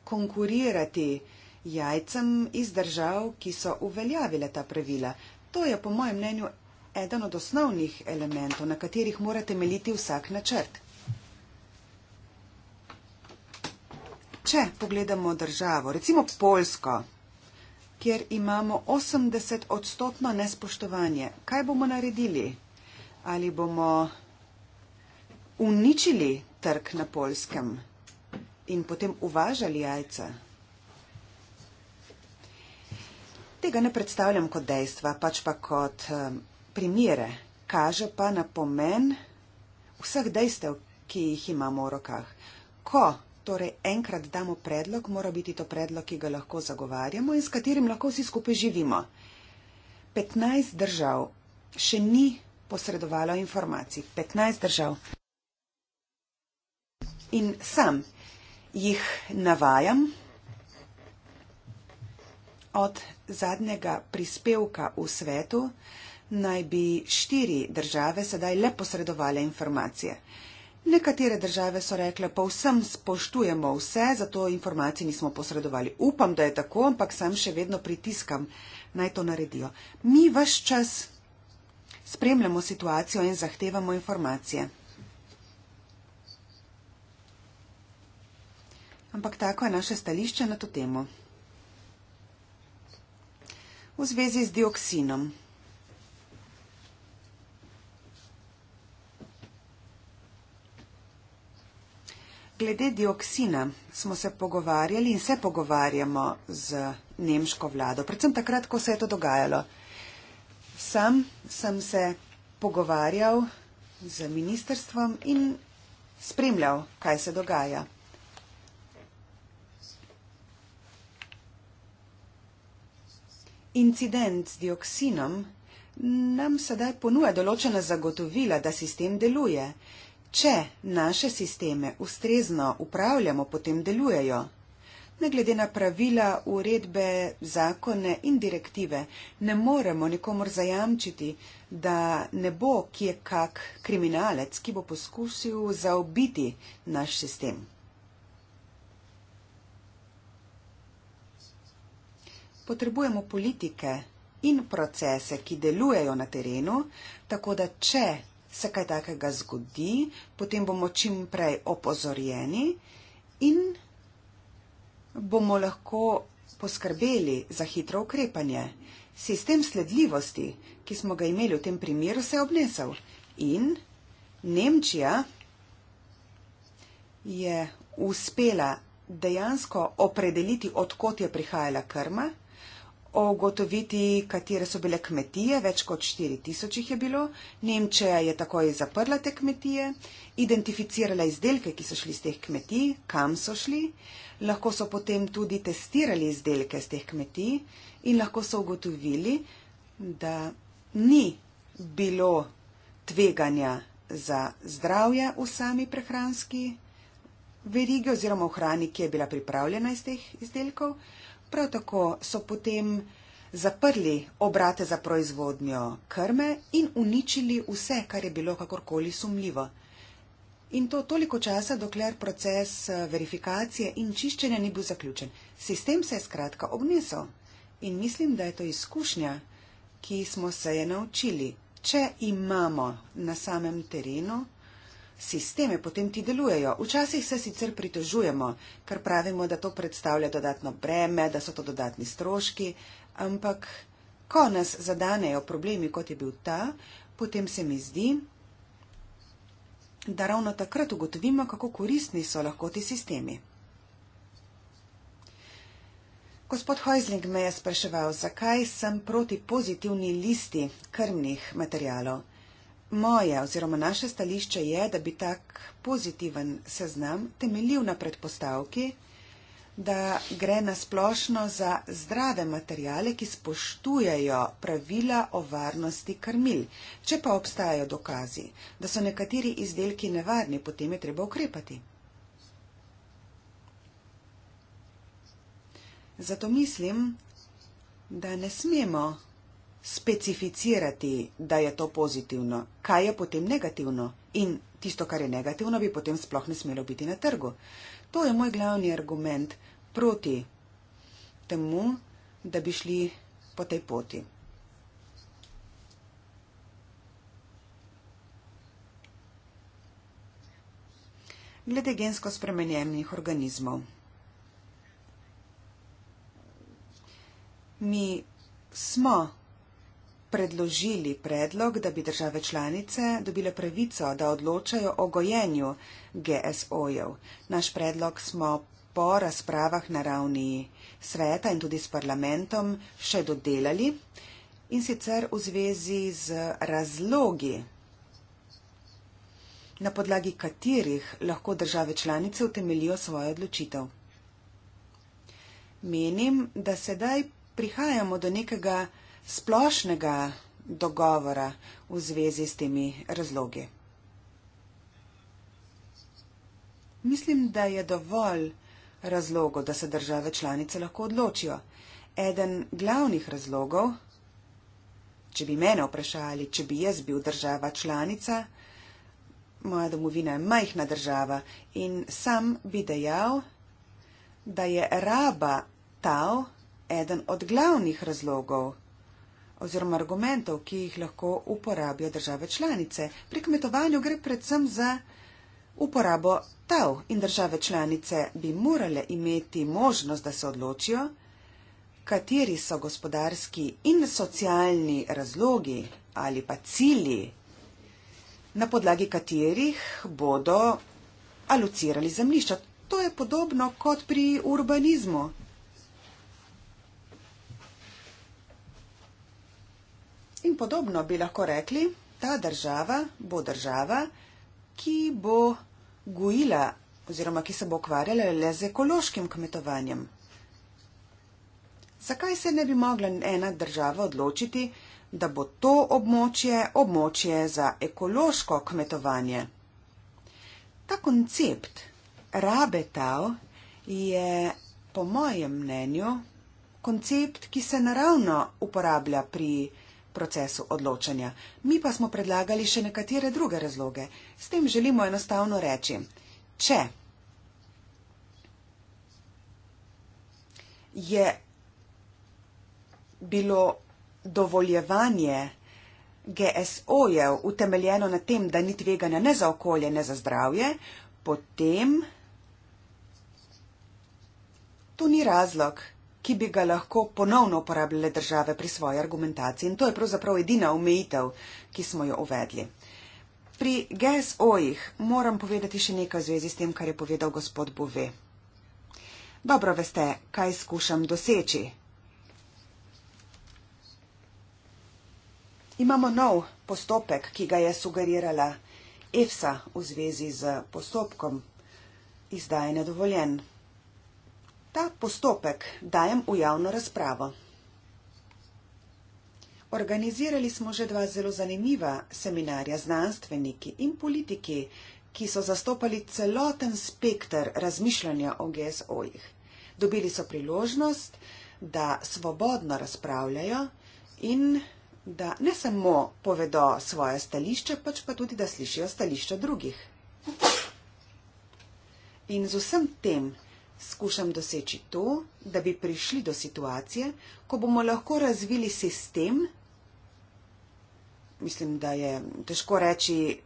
konkurirati jajcem iz držav, ki so uveljavile ta pravila. To je po mojem mnenju eden od osnovnih elementov, na katerih morate meliti vsak načrt. Če pogledamo državo, recimo Polsko, kjer imamo 80-odstotno nespoštovanje, kaj bomo naredili? Ali bomo uničili trg na polskem in potem uvažali jajca. Tega ne predstavljam kot dejstva, pač pa kot eh, primere, kaže pa na pomen vseh dejstev, ki jih imamo v rokah. Ko torej enkrat damo predlog, mora biti to predlog, ki ga lahko zagovarjamo in s katerim lahko vsi skupaj živimo. 15 držav še ni posredovalo informacij. 15 držav in sam jih navajam od zadnjega prispevka v svetu naj bi štiri države sedaj le posredovale informacije. Nekatere države so rekle, pa vsem spoštujemo vse, zato informacij nismo posredovali. Upam, da je tako, ampak sam še vedno pritiskam, naj to naredijo. Mi vaš čas spremljamo situacijo in zahtevamo informacije. ampak tako je naše stališče na to temo. V zvezi z dioksinom. Glede dioksina smo se pogovarjali in se pogovarjamo z nemško vlado, predvsem takrat, ko se je to dogajalo. Sam sem se pogovarjal z ministrstvom in spremljal, kaj se dogaja. Incident z dioksinom nam sedaj ponuja določena zagotovila, da sistem deluje. Če naše sisteme ustrezno upravljamo, potem delujejo. Ne glede na pravila, uredbe, zakone in direktive, ne moremo nikomor zajamčiti, da ne bo kje kak kriminalec, ki bo poskusil zaobiti naš sistem. potrebujemo politike in procese, ki delujejo na terenu, tako da če se kaj takega zgodi, potem bomo čim prej opozorjeni in bomo lahko poskrbeli za hitro ukrepanje. Sistem sledljivosti, ki smo ga imeli v tem primeru, se je obnesel in Nemčija je uspela dejansko opredeliti, odkot je prihajala krma ogotoviti, katere so bile kmetije, več kot 4000 jih je bilo. Nemčija je takoj zaprla te kmetije, identificirala izdelke, ki so šli z teh kmetij, kam so šli, lahko so potem tudi testirali izdelke z teh kmetij in lahko so ugotovili, da ni bilo tveganja za zdravje v sami prehranski verigi oziroma v hrani, ki je bila pripravljena iz teh izdelkov. Prav tako so potem zaprli obrate za proizvodnjo krme in uničili vse, kar je bilo kakorkoli sumljivo. In to toliko časa, dokler proces eh, verifikacije in čiščenja ni bil zaključen. Sistem se je skratka obnesel in mislim, da je to izkušnja, ki smo se je naučili. Če imamo na samem terenu sisteme potem ti delujejo. Včasih se sicer pritožujemo, ker pravimo, da to predstavlja dodatno breme, da so to dodatni stroški, ampak ko nas zadanejo problemi, kot je bil ta, potem se mi zdi, da ravno takrat ugotovimo, kako koristni so lahko ti sistemi. Gospod Heusling me je spraševal, zakaj sem proti pozitivni listi krmnih materijalov. Moje oziroma naše stališče je, da bi tak pozitiven seznam temeljil na predpostavki, da gre nasplošno za zdrave materijale, ki spoštujejo pravila o varnosti krmil. Če pa obstajajo dokazi, da so nekateri izdelki nevarni, potem je treba ukrepati. Zato mislim, da ne smemo specificirati, da je to pozitivno, kaj je potem negativno in tisto, kar je negativno, bi potem sploh ne smelo biti na trgu. To je moj glavni argument proti temu, da bi šli po tej poti. Glede gensko spremenjenih organizmov. Mi smo predložili predlog, da bi države članice dobile pravico, da odločajo o gojenju GSO-jev. Naš predlog smo po razpravah na ravni sveta in tudi s parlamentom še dodelali in sicer v zvezi z razlogi, na podlagi katerih lahko države članice utemelijo svojo odločitev. Menim, da sedaj prihajamo do nekega splošnega dogovora v zvezi s temi razlogi. Mislim, da je dovolj razlogov, da se države članice lahko odločijo. Eden glavnih razlogov, če bi mene vprašali, če bi jaz bil država članica, moja domovina je majhna država in sam bi dejal, da je raba tav eden od glavnih razlogov oziroma argumentov, ki jih lahko uporabijo države članice. Pri kmetovanju gre predvsem za uporabo tav in države članice bi morale imeti možnost, da se odločijo, kateri so gospodarski in socialni razlogi ali pa cilji, na podlagi katerih bodo alucirali zemlišča. To je podobno kot pri urbanizmu. In podobno bi lahko rekli, ta država bo država, ki bo gojila oziroma ki se bo ukvarjala le z ekološkim kmetovanjem. Zakaj se ne bi mogla ena država odločiti, da bo to območje območje za ekološko kmetovanje? Ta koncept rabe tav je po mojem mnenju koncept, ki se naravno uporablja pri kmetovanju procesu odločanja. Mi pa smo predlagali še nekatere druge razloge. S tem želimo enostavno reči, če je bilo dovoljevanje GSO-jev utemeljeno na tem, da ni tveganja ne za okolje, ne za zdravje, potem to ni razlog, ki bi ga lahko ponovno uporabljale države pri svoji argumentaciji. In to je pravzaprav edina omejitev, ki smo jo uvedli. Pri GSO-jih moram povedati še nekaj v zvezi s tem, kar je povedal gospod Bove. Dobro veste, kaj skušam doseči. Imamo nov postopek, ki ga je sugerirala EFSA v zvezi z postopkom izdajanja dovoljenja. Ta postopek dajem v javno razpravo. Organizirali smo že dva zelo zanimiva seminarja znanstveniki in politiki, ki so zastopali celoten spektr razmišljanja o GSO-jih. Dobili so priložnost, da svobodno razpravljajo in da ne samo povedo svoje stališče, pač pa tudi, da slišijo stališče drugih. In z vsem tem Skušam doseči to, da bi prišli do situacije, ko bomo lahko razvili sistem, mislim, da je težko reči,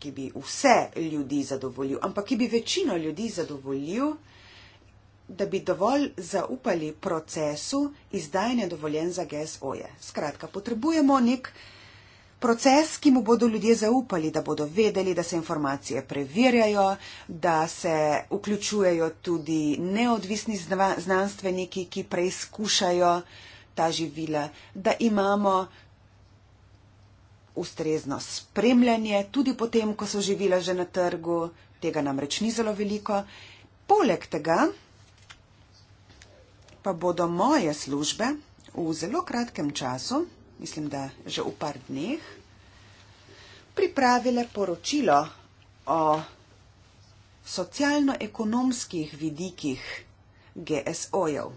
ki bi vse ljudi zadovoljil, ampak ki bi večino ljudi zadovoljil, da bi dovolj zaupali procesu izdajanja dovoljen za GSO-je. Skratka, potrebujemo nek proces, ki mu bodo ljudje zaupali, da bodo vedeli, da se informacije preverjajo, da se vključujejo tudi neodvisni znanstveniki, ki preizkušajo ta živila, da imamo ustrezno spremljanje, tudi potem, ko so živila že na trgu, tega nam reč ni zelo veliko. Poleg tega pa bodo moje službe v zelo kratkem času mislim, da že v par dneh, pripravile poročilo o socialno-ekonomskih vidikih GSO-jev.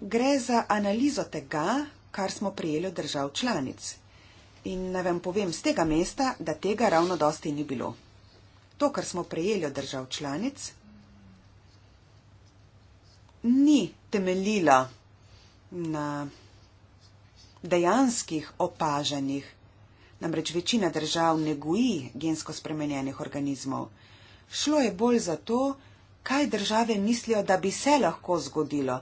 Gre za analizo tega, kar smo prijeli od držav članic. In naj vam povem z tega mesta, da tega ravno dosti ni bilo. To, kar smo prijeli od držav članic, ni temeljilo na dejanskih opaženjih. Namreč večina držav ne goji gensko spremenjenih organizmov. Šlo je bolj za to, kaj države mislijo, da bi se lahko zgodilo.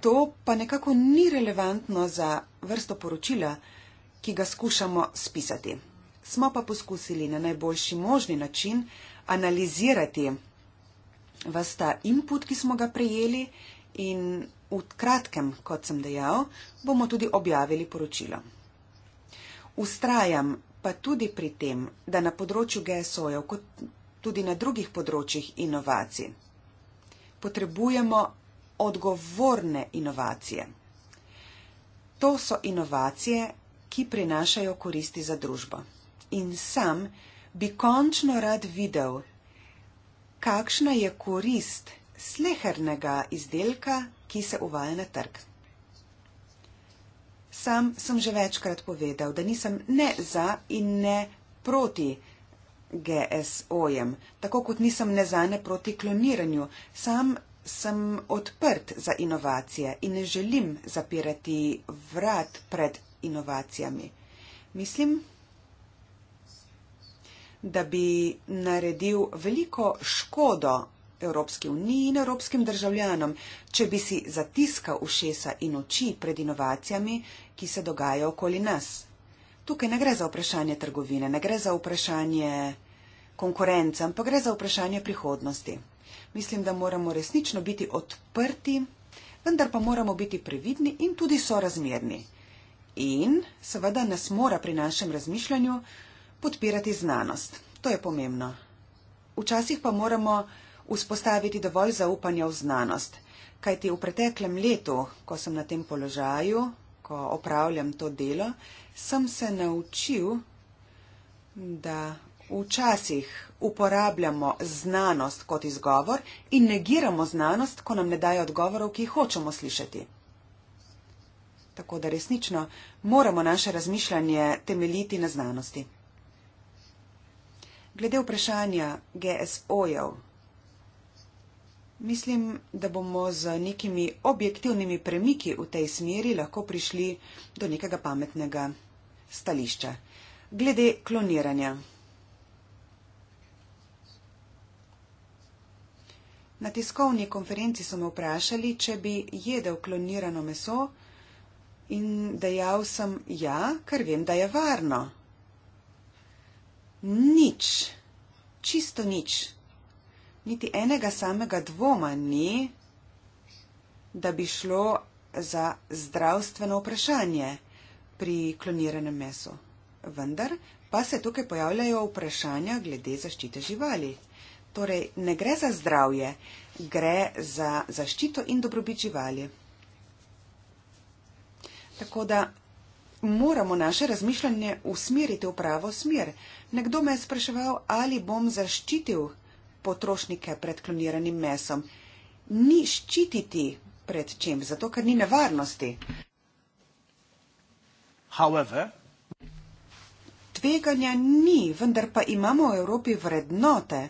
To pa nekako ni relevantno za vrsto poročila, ki ga skušamo spisati. Smo pa poskusili na najboljši možni način analizirati vsta input, ki smo ga prejeli in v kratkem, kot sem dejal, bomo tudi objavili poročilo. Ustrajam pa tudi pri tem, da na področju GSO-jev, kot tudi na drugih področjih inovacij, potrebujemo odgovorne inovacije. To so inovacije, ki prinašajo koristi za družbo. In sam bi končno rad videl, kakšna je korist slehernega izdelka ki se uvaja na trg. Sam sem že večkrat povedal, da nisem ne za in ne proti GSO-jem, tako kot nisem ne za ne proti kloniranju. Sam sem odprt za inovacije in ne želim zapirati vrat pred inovacijami. Mislim, da bi naredil veliko škodo Evropski uniji in evropskim državljanom, če bi si zatiskal ušesa in oči pred inovacijami, ki se dogajajo okoli nas. Tukaj ne gre za vprašanje trgovine, ne gre za vprašanje konkurence, ampak gre za vprašanje prihodnosti. Mislim, da moramo resnično biti odprti, vendar pa moramo biti previdni in tudi sorazmerni. In seveda nas mora pri našem razmišljanju podpirati znanost. To je pomembno. Včasih pa moramo vzpostaviti dovolj zaupanja v znanost. Kajti v preteklem letu, ko sem na tem položaju, ko opravljam to delo, sem se naučil, da včasih uporabljamo znanost kot izgovor in negiramo znanost, ko nam ne daje odgovorov, ki jih hočemo slišati. Tako da resnično moramo naše razmišljanje temeljiti na znanosti. Glede vprašanja GSO-jev, Mislim, da bomo z nekimi objektivnimi premiki v tej smeri lahko prišli do nekega pametnega stališča. Glede kloniranja. Na tiskovni konferenci so me vprašali, če bi jedel klonirano meso in dejal sem ja, ker vem, da je varno. Nič, čisto nič niti enega samega dvoma ni, da bi šlo za zdravstveno vprašanje pri kloniranem mesu. Vendar pa se tukaj pojavljajo vprašanja glede zaščite živali. Torej, ne gre za zdravje, gre za zaščito in dobrobit živali. Tako da moramo naše razmišljanje usmeriti v pravo smer. Nekdo me je spraševal, ali bom zaščitil potrošnike pred kloniranim mesom. Ni ščititi pred čem, zato ker ni nevarnosti. However, Tveganja ni, vendar pa imamo v Evropi vrednote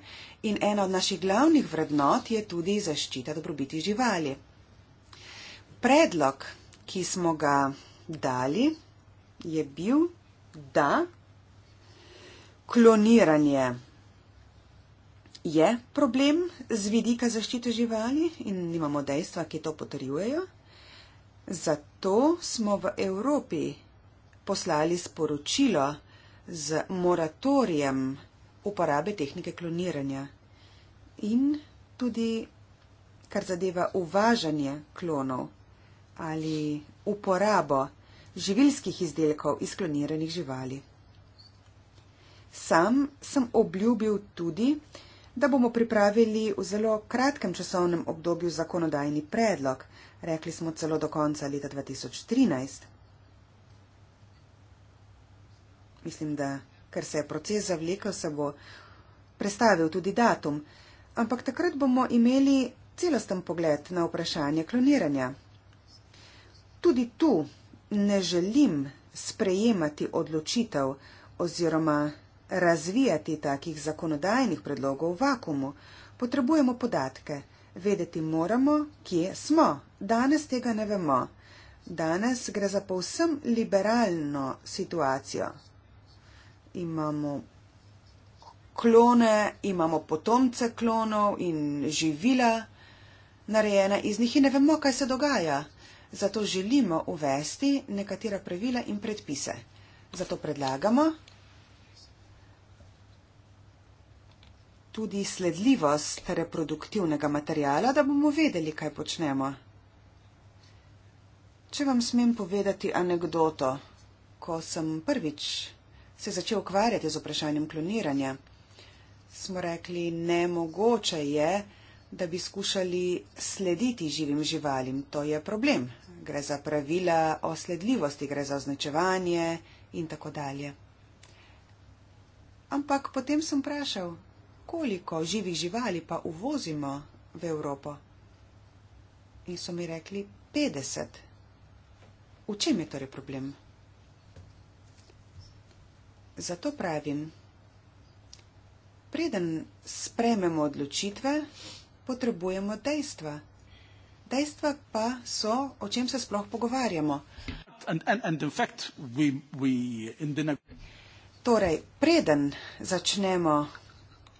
in ena od naših glavnih vrednot je tudi zaščita dobrobiti živali. Predlog, ki smo ga dali, je bil, da kloniranje je problem z vidika zaščite živali in nimamo dejstva, ki to potrjujejo. Zato smo v Evropi poslali sporočilo z moratorijem uporabe tehnike kloniranja in tudi, kar zadeva uvažanje klonov ali uporabo živilskih izdelkov iz kloniranih živali. Sam sem obljubil tudi, da bomo pripravili v zelo kratkem časovnem obdobju zakonodajni predlog. Rekli smo celo do konca leta 2013. Mislim, da ker se je proces zavlekel, se bo predstavil tudi datum. Ampak takrat bomo imeli celosten pogled na vprašanje kloniranja. Tudi tu ne želim sprejemati odločitev oziroma razvijati takih zakonodajnih predlogov v vakumu. Potrebujemo podatke, vedeti moramo, kje smo. Danes tega ne vemo. Danes gre za povsem liberalno situacijo. Imamo klone, imamo potomce klonov in živila narejena iz njih in ne vemo, kaj se dogaja. Zato želimo uvesti nekatera pravila in predpise. Zato predlagamo, tudi sledljivost reproduktivnega materijala, da bomo vedeli, kaj počnemo. Če vam smem povedati anegdoto, ko sem prvič se začel ukvarjati z vprašanjem kloniranja, smo rekli, ne mogoče je, da bi skušali slediti živim živalim. To je problem. Gre za pravila o sledljivosti, gre za označevanje in tako dalje. Ampak potem sem vprašal, koliko živih živali pa uvozimo v Evropo? In so mi rekli 50. V čem je torej problem? Zato pravim, preden sprememo odločitve, potrebujemo dejstva. Dejstva pa so, o čem se sploh pogovarjamo. And, and, and fact, we, we, the... Torej, preden začnemo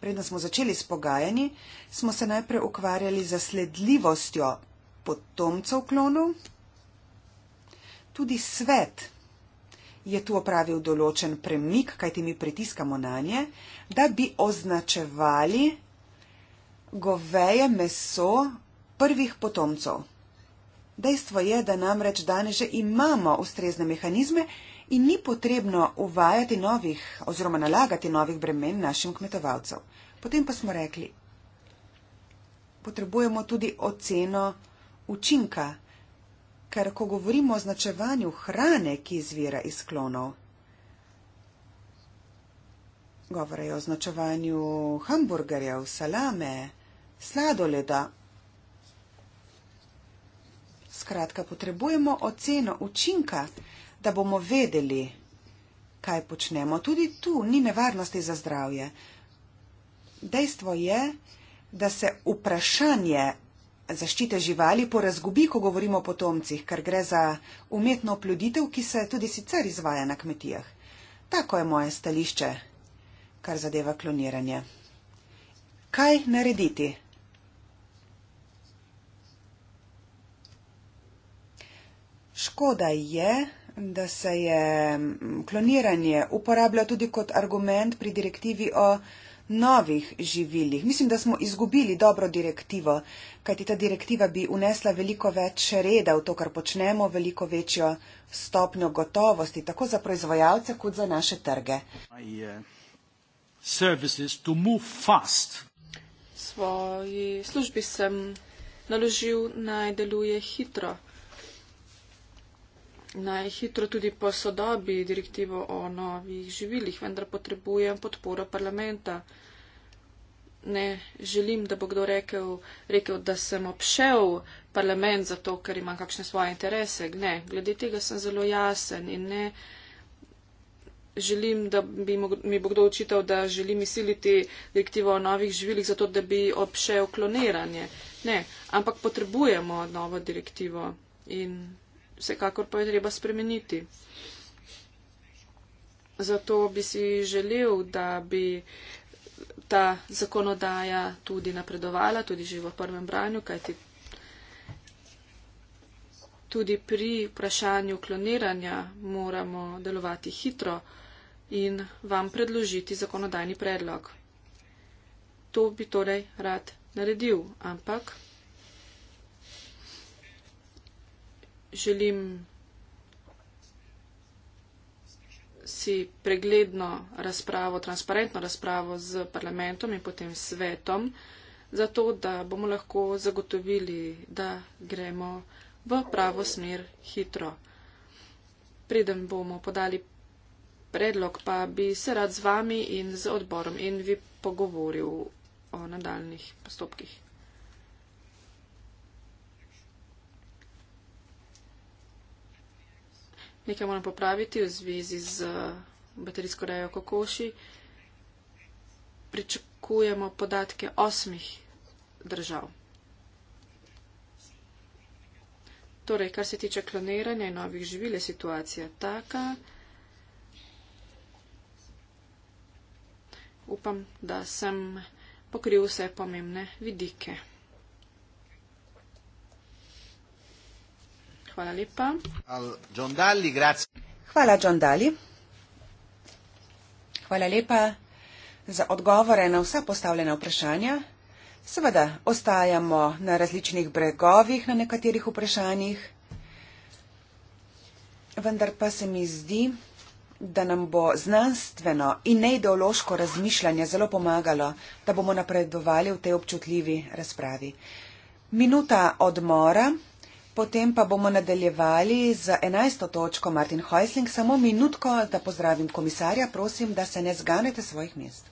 Preden smo začeli s pogajanji, smo se najprej ukvarjali z sledljivostjo potomcev klonov. Tudi svet je tu opravil določen premik, kajti mi pritiskamo na nje, da bi označevali goveje meso prvih potomcev. Dejstvo je, da namreč danes že imamo ustrezne mehanizme, in ni potrebno uvajati novih oziroma nalagati novih bremen našim kmetovalcem. Potem pa smo rekli, potrebujemo tudi oceno učinka, ker ko govorimo o značevanju hrane, ki izvira iz klonov, govorijo o značevanju hamburgerjev, salame, sladoleda. Skratka, potrebujemo oceno učinka, da bomo vedeli, kaj počnemo. Tudi tu ni nevarnosti za zdravje. Dejstvo je, da se vprašanje zaščite živali porazgubi, ko govorimo o potomcih, ker gre za umetno oploditev, ki se tudi sicer izvaja na kmetijah. Tako je moje stališče, kar zadeva kloniranje. Kaj narediti? Škoda je, da se je kloniranje uporabljalo tudi kot argument pri direktivi o novih živilih. Mislim, da smo izgubili dobro direktivo, kajti ta direktiva bi unesla veliko več reda v to, kar počnemo, veliko večjo stopnjo gotovosti, tako za proizvajalce, kot za naše trge. Eh, Svoji službi sem naložil naj deluje hitro naj hitro tudi posodobi direktivo o novih živilih, vendar potrebujem podporo parlamenta. Ne želim, da bo kdo rekel, rekel da sem obšel parlament zato, ker imam kakšne svoje interese. Ne, glede tega sem zelo jasen in ne želim, da bi mi bo kdo očital, da želim izsiliti direktivo o novih živilih zato, da bi obšel kloniranje. Ne, ampak potrebujemo novo direktivo. In vsekakor pa je treba spremeniti. Zato bi si želel, da bi ta zakonodaja tudi napredovala, tudi že v prvem branju, kajti tudi pri vprašanju kloniranja moramo delovati hitro in vam predložiti zakonodajni predlog. To bi torej rad naredil, ampak. želim si pregledno razpravo, transparentno razpravo z parlamentom in potem svetom, zato da bomo lahko zagotovili, da gremo v pravo smer hitro. Preden bomo podali predlog, pa bi se rad z vami in z odborom in vi pogovoril o nadaljnih postopkih. nekaj moram popraviti v zvezi z eh, baterijsko rejo kokoši. Pričakujemo podatke osmih držav. Torej, kar se tiče kloniranja in novih živil, je situacija taka. Upam, da sem pokril vse pomembne vidike. Hvala lepa. John Dalli, Hvala, John Dali. Hvala lepa za odgovore na vsa postavljena vprašanja. Seveda ostajamo na različnih bregovih na nekaterih vprašanjih, vendar pa se mi zdi, da nam bo znanstveno in neideološko razmišljanje zelo pomagalo, da bomo napredovali v tej občutljivi razpravi. Minuta odmora. Potem pa bomo nadaljevali z 11. točko Martin Heusling. Samo minutko, da pozdravim komisarja. Prosim, da se ne zganete svojih mest.